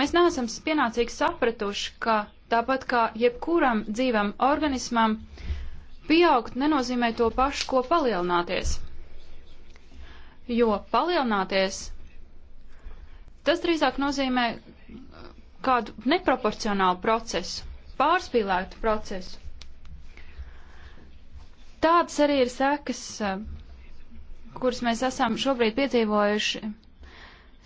Mēs neesam pienācīgi sapratuši, ka tāpat kā jebkuram dzīvam organismam, pieaugt nenozīmē to pašu, ko palielināties. Jo palielināties, tas drīzāk nozīmē uh, kādu neproporcionālu procesu, pārspīlētu procesu. Tādas arī ir sekas uh, kuras mēs esam šobrīd piedzīvojuši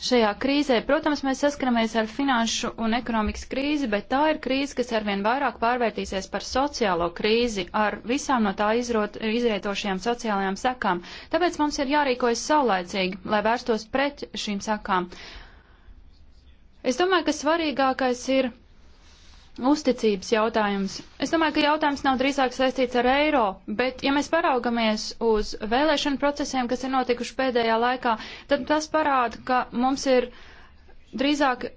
šajā krīzē. Protams, mēs saskaramies ar finanšu un ekonomikas krīzi, bet tā ir krīze, kas arvien vairāk pārvērtīsies par sociālo krīzi ar visām no tā izrot, izrietošajām sociālajām sekām. Tāpēc mums ir jārīkojas saulēcīgi, lai vērstos pret šīm sekām. Es domāju, ka svarīgākais ir uzticības jautājums. Es domāju, ka jautājums nav drīzāk saistīts ar eiro, bet ja mēs paraugamies uz vēlēšanu procesiem, kas ir notikuši pēdējā laikā, tad tas parāda, ka mums ir drīzāk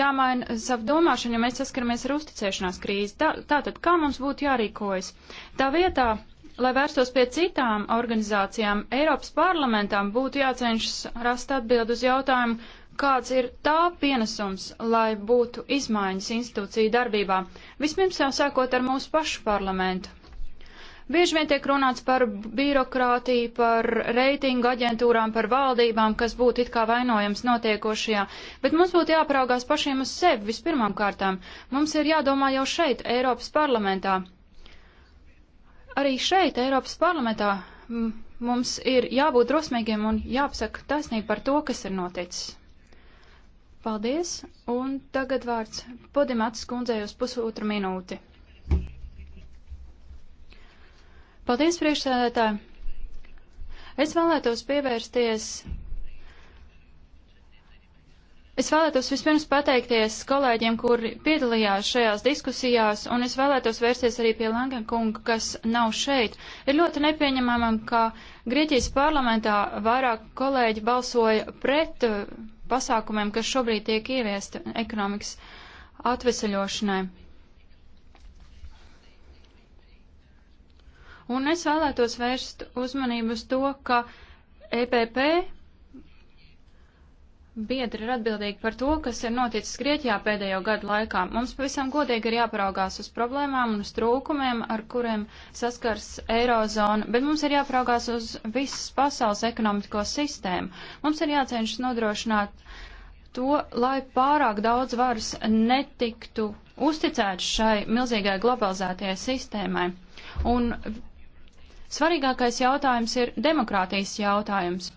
jāmaina savu domāšanu, ja mēs saskaramies ar uzticēšanās krīzi. Tā, tātad, kā mums būtu jārīkojas? Tā vietā, lai vērstos pie citām organizācijām, Eiropas parlamentām būtu jācenšas rast atbild uz jautājumu, kāds ir tā pienesums, lai būtu izmaiņas institūciju darbībā, vispirms jau sākot ar mūsu pašu parlamentu. Bieži vien tiek runāts par birokrātiju, par reitingu aģentūrām, par valdībām, kas būtu it kā vainojams notiekošajā, bet mums būtu jāpraugās pašiem uz sevi vispirmām kārtām. Mums ir jādomā jau šeit, Eiropas parlamentā. Arī šeit, Eiropas parlamentā, mums ir jābūt drosmīgiem un jāapsaka taisnība par to, kas ir noticis. Paldies, un tagad vārds Podimats kundzei uz pusotru minūti. Paldies, priekšsēdētāji! Es vēlētos pievērsties. Es vēlētos vispirms pateikties kolēģiem, kuri piedalījās šajās diskusijās, un es vēlētos vērsties arī pie Langan kunga, kas nav šeit. Ir ļoti nepieņemamam, ka Grieķijas parlamentā vairāk kolēģi balsoja pret pasākumiem, kas šobrīd tiek ieviesti ekonomikas atveseļošanai. Un es vēlētos vērst uzmanību uz to, ka EPP biedri ir atbildīgi par to, kas ir noticis Grieķijā pēdējo gadu laikā. Mums pavisam godīgi ir jāparaugās uz problēmām un uz trūkumiem, ar kuriem saskars Eirozona, bet mums ir jāparaugās uz visas pasaules ekonomisko sistēmu. Mums ir jācenšas nodrošināt to, lai pārāk daudz varas netiktu uzticēts šai milzīgai globalizētajai sistēmai. Un svarīgākais jautājums ir demokrātijas jautājums.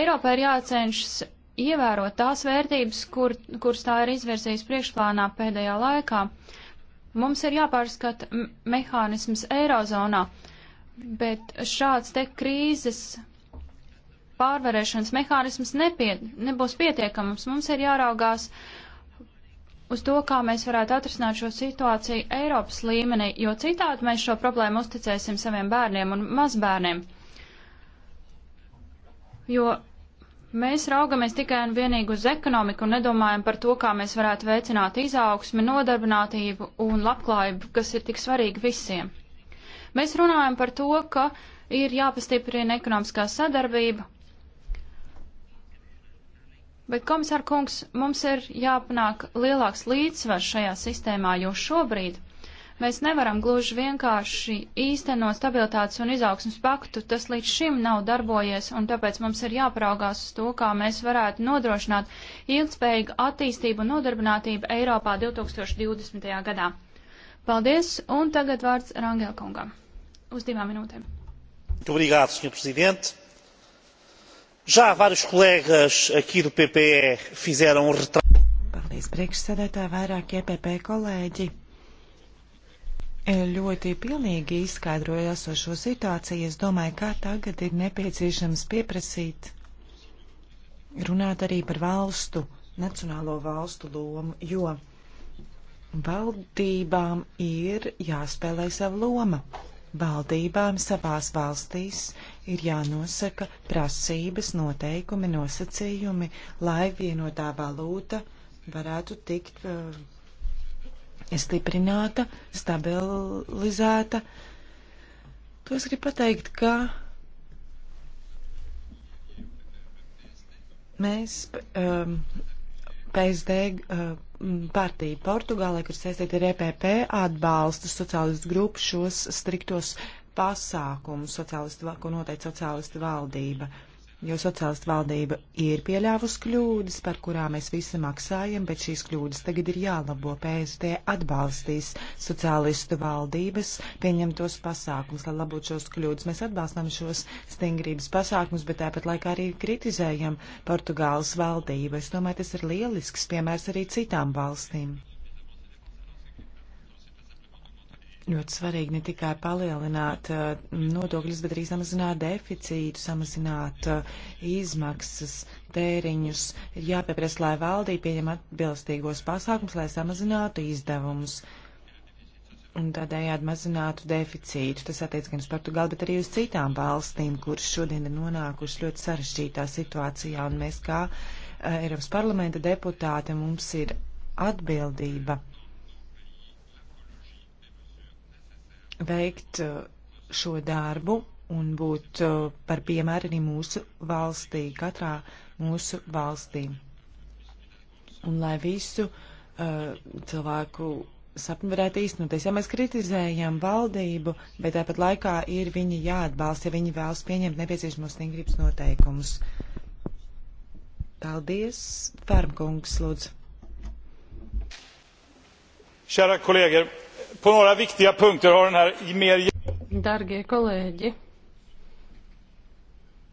Eiropā ir jācenšas ievērot tās vērtības, kur, kuras tā ir izvirzījis priekšplānā pēdējā laikā. Mums ir jāpārskata mehānisms Eirozonā, bet šāds te krīzes pārvarēšanas mehānisms nepiet, nebūs pietiekams. Mums ir jāraugās uz to, kā mēs varētu atrisināt šo situāciju Eiropas līmenī, jo citādi mēs šo problēmu uzticēsim saviem bērniem un mazbērniem. Jo Mēs raugamies tikai un vienīgi uz ekonomiku un nedomājam par to, kā mēs varētu veicināt izaugsmi, nodarbinātību un labklājību, kas ir tik svarīgi visiem. Mēs runājam par to, ka ir jāpastiprina ekonomiskā sadarbība, bet komisār kungs, mums ir jāpanāk lielāks līdzsvars šajā sistēmā, jo šobrīd Mēs nevaram gluži vienkārši īstenot stabilitātes un izaugsmas paktu, tas līdz šim nav darbojies, un tāpēc mums ir jāparaugās uz to, kā mēs varētu nodrošināt ilgspējīgu attīstību un nodarbinātību Eiropā 2020. gadā. Paldies, un tagad vārds Rangelkungam. Uz divām minūtēm. Obrigado, Sr. Presidente. Já vários colegas aqui do PPE fizeram um retrato. Paldies, priekšsēdētāji, vairāk EPP e kolēģi ļoti pilnīgi izskaidroja esošo situāciju. Es domāju, kā tagad ir nepieciešams pieprasīt runāt arī par valstu, nacionālo valstu lomu, jo valdībām ir jāspēlē sava loma. Valdībām savās valstīs ir jānosaka prasības, noteikumi, nosacījumi, lai vienotā valūta varētu tikt uh, ir stiprināta, stabilizēta. To es gribu pateikt, ka mēs um, PSD uh, um, partija Portugālē, kur saistīta ar EPP, atbalsta sociālistu grupu šos striktos pasākumus, ko noteica sociālistu valdība. Uh, jo sociālistu valdība ir pieļāvusi kļūdas, par kurām mēs visi maksājam, bet šīs kļūdas tagad ir jālabo. PSD atbalstīs sociālistu valdības pieņemtos pasākums, lai labotu šos kļūdas. Mēs atbalstam šos stingrības pasākums, bet tāpat laikā arī kritizējam Portugāles valdību. Es domāju, tas ir lielisks piemērs arī citām valstīm. Ļoti svarīgi ne tikai palielināt uh, nodokļus, bet arī samazināt deficītu, samazināt uh, izmaksas, tēriņus. Ir jāpieprasa, lai valdība pieņem atbilstīgos pasākums, lai samazinātu izdevumus un tādējādi mazinātu deficītu. Tas attiec gan uz Portugāli, bet arī uz citām valstīm, kuras šodien ir nonākušas ļoti sarežģītā situācijā, un mēs kā uh, Eiropas parlamenta deputāti mums ir atbildība veikt eh, šo darbu un būt eh, par piemēru arī mūsu valstī, katrā mūsu valstī. Un lai visu uh, cilvēku sapni varētu īstenoties. Ja mēs kritizējam valdību, bet tāpat laikā ir viņi jāatbalsta, ja viņi vēlas pieņemt nepieciešamos stingrības noteikumus. Paldies, Fērmkungs, lūdzu. Šārā kolēģi, På några viktiga punkter har den här mer... Dargie kolēģi,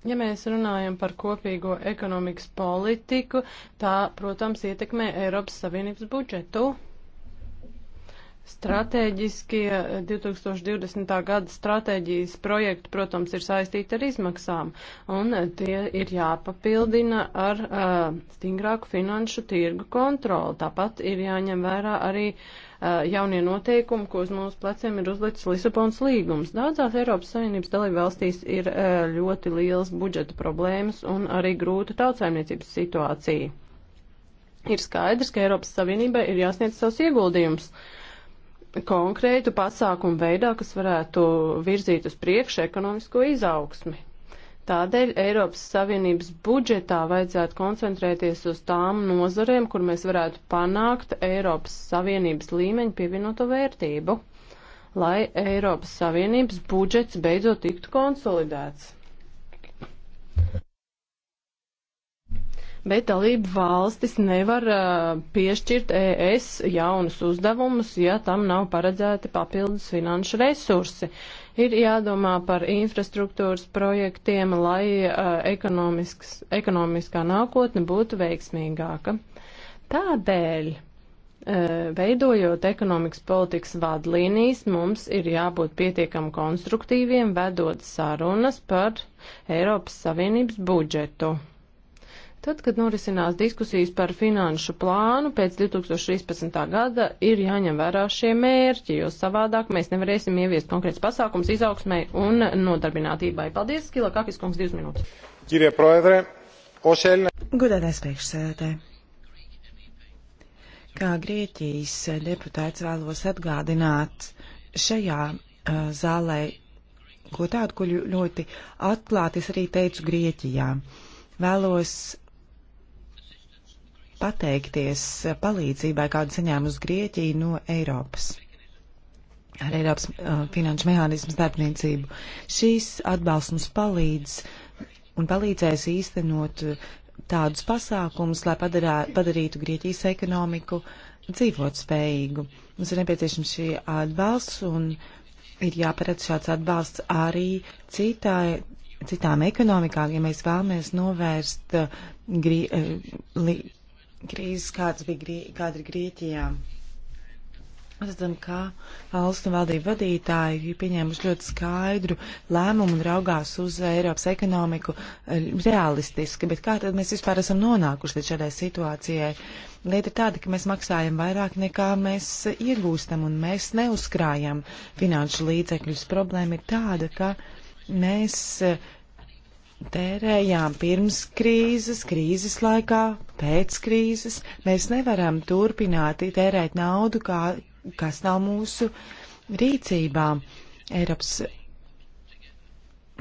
ja mēs runājam par kopīgo ekonomikas politiku, tā, protams, ietekmē Eiropas Savienības budžetu. Stratēģiskie 2020. Eh, gada stratēģijas projekti, protams, ir saistīti ar izmaksām, un eh, tie ir jāpapildina ar uh, stingrāku finanšu tirgu kontroli. Tāpat ir jāņem vērā arī uh, Eh, jaunie noteikumi, ko uz mūsu pleciem ir uzlicis Lisabons līgums. Daudzās Eiropas Savienības dalību valstīs ir eh, ļoti liels budžeta problēmas un arī grūta tautsēmniecības situācija. Ir skaidrs, ka Eiropas Savienībai ir jāsniedz savs ieguldījums konkrētu pasākumu veidā, kas varētu virzīt uz priekšu ekonomisko izaugsmi. Tādēļ Eiropas Savienības budžetā vajadzētu koncentrēties uz tām nozarēm, kur mēs varētu panākt Eiropas Savienības līmeņa pievienoto vērtību, lai Eiropas Savienības budžets beidzot tiktu konsolidēts. Bet dalību valstis nevar uh, piešķirt ES jaunus uzdevumus, ja tam nav paredzēti papildus finanšu resursi. Uh, Ir jādomā par infrastruktūras projektiem, lai uh, ekonomiskā nākotne būtu veiksmīgāka. Tādēļ, uh, veidojot ekonomikas politikas vadlīnijas, mums ir jābūt pietiekam konstruktīviem, vedot sarunas par Eiropas Savienības budžetu. Tad, kad norisinās diskusijas par finanšu plānu pēc 2013. gada, ir jāņem vērā šie mērķi, jo savādāk mēs nevarēsim ieviest konkrēts pasākums izaugsmai un nodarbinātībai. Paldies, Skila Kakis kungs, divas minūtes. Kirie proedre, Ošeļne. Gudētais priekšsēdē. Kā Grieķijas deputāts vēlos atgādināt šajā uh, zālē, ko tādu, ko ļoti atklāti es arī teicu Grieķijā. Vēlos pateikties palīdzībai, kādu saņēmu uz Grieķiju no Eiropas ar Eiropas uh, finanšu mehānismu starpniecību. Šīs atbalsts mums palīdz un palīdzēs īstenot uh, tādus pasākumus, lai padarā, padarītu Grieķijas ekonomiku dzīvot spējīgu. Mums ir nepieciešams šī atbalsts un ir jāparedz šāds atbalsts arī citai, citām ekonomikām, ja mēs vēlamies novērst uh, grie, uh, li, krīzes, kāds bija, kāda ir Grieķijā. Mēs redzam, ka valsts un valdību vadītāji ir pieņēmuši ļoti skaidru lēmumu un raugās uz Eiropas ekonomiku eh, realistiski, bet kā tad mēs vispār esam nonākuši līdz šādai situācijai? Lieta ir tāda, ka mēs maksājam vairāk nekā mēs iegūstam un mēs neuzkrājam finanšu līdzekļus. Problēma ir tāda, ka mēs uh, tērējām pirms krīzes, krīzes laikā, pēc krīzes. Mēs nevaram turpināt tērēt naudu, kā, kas nav mūsu rīcībā. Eiropas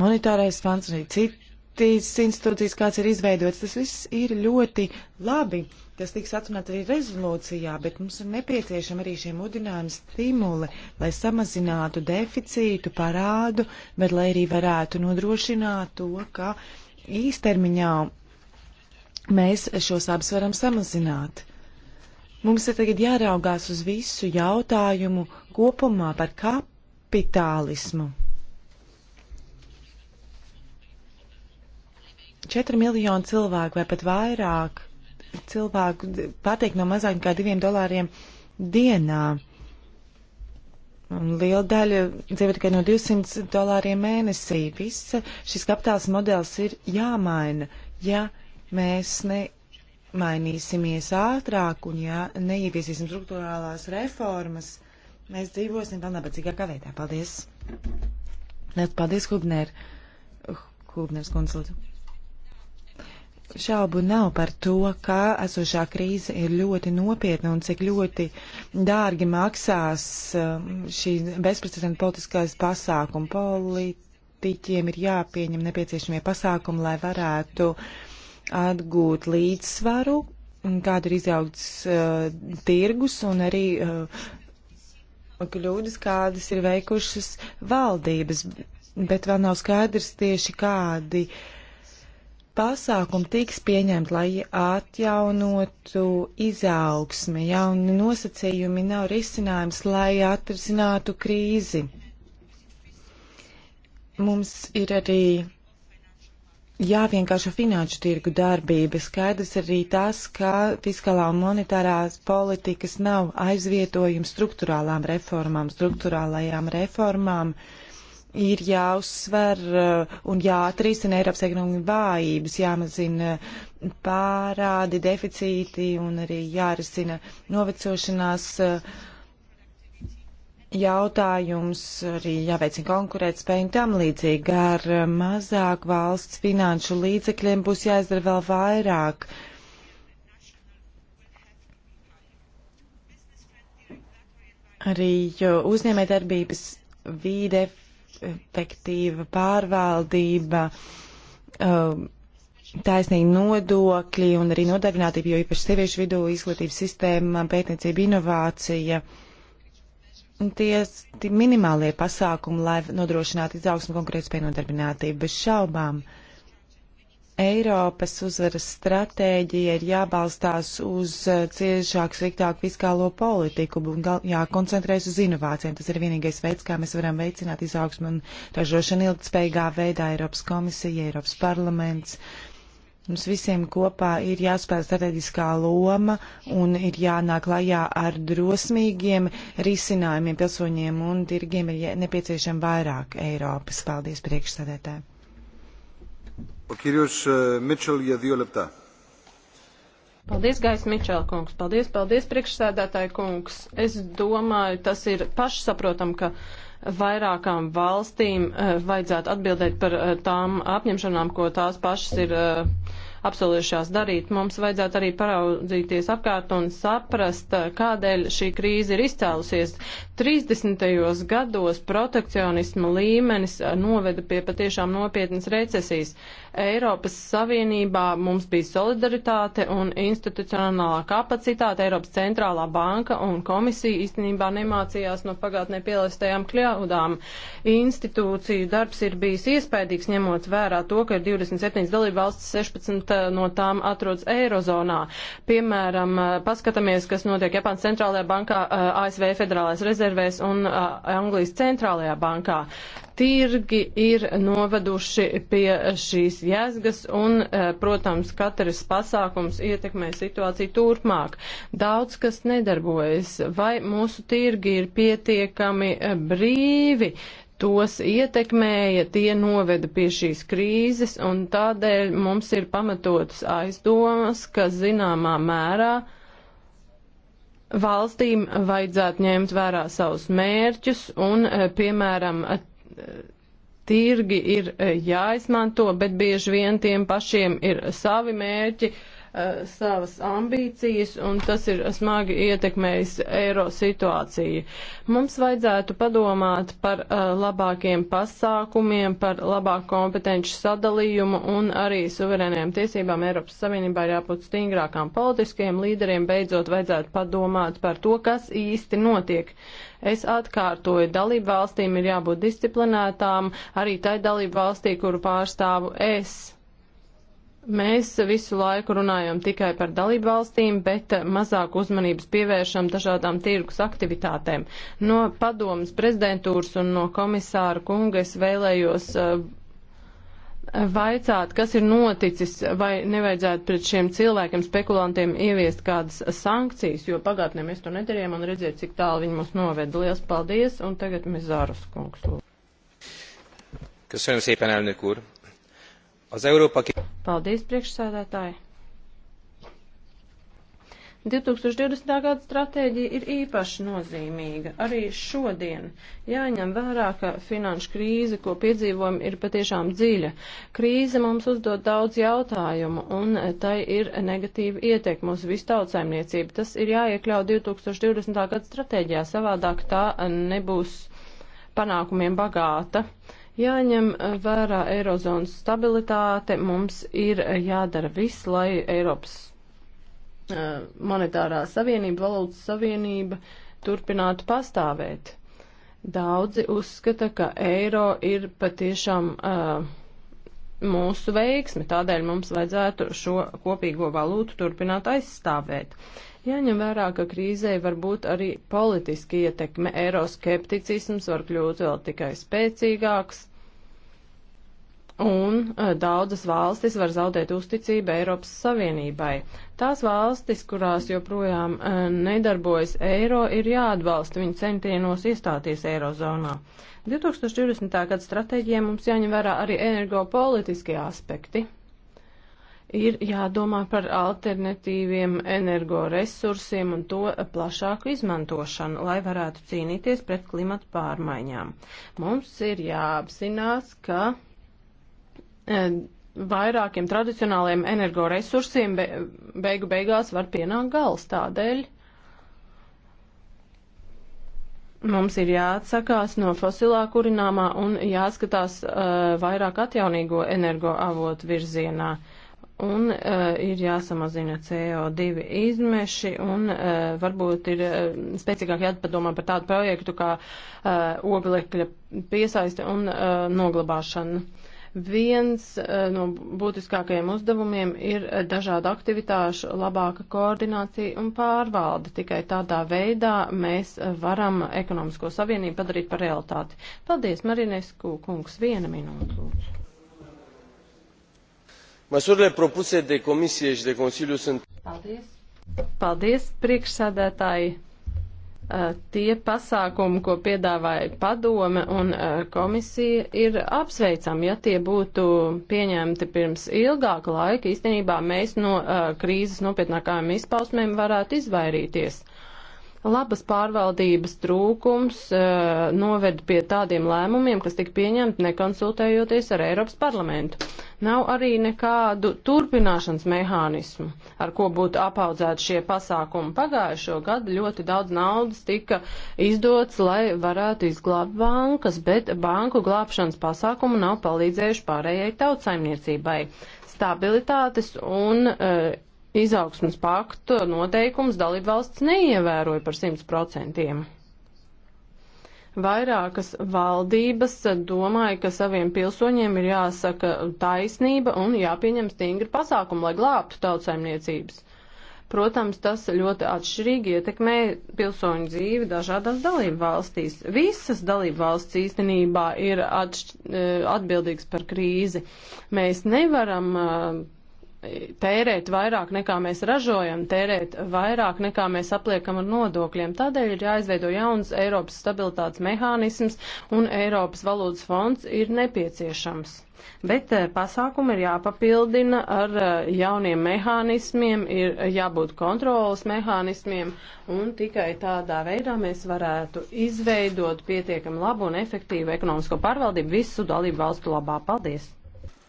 monetārais fonds un arī citas institūcijas, kāds ir izveidots, tas viss ir ļoti labi. Tas tiks atrunāt arī rezolūcijā, bet mums ir nepieciešama arī šie mudinājumi stimuli, lai samazinātu deficītu, parādu, bet lai arī varētu nodrošināt to, ka īstermiņā mēs šos abus varam samazināt. Mums ir tagad jāraugās uz visu jautājumu kopumā par kapitālismu. 4 miljoni cilvēku vai pat vairāk cilvēku pateikt no mazāk kā diviem dolāriem dienā. Un liela daļa dzīvo tikai no 200 dolāriem mēnesī. Viss šis kapitāls modelis ir jāmaina, ja mēs nemainīsimies ātrāk un ja neieviesīsim struktūrālās reformas. Mēs dzīvosim vēl nabadzīgākā veidā. Paldies! Paldies, Hubner! Hubners konsultants. Šaubu nav par to, ka esošā krīze ir ļoti nopietna un cik ļoti dārgi maksās um, šī bezprecedenta politiskais pasākuma. Politiķiem ir jāpieņem nepieciešamie pasākumi, lai varētu atgūt līdzsvaru, kāda ir izaugs uh, tirgus un arī uh, kļūdas, kādas ir veikušas valdības. Bet vēl nav skaidrs tieši kādi uh, pasākumi tiks pieņemti, lai atjaunotu izaugsmi. Jauni nosacījumi nav risinājums, lai atrisinātu krīzi. Mums ir arī jāvienkārša finanšu tirgu darbība. Skaidrs arī tas, ka fiskālā un monetārās politikas nav aizvietojums struktūrālām reformām, struktūrālajām reformām. Uh, ir jāuzsver uh, un jāatrisina Eiropas ekonomika vājības, jāmazina pārādi, deficīti un arī jārisina novecošanās uh, jautājums, arī jāveicina konkurētspēja un tam līdzīgi. Ar uh, mazāk valsts finanšu līdzekļiem būs jāizdara vēl vairāk. Arī uzņēmē darbības vīde efektīva pārvaldība, um, taisnīgi nodokļi un arī nodarbinātība, jo īpaši sieviešu vidū izglītības sistēma, pētniecība, inovācija. Tie minimālie pasākumi, lai nodrošinātu izaugsmu konkrētspēju nodarbinātību bez šaubām. Uh, Eiropas uzvaras stratēģija ir jābalstās uz eh, ciešāku, sliktāku fiskālo politiku un jākoncentrēs uz inovācijām. Tas ir vienīgais veids, kā mēs varam veicināt izaugsmu un ražošanu ilgspējīgā veidā Eiropas komisija, Eiropas parlaments. Mums visiem kopā ir jāspēl strateģiskā loma un ir jānāk lajā ar drosmīgiem risinājumiem pilsoņiem un tirgiem ir nepieciešama vairāk Eiropas. Paldies priekšsēdētāji! Paldies, Gais Mičēl kungs. Paldies, paldies, priekšsēdētāji kungs. Es domāju, tas ir pašsaprotam, ka vairākām valstīm eh, vajadzētu atbildēt par eh, tām apņemšanām, ko tās pašas ir uh, apsolījušās darīt. Mums vajadzētu arī paraudzīties apkārt un saprast, kādēļ šī krīze ir izcēlusies. 30. gados protekcionisma līmenis eh, noveda pie patiešām nopietnas recesijas. Eiropas Savienībā mums bija solidaritāte un institucionālā kapacitāte. Eiropas centrālā banka un komisija īstenībā nemācījās no pagātnē pielēstajām kļūdām. Institūciju darbs ir bijis iespaidīgs, ņemot vērā to, ka ir 27 dalība valsts 16 40% no tām atrodas Eirozonā. Piemēram, paskatāmies, kas notiek Japānas centrālajā bankā, ASV federālais rezervēs un Anglijas centrālajā bankā tirgi ir noveduši pie šīs jēzgas un, protams, katrs pasākums ietekmē situāciju turpmāk. Daudz kas nedarbojas. Vai mūsu tirgi ir pietiekami brīvi? tos ietekmēja, tie noveda pie šīs krīzes, un tādēļ mums ir pamatotas aizdomas, ka zināmā mērā valstīm vajadzētu ņemt vērā savus mērķus un, e, piemēram, e, tirgi ir e, jāizmanto, bet bieži vien tiem pašiem ir savi mērķi, uh, Uh, savas ambīcijas, un tas ir smagi ietekmējis eiro situāciju. Mums vajadzētu padomāt par uh, labākiem pasākumiem, par labāku kompetenci sadalījumu, un arī suverēniem tiesībām Eiropas Savienībā ir jābūt stingrākām politiskajiem līderiem. Beidzot, vajadzētu padomāt par to, kas īsti notiek. Es atkārtoju, dalību valstīm ir jābūt disciplinētām, arī tai dalību valstī, kuru pārstāvu es. Mēs visu laiku runājam tikai par dalību valstīm, bet mazāk uzmanības pievēršam dažādām tirgus aktivitātēm. No padomas prezidentūras un no komisāra kunga es vēlējos eh, vaicāt, kas ir noticis, vai nevajadzētu pret šiem cilvēkiem, spekulantiem ieviest kādas sankcijas, jo pagātnē mēs to nedarījām un redzēt, cik tālu viņi mūs noveda. Lielas paldies, un tagad mēs Zārus kungs. Köszönöm szépen, elnök úr! Az Eiropa... Paldies, priekšsēdētāji! 2020. gada stratēģija ir īpaši nozīmīga. Arī šodien jāņem vērā, ka finanšu krīze, ko piedzīvojam, ir patiešām dziļa. Krīze mums uzdod daudz jautājumu, un tai ir negatīva ietekme uz visu tautsaimniecību. Tas ir jāiekļau 2020. gada stratēģijā, savādāk tā nebūs panākumiem bagāta. Uh, Jāņem eh, vērā Eirozonas stabilitāte, mums ir eh, jādara viss, lai Eiropas eh, monetārā savienība, valūtas savienība turpinātu pastāvēt. Daudzi uzskata, ka eiro ir patiešām uh, mūsu veiksme, tādēļ mums vajadzētu šo kopīgo valūtu turpināt aizstāvēt. Jāņem vērā, ka krīzē var būt arī politiski ietekme, eiroskepticisms var kļūt vēl tikai spēcīgāks, un eh, daudzas valstis var zaudēt uzticību Eiropas Savienībai. Tās valstis, kurās joprojām eh, nedarbojas eiro, ir jāatbalsta viņu centienos iestāties eirozonā. 2020. gada stratēģijā mums jāņem vērā arī energopolitiskie aspekti ir jādomā par alternatīviem energoresursiem un to plašāku izmantošanu, lai varētu cīnīties pret klimatu pārmaiņām. Mums ir jāapzinās, ka e, vairākiem tradicionāliem energoresursiem be, beigu beigās var pienākt gals tādēļ. Mums ir jāatsakās no fosilā kurināmā un jāskatās uh, vairāk atjaunīgo energoavotu virzienā. Uh, un uh, ir jāsamazina CO2 izmeši, un uh, varbūt ir uh, spēcīgāk jāpadomā par tādu projektu kā uh, oglekļa piesaiste un uh, noglabāšana. Viens uh, no būtiskākajiem uzdevumiem ir dažādu aktivitāšu labāka koordinācija un pārvalde. Tikai tādā veidā mēs varam ekonomisko savienību padarīt par realitāti. Paldies, Marinēsku kungs, viena minūte. Măsurile propuse de Comisie și de Consiliu sunt. Paldies! Paldies, priekšsādētāji! Tie pasākumi, ko piedāvāja padome un komisija, ir apsveicami. Ja tie būtu pieņemti pirms ilgāka laika, īstenībā mēs no krīzes nopietnākajām izpausmēm varētu izvairīties. Labas pārvaldības trūkums uh, noved pie tādiem lēmumiem, kas tika pieņemti nekonsultējoties ar Eiropas parlamentu. Nav arī nekādu turpināšanas mehānismu, ar ko būtu apaudzēti šie pasākumi. Pagājušo gadu ļoti daudz naudas tika izdots, lai varētu izglābt bankas, bet banku glābšanas pasākumu nav palīdzējuši pārējai tautsaimniecībai stabilitātes un uh, izaugsmas paktu noteikums dalībvalsts neievēroja par 100%. Vairākas valdības domāja, ka saviem pilsoņiem ir jāsaka taisnība un jāpieņem stingri pasākumi, lai glābtu tautsaimniecības. Protams, tas ļoti atšķirīgi ietekmē pilsoņu dzīvi dažādās dalību valstīs. Visas dalību valsts īstenībā ir atšķ, eh, atbildīgs par krīzi. Mēs nevaram eh, tērēt vairāk nekā mēs ražojam, tērēt vairāk nekā mēs apliekam ar nodokļiem. Tādēļ ir jāizveido jauns Eiropas stabilitātes mehānisms un Eiropas valūtas fonds ir nepieciešams. Bet eh, pasākumi ir jāpapildina ar eh, jauniem mehānismiem, ir jābūt kontrolas mehānismiem un tikai tādā veidā mēs varētu izveidot pietiekam labu un efektīvu ekonomisko pārvaldību visu dalību valstu labā. Paldies!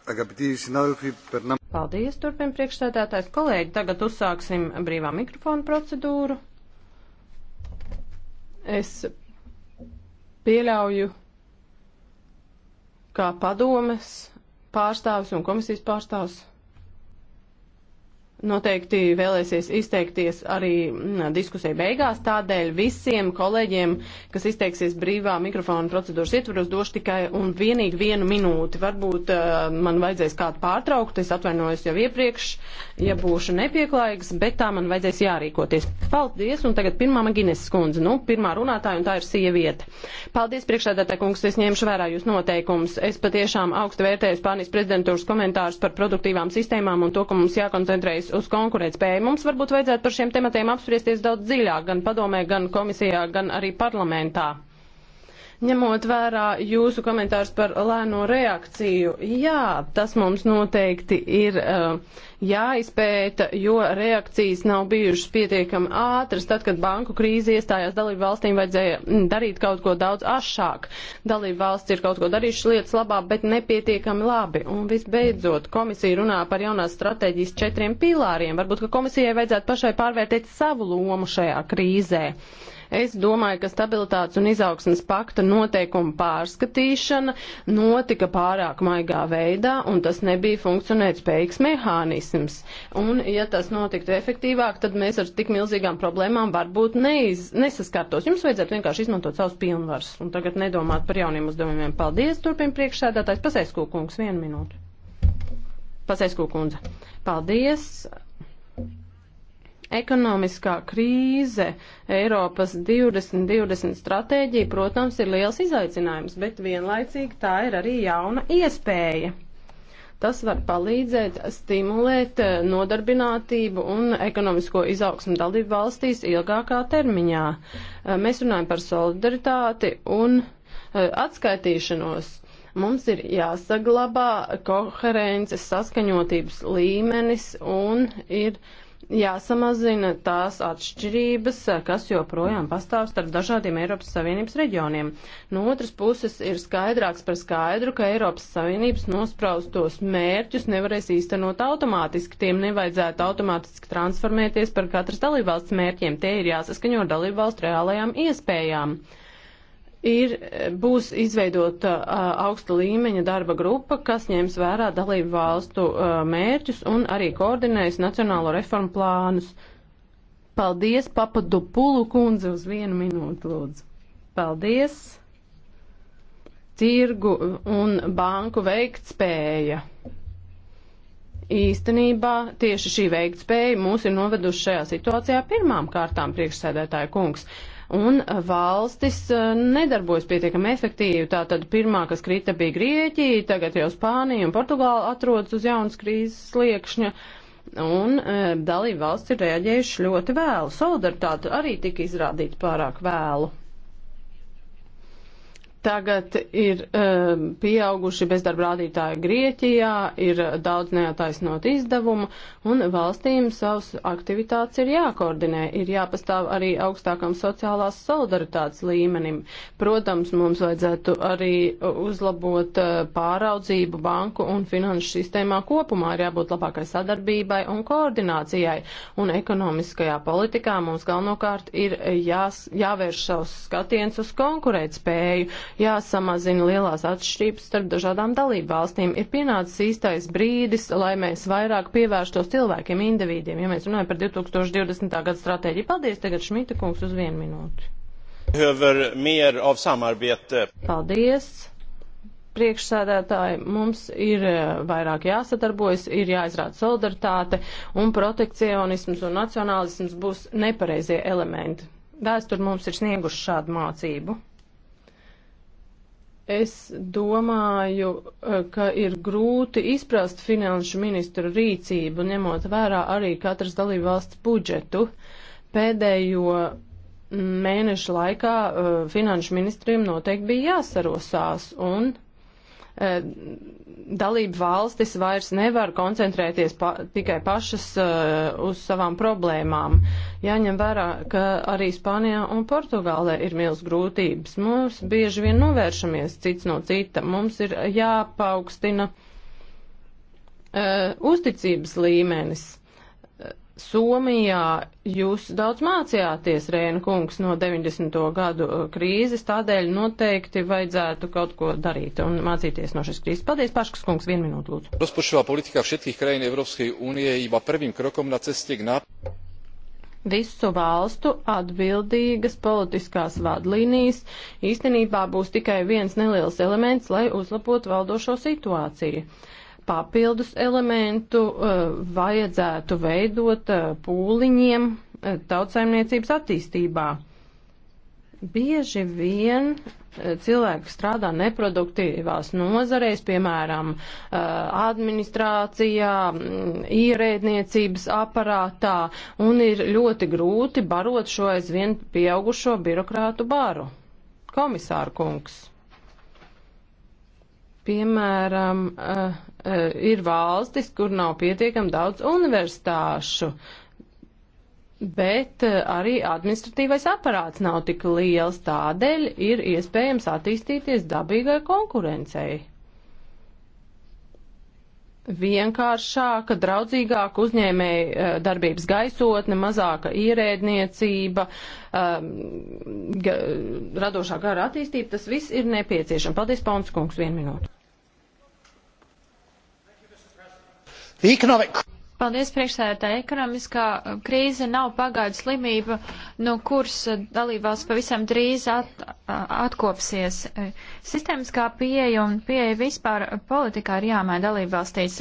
Agapitī, sinārupi, pernam... Paldies, turpina priekšsēdētājs. Kolēģi, tagad uzsāksim brīvā mikrofona procedūru. Es pieļauju, kā padomes pārstāvis un komisijas pārstāvis noteikti vēlēsies izteikties arī mm, diskusija beigās. Tādēļ visiem kolēģiem, kas izteiksies brīvā mikrofona procedūras ietvaros, došu tikai un vienīgi vienu minūti. Varbūt uh, man vajadzēs kādu pārtraukt, es atvainojos jau iepriekš, ja būšu nepieklājīgs, bet tā man vajadzēs jārīkoties. Paldies, un tagad pirmā Magines skundze, nu, pirmā runātāja, un tā ir sieviete. Paldies, priekšsēdētāj kungs, es ņemšu vērā jūs noteikumus. Es patiešām augstu vērtēju Spānijas prezidentūras komentārus par produktīvām sistēmām un to, ka mums jākoncentrējas attiecas uz konkurētspēju. Mums varbūt vajadzētu par šiem tematiem apspriesties daudz dziļāk, gan padomē, gan komisijā, gan arī parlamentā ņemot vērā jūsu komentārs par lēno reakciju, jā, tas mums noteikti ir uh, jāizpēta, jo reakcijas nav bijušas pietiekami ātras. Tad, kad banku krīze iestājās, dalību valstīm vajadzēja mm, darīt kaut ko daudz ašāk. Dalību valsts ir kaut ko darījušas lietas labā, bet nepietiekami labi. Un visbeidzot, komisija runā par jaunās stratēģijas četriem pilāriem. Varbūt, ka komisijai vajadzētu pašai pārvērtēt savu lomu šajā krīzē. Uh, Es domāju, ka stabilitātes un izaugsmas pakta noteikuma pārskatīšana notika pārāk maigā veidā, un tas nebija funkcionēt spējīgs mehānisms. Un, ja tas notiktu efektīvāk, tad mēs ar tik milzīgām problēmām varbūt neiz, nesaskartos. Jums vajadzētu vienkārši izmantot savus pilnvars un tagad nedomāt par jauniem uzdevumiem. Paldies, turpina priekšsēdētājs Pasaisko kungs, vienu minūtu. Pasaisko kundze. Paldies. Ekonomiskā krīze, Eiropas 2020 stratēģija, protams, ir liels izaicinājums, bet vienlaicīgi tā ir arī jauna iespēja. Tas var palīdzēt stimulēt eh, nodarbinātību un ekonomisko izaugsmu dalību valstīs ilgākā termiņā. Eh, mēs runājam par solidaritāti un eh, atskaitīšanos mums ir jāsaglabā koherences, saskaņotības līmenis un ir jāsamazina tās atšķirības, kas joprojām pastāv starp dažādiem Eiropas Savienības reģioniem. No otras puses ir skaidrāks par skaidru, ka Eiropas Savienības nospraustos mērķus nevarēs īstenot automātiski. Tiem nevajadzētu automātiski transformēties par katras dalībvalsts mērķiem. Tie ir jāsaskaņo dalībvalstu reālajām iespējām ir, būs izveidota uh, augsta līmeņa darba grupa, kas ņems vērā dalību valstu uh, mērķus un arī koordinēs nacionālo reformu plānus. Paldies, papadu pulu kundze, uz vienu minūti, lūdzu. Paldies. Tirgu un banku veiktspēja. Īstenībā tieši šī veiktspēja mūs ir novedusi šajā situācijā pirmām kārtām priekšsēdētāja kungs. Uh, un uh, valstis uh, nedarbojas pietiekami efektīvi. Tātad pirmā, kas krita, bija Grieķija, tagad jau Spānija un Portugāla atrodas uz jaunas krīzes sliekšņa. Un e, dalība valsts ir reaģējuši ļoti vēlu. Solidaritāte arī tika izrādīta pārāk vēlu. Tagad ir um, pieauguši bezdarba rādītāji Grieķijā, ir daudz neataisnot izdevumu, un valstīm savas aktivitātes ir jākoordinē, ir jāpastāv arī augstākam sociālās solidaritātes līmenim. Protams, mums vajadzētu arī uzlabot uh, pāraudzību banku un finanšu sistēmā kopumā, ir jābūt labākai sadarbībai un koordinācijai, un ekonomiskajā politikā mums galvenokārt ir jās, jāvērš savus skatiens uz konkurētspēju jāsamazina lielās atšķirības starp dažādām dalību valstīm. Ir pienācis īstais brīdis, lai mēs vairāk pievērstos cilvēkiem, individiem, ja mēs runājam par 2020. gada stratēģiju. Paldies, tagad Šmita kungs uz vienu minūti. Paldies! priekšsēdētāji, mums ir eh, vairāk jāsadarbojas, ir jāizrāda solidaritāte, un protekcionisms un nacionālisms būs nepareizie elementi. Vēsture mums ir snieguši šādu mācību. Es domāju, eh, ka ir grūti izprast finanšu ministru rīcību, ņemot vērā arī katras dalībvalsts budžetu. Pēdējo mēnešu laikā uh, finanšu ministriem noteikti bija jāsarosās un Eh, dalību valstis vairs nevar koncentrēties pa, tikai pašas eh, uz savām problēmām. Jāņem vērā, ka arī Spānijā un Portugālē ir milz grūtības. Mums bieži vien novēršamies cits no cita. Mums ir jāpaukstina eh, uzticības līmenis Somijā jūs daudz mācījāties, Rēna kungs, no 90. gadu uh, krīzes, tādēļ noteikti vajadzētu kaut ko darīt un mācīties no šīs krīzes. Paldies, Paškas kungs, vienu minūtu lūdzu. Rozpočtová politika všetkých krajín Európskej únie je iba prvým krokom na ceste k nā... Visu valstu atbildīgas politiskās vadlīnijas īstenībā būs tikai viens neliels elements, lai uzlabotu valdošo situāciju papildus elementu eh, vajadzētu veidot eh, pūliņiem eh, tautsaimniecības attīstībā. Bieži vien cilvēki strādā neproduktīvās nozarēs, piemēram, administrācijā, mm, ierēdniecības aparātā, un ir ļoti grūti barot šo aizvien pieaugušo birokrātu baru. Komisāra kungs. Piemēram, uh, Eh, ir valstis, kur nav pietiekam daudz universitāšu, bet eh, arī administratīvais aparāts nav tik liels, tādēļ ir iespējams attīstīties dabīgai konkurencei. Vienkāršāka, draudzīgāka uzņēmēja eh, darbības gaisotne, mazāka ierēdniecība, ehm, radošā gara attīstība, tas viss ir nepieciešams. Paldies, Pauns Kungs, vienu minūtu. Economic... Paldies, priekšsēdētāji. Ekonomiskā uh, krīze nav pagaidu slimība, no kuras uh, dalībvalsts pavisam drīz at, uh, atkopsies. Sistēmiskā pieeja un pieeja vispār politikā ir jāmaina dalībvalstīs.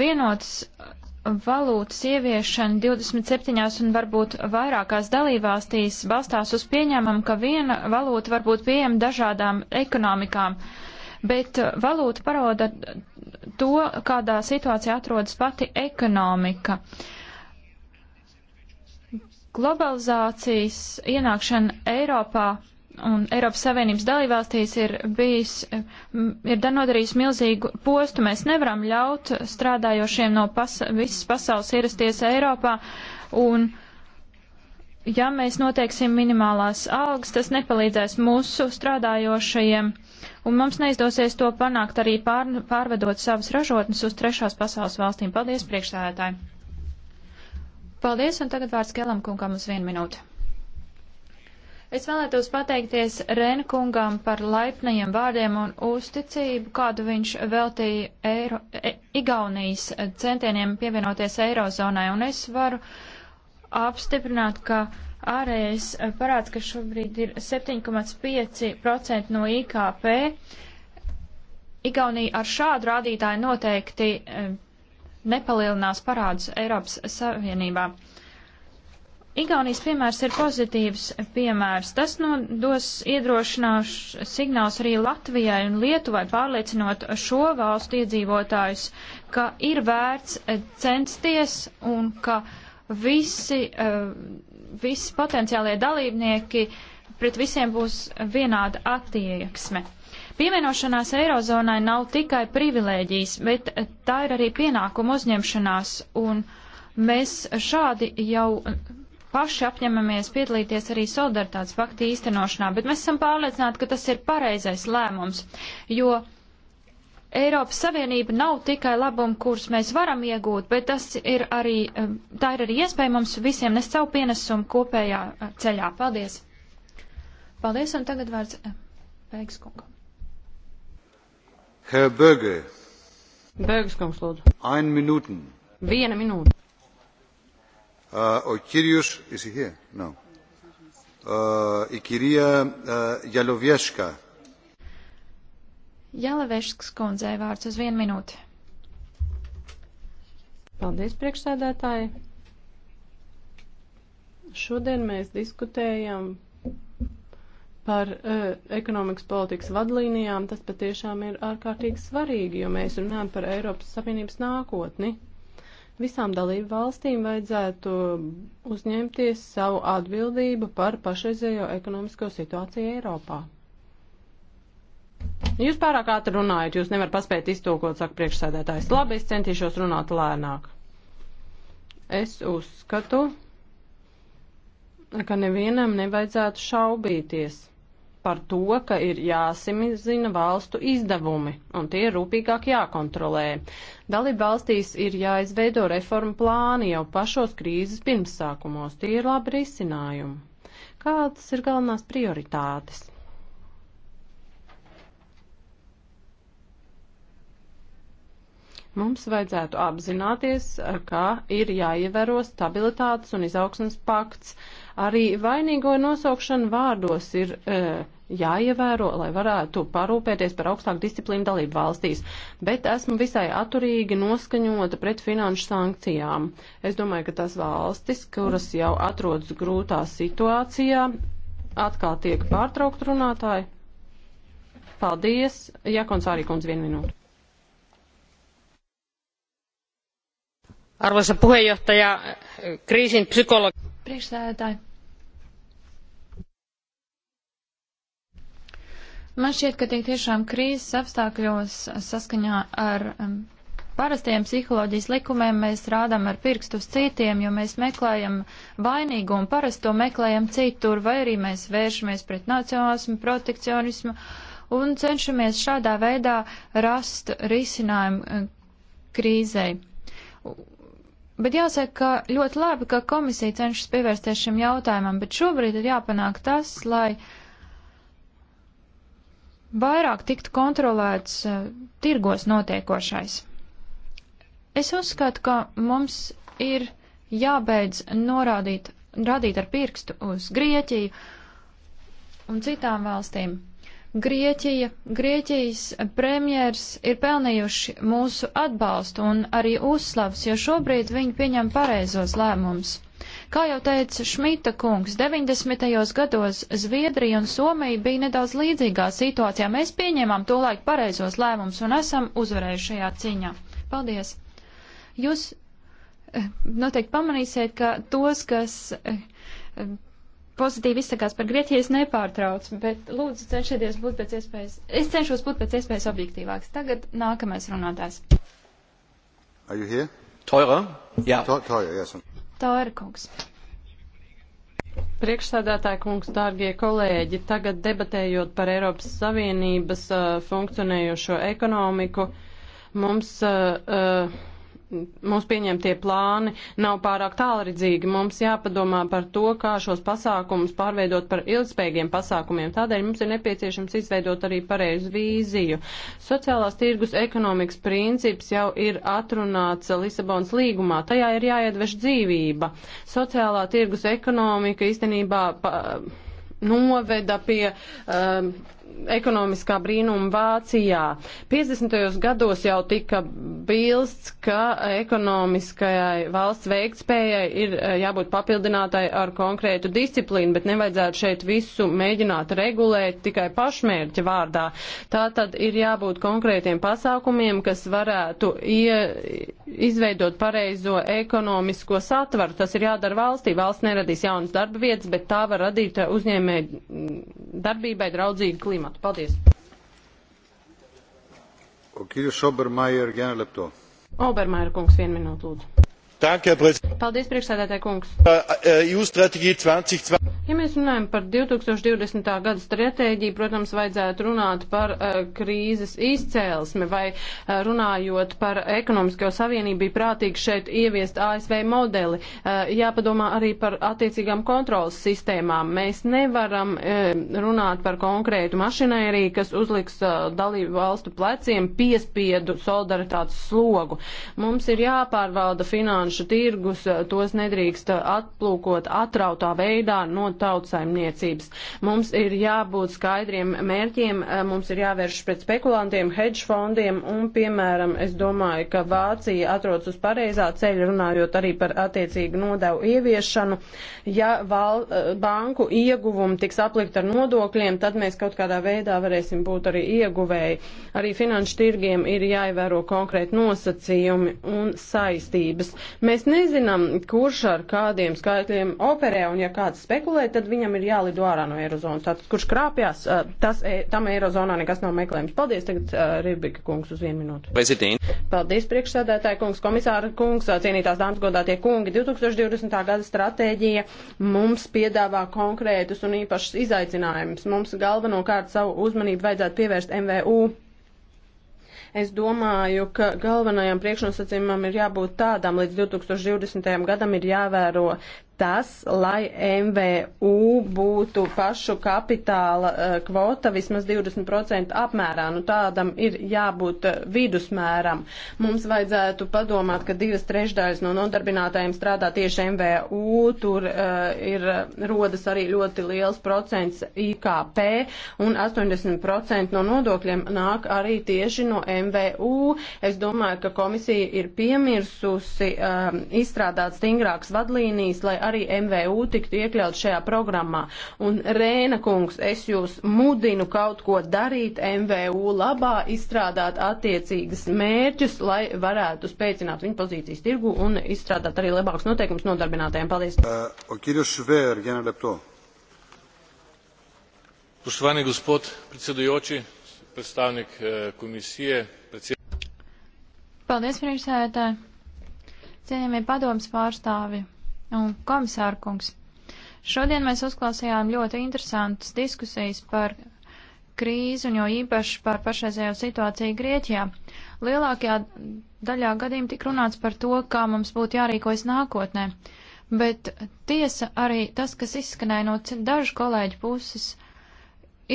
Vienots valūtas ieviešana 27 un varbūt vairākās dalībvalstīs balstās uz pieņēmumu, ka viena valūta var būt pieejama dažādām ekonomikām. Uh, bet uh, valūta parāda to, kādā situācijā atrodas pati ekonomika. Globalizācijas ienākšana Eiropā un Eiropas Savienības dalībvalstīs ir bijis, ir nodarījis milzīgu postu. Mēs nevaram ļaut strādājošiem no pas, visas pasaules ierasties Eiropā, un ja mēs noteiksim minimālās algas, tas nepalīdzēs mūsu strādājošajiem un mums neizdosies to panākt arī pār, pārvedot savas ražotnes uz trešās pasaules valstīm. Paldies, priekšsēdētāji! Paldies, un tagad vārds Kelam kungam uz vienu minūti. Es vēlētos pateikties Rēna kungam par laipnajiem vārdiem un uzticību, kādu viņš veltīja Eiro, e, Igaunijas centieniem pievienoties Eirozonai, un es varu apstiprināt, ka ārējais eh, parāds, kas šobrīd ir 7,5% no IKP. Igaunija ar šādu rādītāju noteikti eh, nepalielinās parādus Eiropas Savienībā. Igaunijas piemērs ir pozitīvs piemērs. Tas no, dos iedrošināšu signāls arī Latvijai un Lietuvai, pārliecinot šo valstu iedzīvotājus, ka ir vērts eh, censties un ka visi uh, visi potenciālie dalībnieki pret visiem būs vienāda attieksme. Pievienošanās Eirozonai nav tikai privilēģijas, bet tā ir arī pienākuma uzņemšanās, un mēs šādi jau paši apņemamies piedalīties arī solidaritātes pakti īstenošanā, bet mēs esam pārliecināti, ka tas ir pareizais lēmums, jo Eiropas Savienība nav tikai labumi, kurus mēs varam iegūt, bet tas ir arī, eh, tā ir arī iespēja mums visiem nest savu pienesumu kopējā eh, ceļā. Paldies! Paldies, un tagad vārds eh, Bēgas kungam. Herr Böge. Bēgas kungs, lūdzu. Ein minūten. Viena minūte. Uh, o Kirjus, is he here? No. Uh, Ikirija uh, Jalovieška. Jāleveškas kundzei vārds uz vienu minūti. Paldies, priekšsēdētāji. Šodien mēs diskutējam par uh, ekonomikas politikas vadlīnijām. Tas patiešām ir ārkārtīgi svarīgi, jo mēs runājam par Eiropas Savienības nākotni. Visām dalību valstīm vajadzētu uzņemties savu atbildību par pašreizējo ekonomisko situāciju Eiropā. Jūs pārāk ātri runājat, jūs nevarat paspēt iztūkot, saka priekšsēdētājs. Labi, es centīšos runāt lēnāk. Es uzskatu, ka nevienam nevajadzētu šaubīties par to, ka ir jāsimizina valstu izdevumi, un tie ir rūpīgāk jākontrolē. Dalība valstīs ir jāizveido reformu plāni jau pašos krīzes pirmsākumos, tie ir labi risinājumi. Kādas ir galvenās prioritātes? Mums vajadzētu apzināties, ka ir jāievēro stabilitātes un izaugsmas pakts. Arī vainīgoja nosaukšana vārdos ir. Uh, jāievēro, lai varētu parūpēties par augstāku disciplīnu dalību valstīs, bet esmu visai atturīgi noskaņota pret finanšu sankcijām. Es domāju, ka tās valstis, kuras jau atrodas grūtā situācijā, atkal tiek pārtraukt runātāji. Paldies, Jakons Ārīkums, vienu minūtu. Arvoisa puheenjohtaja, kriisin psykologi... Priekšsēdētāji. Man šķiet, ka tiek tiešām krīzes apstākļos saskaņā ar um, parastajiem psiholoģijas likumiem mēs rādām ar pirkstu uz citiem, jo mēs meklējam vainīgu un parasto meklējam citur, vai arī mēs vēršamies pret nacionālismu, protekcionismu un cenšamies šādā veidā rast risinājumu um, krīzei. Bet jāsaka, ka ļoti labi, ka komisija cenšas pievērsties šim jautājumam, bet šobrīd ir jāpanāk tas, lai vairāk tiktu kontrolēts uh, tirgos notiekošais. Es uzskatu, ka mums ir jābeidz norādīt, radīt ar pirkstu uz Grieķiju un citām valstīm. Grieķija, Grieķijas premjers ir pelnījuši mūsu atbalstu un arī uzslavas, jo šobrīd viņi pieņem pareizos lēmumus. Kā jau teica Šmita kungs, 90. gados Zviedrija un Somija bija nedaudz līdzīgā situācijā. Mēs pieņēmām tolaik pareizos lēmumus un esam uzvarējuši šajā cīņā. Paldies! Jūs eh, noteikti pamanīsiet, ka tos, kas eh, pozitīvi izsakās par Grieķiju, es nepārtraucu, bet lūdzu cenšieties būt pēc iespējas, es cenšos būt pēc iespējas objektīvāks. Tagad nākamais runātājs. Teura? Jā. Teura, yes. Teura kungs. Priekšsādātāja kungs, dārgie kolēģi, tagad debatējot par Eiropas Savienības uh, funkcionējošo ekonomiku, mums. Uh, uh, mūsu pieņemtie plāni nav pārāk tālredzīgi. Mums jāpadomā par to, kā šos pasākumus pārveidot par ilgspējīgiem pasākumiem. Tādēļ mums ir nepieciešams izveidot arī pareizu vīziju. Sociālās tirgus ekonomikas princips jau ir atrunāts Lisabonas līgumā. Tajā ir jāiedveš dzīvība. Sociālā tirgus ekonomika īstenībā pa, noveda pie. Um, uh, ekonomiskā brīnuma Vācijā. 50. gados jau tika bilsts, ka ekonomiskajai valsts veiktspējai ir eh, jābūt papildinātai ar konkrētu disciplīnu, bet nevajadzētu šeit visu mēģināt regulēt tikai pašmērķa vārdā. Tā tad ir jābūt konkrētiem pasākumiem, kas varētu ie, izveidot pareizo ekonomisko satvaru. Tas ir jādara valstī. Valsts neradīs jaunas darba vietas, bet tā var radīt uzņēmē darbībai draudzīgu klientu klimatu. Paldies! Obermajer kungs, vienu minūtu lūdzu. Paldies, priekšsēdētāji kungs. Äh, äh, e ja mēs runājam par 2020. gada stratēģiju, protams, vajadzētu runāt par uh, krīzes izcēlesmi vai uh, runājot par ekonomisko savienību, bija prātīgi šeit ieviest ASV modeli. Uh, jāpadomā arī par attiecīgām kontrolas sistēmām. Mēs nevaram uh, runāt par konkrētu mašinēriju, kas uzliks uh, dalību valstu pleciem piespiedu solidaritātes slogu. Mums ir jāpārvalda finanšu finanšu tirgus, eh, tos nedrīkst eh, atplūkot atrautā veidā no tautsaimniecības. Mums ir jābūt skaidriem mērķiem, eh, mums ir jāvērš pret spekulantiem, hedge fondiem un, piemēram, es domāju, ka Vācija atrodas uz pareizā ceļa, runājot arī par attiecīgu nodevu ieviešanu. Ja val, banku ieguvumi tiks aplikt ar nodokļiem, tad mēs kaut kādā veidā varēsim būt arī ieguvēji. Arī finanšu tirgiem ir jāievēro konkrēti nosacījumi un saistības. Mēs nezinām, kurš ar kādiem skaitļiem operē, un ja kāds spekulē, tad viņam ir jālido ārā no Eirozonas. Tātad, kurš krāpjas, tas, e, tam Eirozonā nekas nav meklējums. Paldies, tagad Ribika kungs uz vienu minūtu. Prezident. Paldies, priekšsēdētāji kungs, komisāra kungs, cienītās dāmas godātie kungi. 2020. gada stratēģija mums piedāvā konkrētus un īpašus izaicinājumus. Mums galvenokārt savu uzmanību vajadzētu pievērst MVU Es domāju, ka galvenajam priekšnosacījumam ir jābūt tādam, līdz 2020. gadam ir jāvēro tas, lai MVU būtu pašu kapitāla eh, kvota vismaz 20% apmērā. Nu, tādam ir jābūt eh, vidusmēram. Mums vajadzētu padomāt, ka divas trešdaļas no nodarbinātājiem strādā tieši MVU, tur uh, ir rodas arī ļoti liels procents IKP un 80% no nodokļiem nāk arī tieši no MVU. Es domāju, ka komisija ir piemirsusi um, izstrādāt stingrākas vadlīnijas, lai arī MVU tiktu iekļaut šajā programmā. Un Rēna kungs, es jūs mudinu kaut ko darīt MVU labā, izstrādāt attiecīgas mērķus, lai varētu spēcināt viņu pozīcijas tirgu un izstrādāt arī labākus noteikumus nodarbinātajiem. Paldies! Uh, spoštovani gospod predsedujoči predstavnik uh, komisije paldies priekšsēdētāj cienījamie padomes pārstāvji un komisārkungs. Šodien mēs uzklausījām ļoti interesantas diskusijas par krīzi un jo īpaši par pašreizējo situāciju Grieķijā. Lielākajā daļā gadījumā tik runāts par to, kā mums būtu jārīkojas nākotnē. Bet tiesa arī tas, kas izskanēja no dažu kolēģu puses,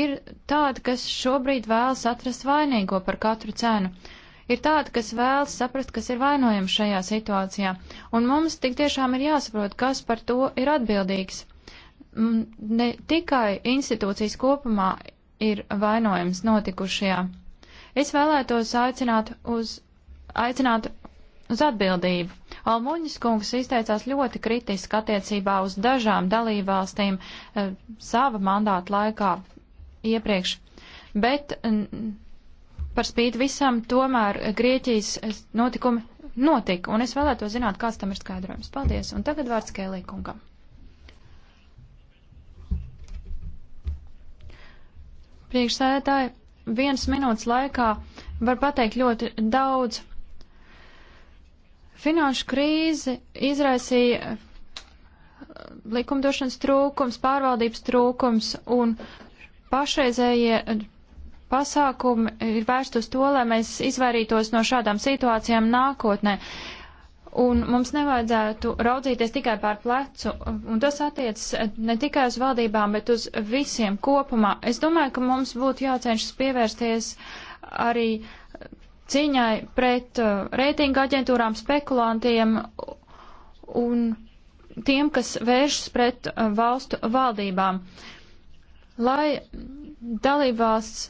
ir tāda, kas šobrīd vēlas atrast vainīgo par katru cenu ir tādi, kas vēlas saprast, kas ir vainojami šajā situācijā, un mums tik tiešām ir jāsaprot, kas par to ir atbildīgs. Ne tikai institūcijas kopumā ir vainojams notikušajā. Es vēlētos aicināt uz, aicināt uz atbildību. Almuņas kungs izteicās ļoti kritiski attiecībā uz dažām dalībvalstīm e, sava mandāta laikā iepriekš, bet par spīti visam, tomēr Grieķijas notikumi notika, un es vēlētos zināt, kāds tam ir skaidrojums. Paldies, un tagad vārds Kēlī kungam. Priekšsēdētāji, viens minūtes laikā var pateikt ļoti daudz. Finanšu krīzi izraisīja eh, likumdošanas trūkums, pārvaldības trūkums un pašreizējie pasākumi ir vērst uz to, lai mēs izvairītos no šādām situācijām nākotnē. Un mums nevajadzētu raudzīties tikai pār plecu, un tas attiecas ne tikai uz valdībām, bet uz visiem kopumā. Es domāju, ka mums būtu jācenšas pievērsties arī cīņai pret uh, reitinga aģentūrām, spekulantiem un tiem, kas vēršas pret uh, valstu valdībām. Lai dalībvalsts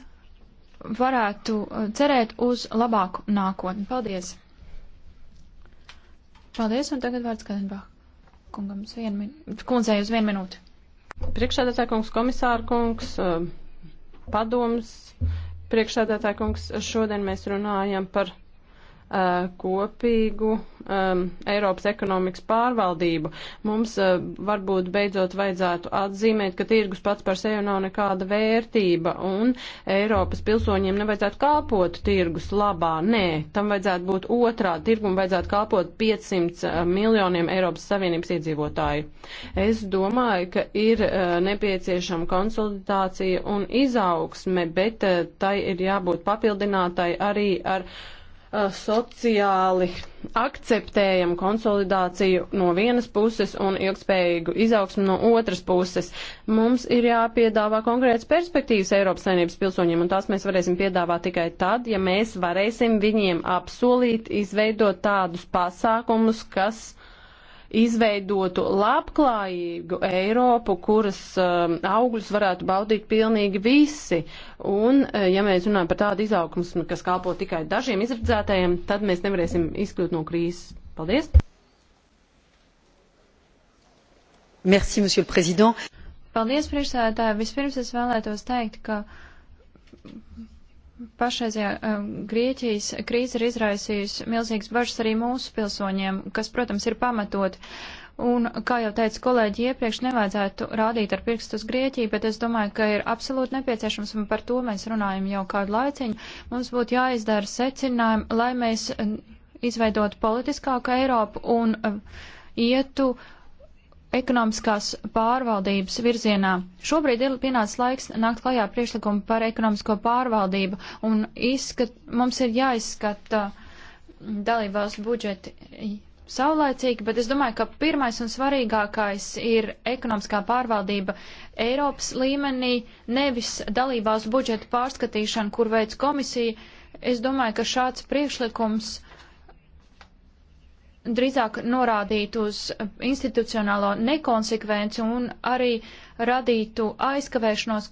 varētu uh, cerēt uz labāku nākotni. Paldies! Paldies, un tagad vārds Kadenbach kungam uz vienu, kundzei uz vienu minūti. Priekšsēdētāja kungs, komisāra kungs, uh, padoms, priekšsēdētāja kungs, šodien mēs runājam par Uh, kopīgu um, Eiropas ekonomikas pārvaldību. Mums uh, varbūt beidzot vajadzētu atzīmēt, ka tirgus pats par sevi nav nekāda vērtība un Eiropas pilsoņiem nevajadzētu kalpot tirgus labā. Nē, tam vajadzētu būt otrā. Tirgum vajadzētu kalpot 500 uh, miljoniem Eiropas Savienības iedzīvotāju. Es domāju, ka ir uh, nepieciešama konsolidācija un izaugsme, bet uh, tai ir jābūt papildinātai arī ar uh, sociāli akceptējam konsolidāciju no vienas puses un ilgspējīgu izaugsmu no otras puses. Mums ir jāpiedāvā konkrētas perspektīvas Eiropas saimnības pilsoņiem, un tās mēs varēsim piedāvāt tikai tad, ja mēs varēsim viņiem apsolīt, izveidot tādus pasākumus, kas izveidotu labklājīgu Eiropu, kuras um, augļus varētu baudīt pilnīgi visi. Un, uh, ja mēs runājam par tādu izaugsmu, kas kalpo tikai dažiem izredzētajiem, tad mēs nevarēsim izkļūt no krīzes. Paldies! Merci, monsieur le président. Paldies, priekšsēdētāji. Vispirms es vēlētos teikt, ka Pašreizajā um, Grieķijas krīze ir izraisījusi milzīgas bažas arī mūsu pilsoņiem, kas, protams, ir pamatot. Un, kā jau teica kolēģi iepriekš, nevajadzētu rādīt ar pirkstu uz Grieķiju, bet es domāju, ka ir absolūti nepieciešams, un par to mēs runājam jau kādu laiciņu, mums būtu jāizdara secinājumi, lai mēs izveidot politiskāku Eiropu un uh, ietu ekonomiskās pārvaldības virzienā. Šobrīd ir pienācis laiks nākt klajā priekšlikumu par ekonomisko pārvaldību, un izskat, mums ir jāizskata dalībvalstu budžeti saulēcīgi, bet es domāju, ka pirmais un svarīgākais ir ekonomiskā pārvaldība Eiropas līmenī, nevis dalībvalstu budžeta pārskatīšana, kur veids komisija. Es domāju, ka šāds priekšlikums uh, drīzāk norādītu uz institucionālo nekonsekvenci un arī radītu aizkavēšanos,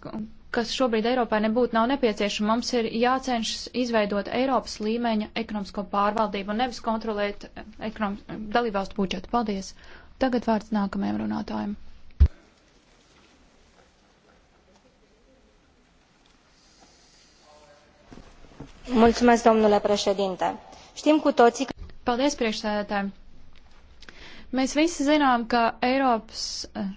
kas šobrīd Eiropai nebūtu nav nepieciešama. Mums ir jācenšas izveidot Eiropas līmeņa ekonomisko pārvaldību un nevis kontrolēt eh, ekonom... dalībvalstu budžetu. Paldies! Tagad vārds nākamajam runātājam. Mulțumesc, domnule președinte. Știm cu toții că Paldies, priekšsēdētāji! Mēs visi zinām, ka Eiropas eh,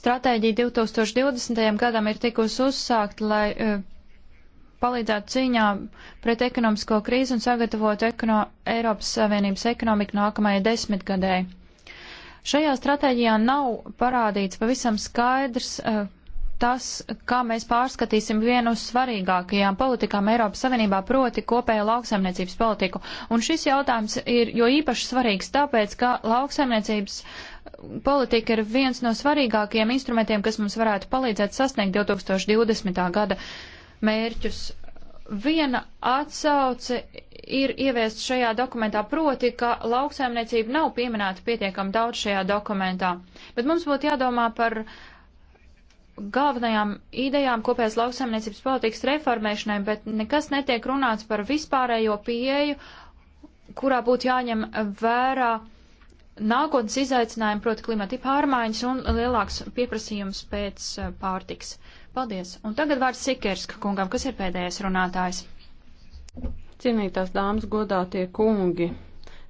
stratēģija 2020. gadam ir tikusi uzsākt, lai eh, palīdzētu cīņā pret ekonomisko krīzi un sagatavotu ekono Eiropas Savienības ekonomiku nākamajai desmitgadēji. Šajā stratēģijā nav parādīts pavisam skaidrs, eh, tas, kā mēs pārskatīsim vienu uz svarīgākajām politikām Eiropas Savienībā, proti kopējo lauksaimniecības politiku. Un šis jautājums ir jo īpaši svarīgs tāpēc, ka lauksaimniecības politika ir viens no svarīgākajiem instrumentiem, kas mums varētu palīdzēt sasniegt 2020. gada mērķus. Viena atsauce ir ieviest šajā dokumentā, proti, ka lauksaimniecība nav pieminēta pietiekam daudz šajā dokumentā. Bet mums būtu jādomā par uh, galvenajām idejām kopējās lauksaimniecības politikas reformēšanai, bet nekas netiek runāts par vispārējo pieeju, kurā būtu jāņem vērā nākotnes izaicinājumi, proti klimati pārmaiņas un lielāks pieprasījums pēc eh, pārtiks. Paldies. Un tagad vārds Sikerska kungam, kas ir pēdējais runātājs. Cienītās dāmas, godātie kungi,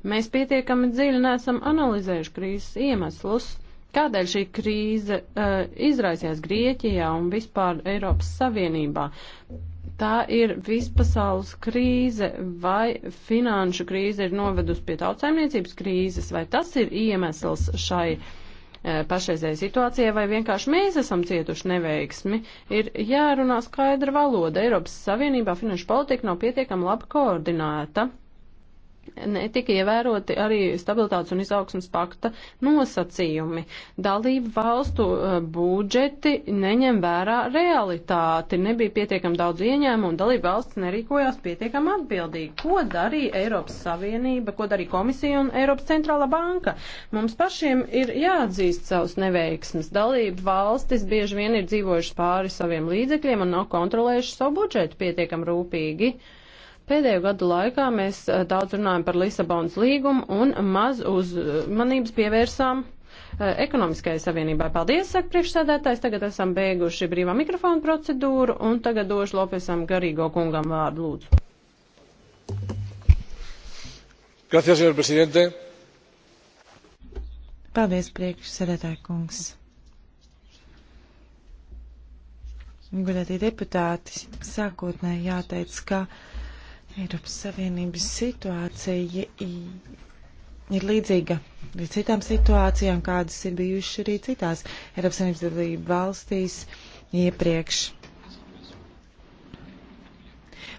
mēs pietiekami dziļi nesam analizējuši krīzes iemeslus Kādēļ šī krīze uh, izraisījās Grieķijā un vispār Eiropas Savienībā? Tā ir vispasaules krīze, vai finanšu krīze ir novedusi pie tautsaimniecības krīzes, vai tas ir iemesls šai uh, pašreizējai situācijai, vai vienkārši mēs esam cietuši neveiksmi, ir jārunā skaidra valoda. Eiropas Savienībā finanšu politika nav pietiekami labi koordinēta netika ievēroti arī stabilitātes un izaugsmas pakta nosacījumi. Dalību valstu uh, budžeti neņem vērā realitāti, nebija pietiekam daudz ieņēmumu un dalību valsts nerīkojās pietiekam atbildīgi. Ko darīja Eiropas Savienība, ko darīja komisija un Eiropas centrālā banka? Mums pašiem ir jāatzīst savus neveiksmes. Dalību valstis bieži vien ir dzīvojušas pāri saviem līdzekļiem un nav kontrolējuši savu budžetu pietiekam rūpīgi. Pēdējo gadu laikā mēs eh, daudz runājam par Lisabonas līgumu un maz uzmanības pievērsām eh, ekonomiskajai savienībai. Paldies, saka priekšsēdētājs. Tagad esam beiguši brīvā mikrofona procedūru un tagad došu Lopesam Garīgo kungam vārdu lūdzu. Gracias, señor presidente. Paldies, priekšsēdētāja kungs. Godātie deputāti, sākotnēji jāteic, ka Eiropas Savienības situācija ir līdzīga arī citām situācijām, kādas ir bijušas arī citās Eiropas Savienības dalību valstīs iepriekš.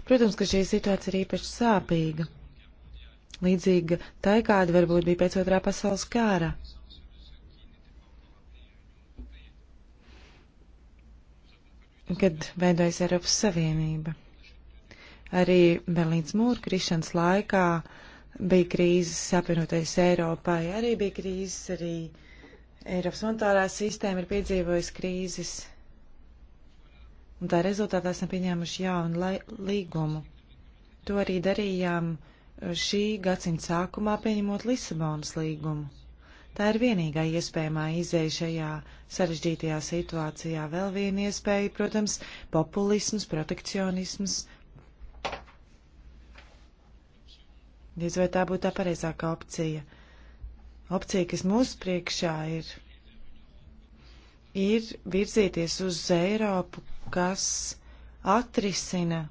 Protams, ka šī situācija ir īpaši sāpīga. Līdzīga tai, kāda varbūt bija pēc otrā pasaules kāra. Kad veidojas Eiropas Savienība. Arī Berlīnas mūra krišanas laikā bija krīzes apvienotais Eiropai, arī bija krīzes, arī Eiropas monetārā sistēma ir piedzīvojusi krīzes. Un tā rezultātā esam pieņēmuši jaunu līgumu. To arī darījām šī gadsimta sākumā, pieņemot Lisabonas līgumu. Tā ir vienīgā iespējamā izēja šajā sarežģītajā situācijā. Vēl viena iespēja, protams, populisms, protekcionisms, Diez vai tā būtu tā pareizākā opcija. Opcija, kas mūsu priekšā ir, ir virzīties uz Eiropu, kas atrisina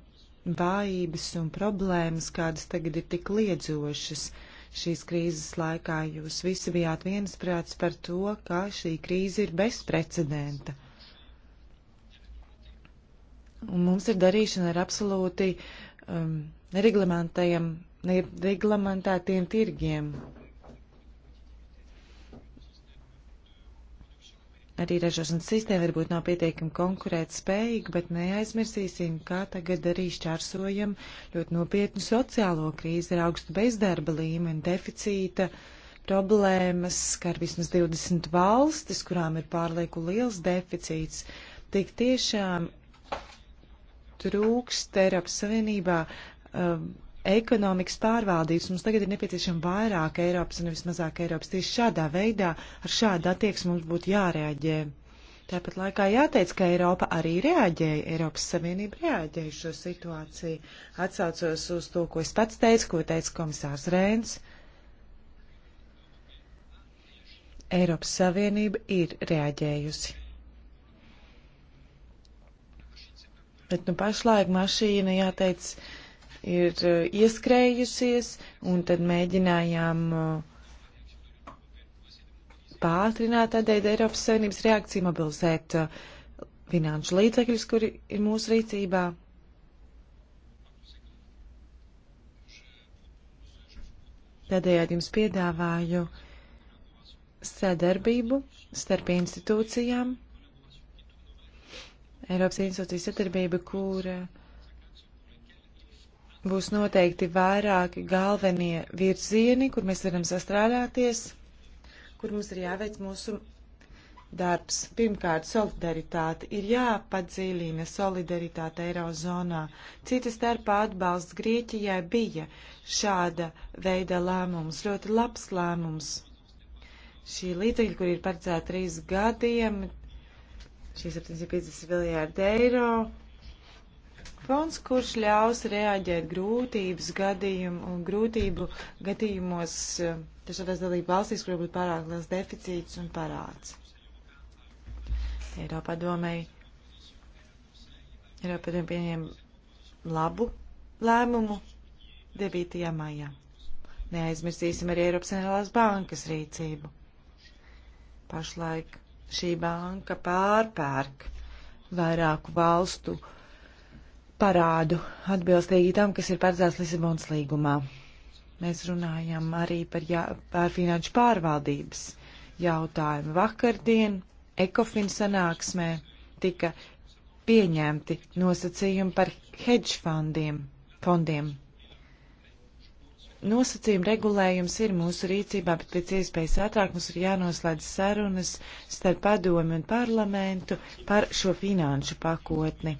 vājības un problēmas, kādas tagad ir tik liedzošas šīs krīzes laikā. Jūs visi bijāt viensprāts par to, ka šī krīze ir bezprecedenta. Un mums ir darīšana ar absolūti um, nereglamentējiem reglamentētiem tirgiem. Arī ražošanas sistēma varbūt nav pietiekami konkurēt spējīga, bet neaizmirsīsim, kā tagad arī šķērsojam ļoti nopietnu sociālo krīzi ar augstu bezdarba līmeni, deficīta problēmas, kā ar vismaz 20 valstis, kurām ir pārlieku liels deficīts. Tik tiešām trūkst Eiropas Savienībā um, ekonomikas pārvaldības. Mums tagad ir nepieciešama vairāk Eiropas, nevis mazāk Eiropas. Tieši šādā veidā, ar šādu attieksmi mums būtu jārēģē. Tāpat laikā jāteic, ka Eiropa arī reaģēja, Eiropas Savienība reaģēja šo situāciju. Atsaucos uz to, ko es pats teicu, ko teica komisārs Rēns. Eiropas Savienība ir reaģējusi. Bet nu pašlaik mašīna, jāteic, uh, ir uh, ieskrējusies, un tad mēģinājām uh, pātrināt tādēļ Eiropas Savienības reakciju, mobilizēt uh, finanšu līdzekļus, kuri ir mūsu rīcībā. Tādējādi jums piedāvāju sadarbību starp institūcijām, Eiropas institūciju sadarbību, kura uh, būs noteikti vairāki galvenie virzieni, kur mēs varam sastrādāties, kur mums ir jāveic mūsu darbs. Pirmkārt, solidaritāte ir jāpadziļina solidaritāte Eirozonā. Cita starpā atbalsts Grieķijai bija šāda veida lēmums, ļoti labs lēmums. Šī līdzekļa, kur ir paredzēta trīs gadiem, šie 750 miljārdi eiro, Fonds, kurš ļaus reaģēt grūtības gadījumu, grūtību gadījumos eh, dažādās dalību valstīs, kur būtu pārāk liels deficīts un parāds. Eiropā domēji, Eiropā domēji pieņem labu lēmumu 9. maijā. Neaizmirsīsim arī Eiropas Centrālās bankas rīcību. Pašlaik šī banka pārpērk vairāku valstu uh, parādu atbilstīgi tam, kas ir paredzēts Lisabonas līgumā. Mēs runājam arī par, jā, par finanšu pārvaldības jautājumu. Vakardien Ekofin sanāksmē tika pieņemti nosacījumi par hedge fondiem. fondiem. Nosacījuma regulējums ir mūsu rīcībā, bet pēc iespējas ātrāk mums ir jānoslēdz sarunas starp padomi un parlamentu par šo finanšu pakotni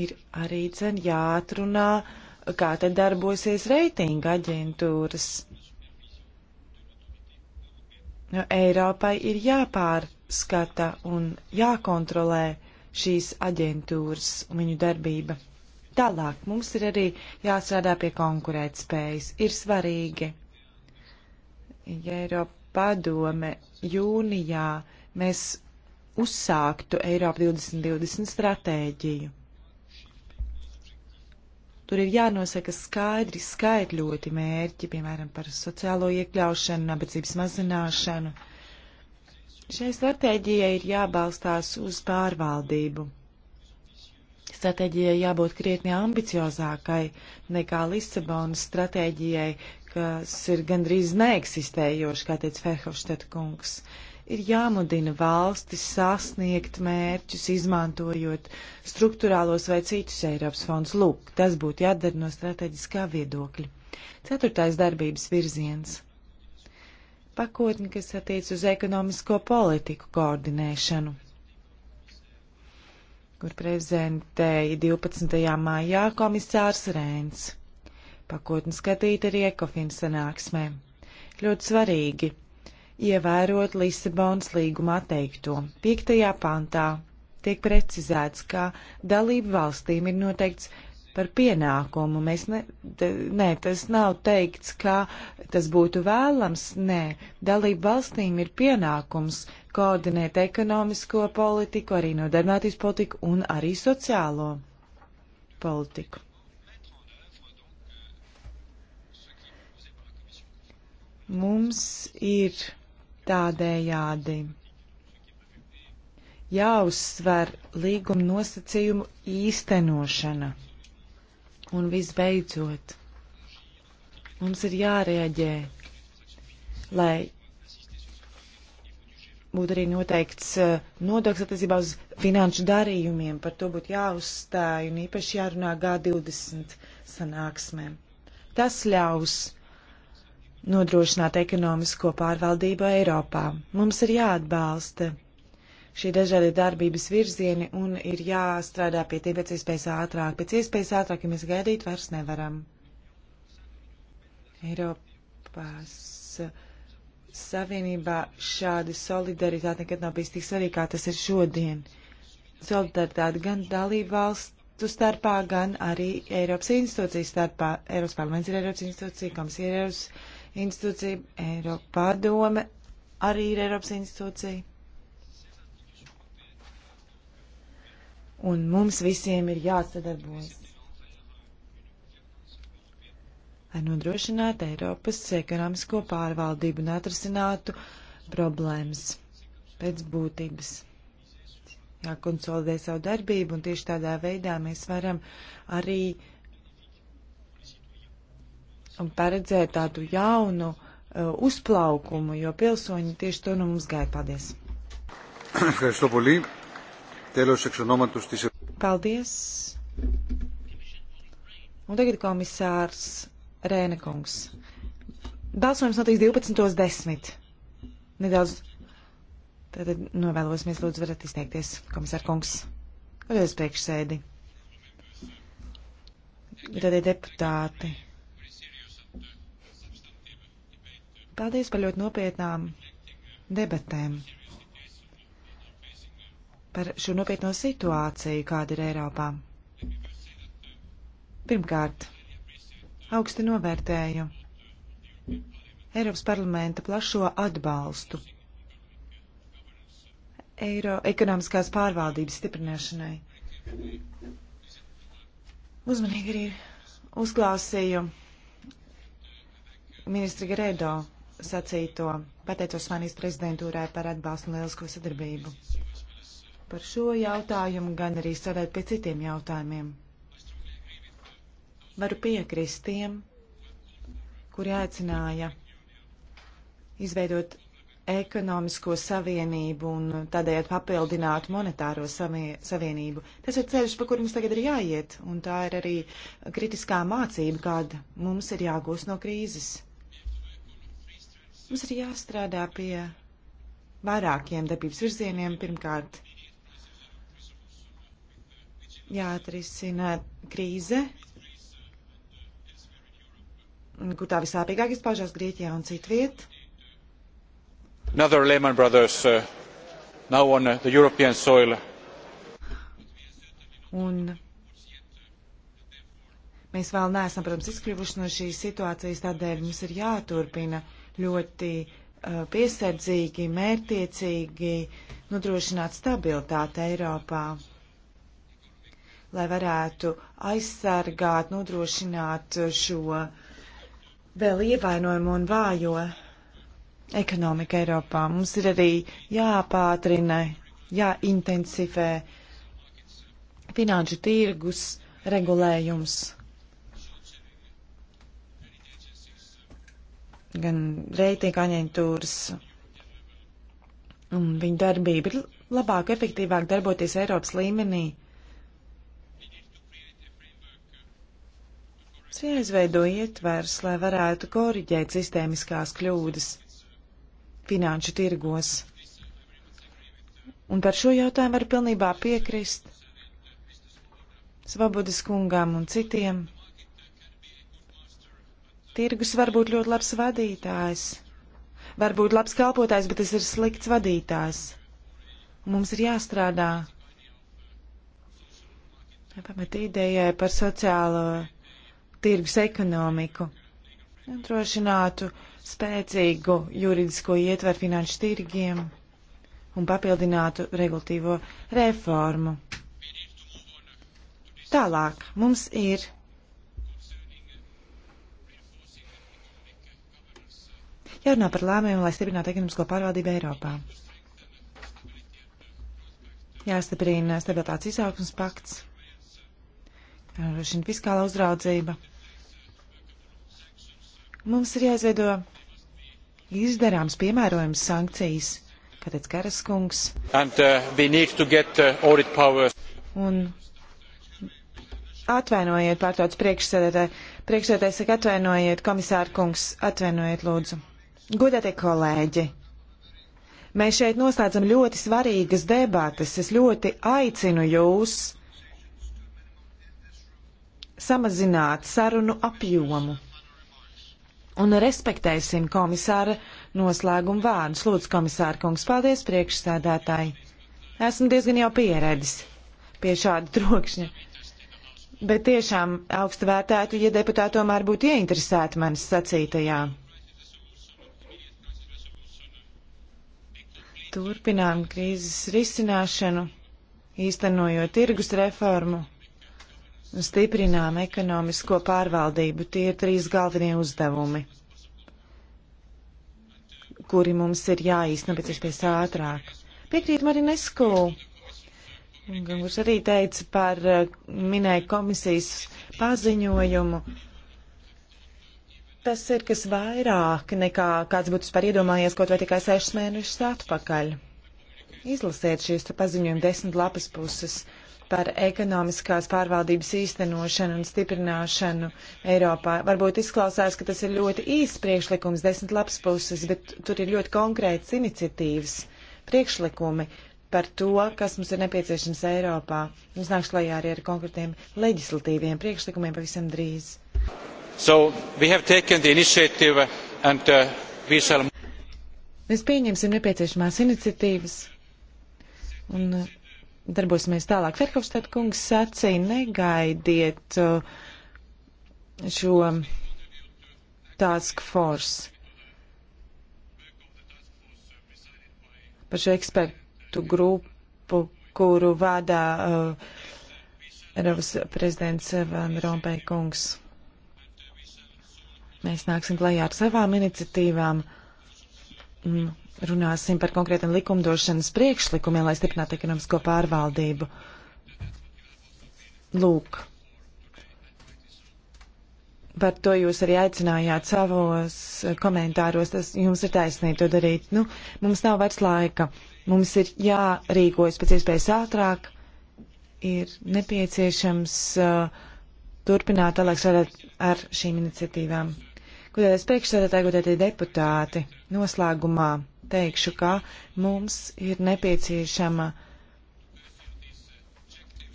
ir arī dzen jāatrunā, kā te darbosies reitinga aģentūras. Jo nu, Eiropai ir jāpārskata un jākontrolē šīs aģentūras un viņu darbība. Tālāk mums ir arī jāstrādā pie konkurētspējas. Ir svarīgi, ja Eiropa padome jūnijā mēs uzsāktu Eiropa 2020 stratēģiju. Tur ir jānosaka skaidri skaitļoti mērķi, piemēram, par sociālo iekļaušanu, nabadzības mazināšanu. Šai stratēģijai ir jābalstās uz pārvaldību. Stratēģijai jābūt krietni ambiciozākai nekā Lisabonas stratēģijai, kas ir gandrīz neeksistējoša, kā teica Ferhofstad kungs. Uh, ir jāmudina valstis sasniegt mērķus, izmantojot struktūrālos vai citus Eiropas fondus. Lūk, tas būtu jādara no strateģiskā viedokļa. Ceturtais darbības virziens - pakotni, kas attiec uz ekonomisko politiku koordinēšanu, kur prezentēja 12. maijā komisārs Rēns. Pakotni skatīt arī ekofin sanāksmē. Ļoti svarīgi ievērot Lisabonas līguma atteikto. 5. pantā tiek precizēts, ka dalību valstīm ir noteikts par pienākumu. Mēs ne, t, nē, tas nav teikts, ka tas būtu vēlams. Nē, dalību valstīm ir pienākums koordinēt ekonomisko politiku, arī nodarbinātības politiku un arī sociālo politiku. Mums ir Tādējādi jāuzsver līguma nosacījumu īstenošana. Un visbeidzot, mums ir jārēģē, lai būtu arī noteikts eh, nodoklis attiecībā uz finanšu darījumiem. Par to būtu jāuzstāj un īpaši jārunā G20 sanāksmēm. Tas ļaus nodrošināt ekonomisko pārvaldību Eiropā. Mums ir jāatbalsta šī dažādi darbības virzieni un ir jāstrādā pie tiem pēc iespējas ātrāk. Pēc iespējas ātrāk, ja mēs gaidīt vairs nevaram. Eiropas Savienībā šāda solidaritāte nekad nav bijis tik svarīga, kā tas ir šodien. Solidaritāte gan dalību valstu starpā, gan arī Eiropas institūciju starpā. Eiropas parlaments ir Eiropas institūcija, komisija ir Eiropas institūcija, Eiropa padome arī ir Eiropas institūcija. Un mums visiem ir jāsadarbojas. lai nodrošinātu Eiropas ekonomisko pārvaldību un atrasinātu problēmas pēc būtības. Jākonsolidē savu darbību, un tieši tādā veidā mēs varam arī uh, paredzēt tādu jaunu uh, uzplaukumu, jo pilsoņi tieši to no mums gaida. Paldies! Paldies! Un tagad komisārs Rēnekungs. Balsojums notiks 12.10. Nedaudz. Tātad novēlosimies, lūdzu, varat izteikties, komisār kungs. Paldies priekšsēdi. Tātad deputāti. Paldies par ļoti nopietnām debatēm par šo nopietno situāciju, kāda ir Eiropā. Pirmkārt, augsti novērtēju Eiropas parlamenta plašo atbalstu eiro ekonomiskās pārvaldības stiprināšanai. Uzmanīgi arī uzklausīju ministru Gredo sacīto. Pateicos Svanijas prezidentūrai par atbalstu un lielisko sadarbību. Par šo jautājumu gan arī strādāt pie citiem jautājumiem. Varu piekrist tiem, kuri aicināja izveidot ekonomisko savienību un tādējādi papildināt monetāro savienību. Tas ir ceļš, pa kuru mums tagad ir jāiet, un tā ir arī kritiskā mācība, kāda mums ir jāgūst no krīzes. Mums ir jāstrādā pie vairākiem darbības virzieniem. Pirmkārt, jāatrisina krīze, kur tā visāpīgāk izpaužās Grieķijā un citviet. Another Lehman Brothers uh, now on uh, the European soil. Un mēs vēl neesam, protams, izkļuvuši no šīs situācijas, tādēļ mums ir jāturpina uh, ļoti uh, piesardzīgi, mērtiecīgi nodrošināt stabilitāti Eiropā, lai varētu aizsargāt, nodrošināt šo vēl ievainojumu un vājo ekonomiku Eiropā. Mums ir arī jāpātrina, jāintensifē finanšu tirgus regulējums gan reitinga aģentūras un viņu darbība ir labāk, efektīvāk darboties Eiropas līmenī. Mums jāizveido ietvers, lai varētu koriģēt sistēmiskās kļūdas finanšu tirgos. Un par šo jautājumu var pilnībā piekrist Svabodas kungām un citiem. Tirgus var būt ļoti labs vadītājs, var būt labs kalpotājs, bet tas ir slikts vadītājs. Mums ir jāstrādā. Pamat idejai par sociālo tirgus ekonomiku. Nodrošinātu spēcīgu juridisko ietveru finanšu tirgiem un papildinātu regulatīvo reformu. Tālāk mums ir Jārunā par lēmumiem, lai stiprinātu ekonomisko pārvaldību Eiropā. Jāstiprina stabilitātes izaugsmas pakts, jānodrošina fiskāla uzraudzība. Mums ir jāizveido izdarāms piemērojams sankcijas, kā teica Karaskungs. And, uh, get, uh, Un atvainojiet, pārtauc priekšsēdētāji, priekšsēdētājs saka atvainojiet, komisāra kungs, atvainojiet lūdzu. Godātie kolēģi, mēs šeit noslēdzam ļoti svarīgas debatas. Es ļoti aicinu jūs samazināt sarunu apjomu. Un respektēsim komisāra noslēgumu vārdus. Lūdzu, komisāra kungs, paldies priekšsēdētāji. Esmu diezgan jau pieredzis pie šāda trokšņa. Bet tiešām augstu vērtētu, ja deputāti tomēr būtu ieinteresēti manis sacītajā. Turpinām krīzes risināšanu, īstenojot tirgus reformu un stiprinām ekonomisko pārvaldību. Tie ir trīs galvenie uzdevumi, kuri mums ir jāīsteno pēc iespējas ātrāk. Piekrīt Marinesku. Kurš arī teica par eh, minēja komisijas paziņojumu tas ir kas vairāk nekā kāds būtu par iedomājies kaut vai tikai sešas mēnešus atpakaļ. Izlasiet šīs paziņojuma desmit lapas puses par ekonomiskās pārvaldības īstenošanu un stiprināšanu Eiropā. Varbūt izklausās, ka tas ir ļoti īsts priekšlikums, desmit lapas puses, bet tur ir ļoti konkrētas iniciatīvas, priekšlikumi par to, kas mums ir nepieciešams Eiropā. Mums nāks klajā arī ar konkrētiem leģislatīviem priekšlikumiem pavisam drīz. So we have taken the initiative and uh, we shall. Mēs pieņemsim nepieciešamās iniciatīvas un uh, darbosimies tālāk. Ferhofstad kungs sacīja, negaidiet uh, šo task force. Par šo ekspertu grupu, kuru vada uh, Eiropas prezidents Van Rompēkungs. kungs. Mēs nāksim klajā ar savām iniciatīvām. Runāsim par konkrētiem likumdošanas priekšlikumiem, lai stiprinātu ekonomisko pārvaldību. Lūk, par to jūs arī aicinājāt savos komentāros. Tas jums ir taisnība to darīt. Nu, mums nav vairs laika. Mums ir jārīkojas pēc iespējas ātrāk. Ir nepieciešams uh, turpināt, Aleks, ar, ar šīm iniciatīvām. Godētais priekšsēdētāji, godētie deputāti, noslēgumā teikšu, ka mums ir nepieciešama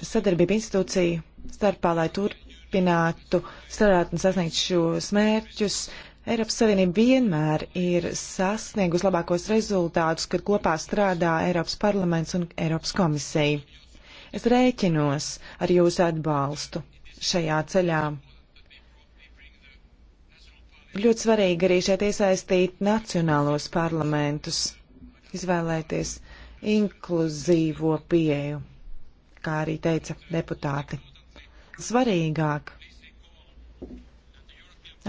sadarbība institūciju starpā, lai turpinātu strādāt un sasniegt šos mērķus. Eiropas Savienība vienmēr ir sasniegusi labākos rezultātus, kad kopā strādā Eiropas parlaments un Eiropas komisija. Es rēķinos ar jūsu atbalstu šajā ceļā ļoti svarīgi arī šeit iesaistīt nacionālos parlamentus, izvēlēties inkluzīvo pieeju, kā arī teica deputāti. Svarīgāk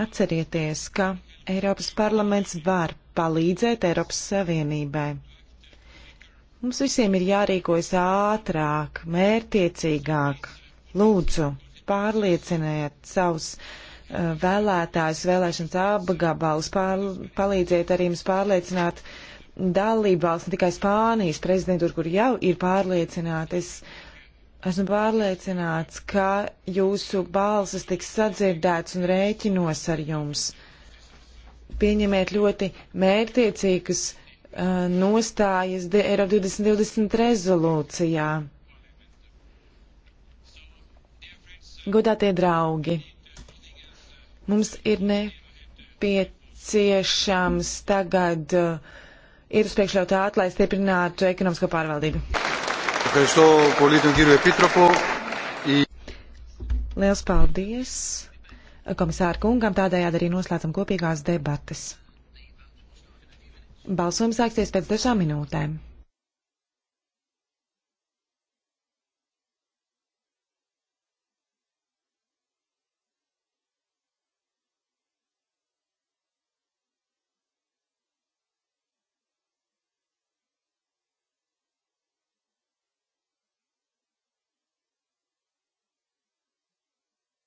atcerieties, ka Eiropas parlaments var palīdzēt Eiropas Savienībai. Mums visiem ir jārīkojas ātrāk, mērtiecīgāk. Lūdzu, pārlieciniet savus uh, vēlētājus, vēlēšanas apgabalus, pār, palīdziet arī mums pārliecināt dalībvalsts, ne tikai Spānijas prezidentūru, kur jau ir pārliecināti. Es esmu pārliecināts, ka jūsu balsas tiks sadzirdēts un rēķinos ar jums. Pieņemiet ļoti mērtiecīgus uh, nostājas Eiro 2020 rezolūcijā. Godātie draugi! Mums ir nepieciešams tagad uh, iet uz priekšu ļoti ātri, lai stiprinātu ekonomisko pārvaldību. Liels paldies eh, komisāra kungam, tādējādi arī noslēdzam kopīgās debates. Balsojums sāksies pēc dažām minūtēm.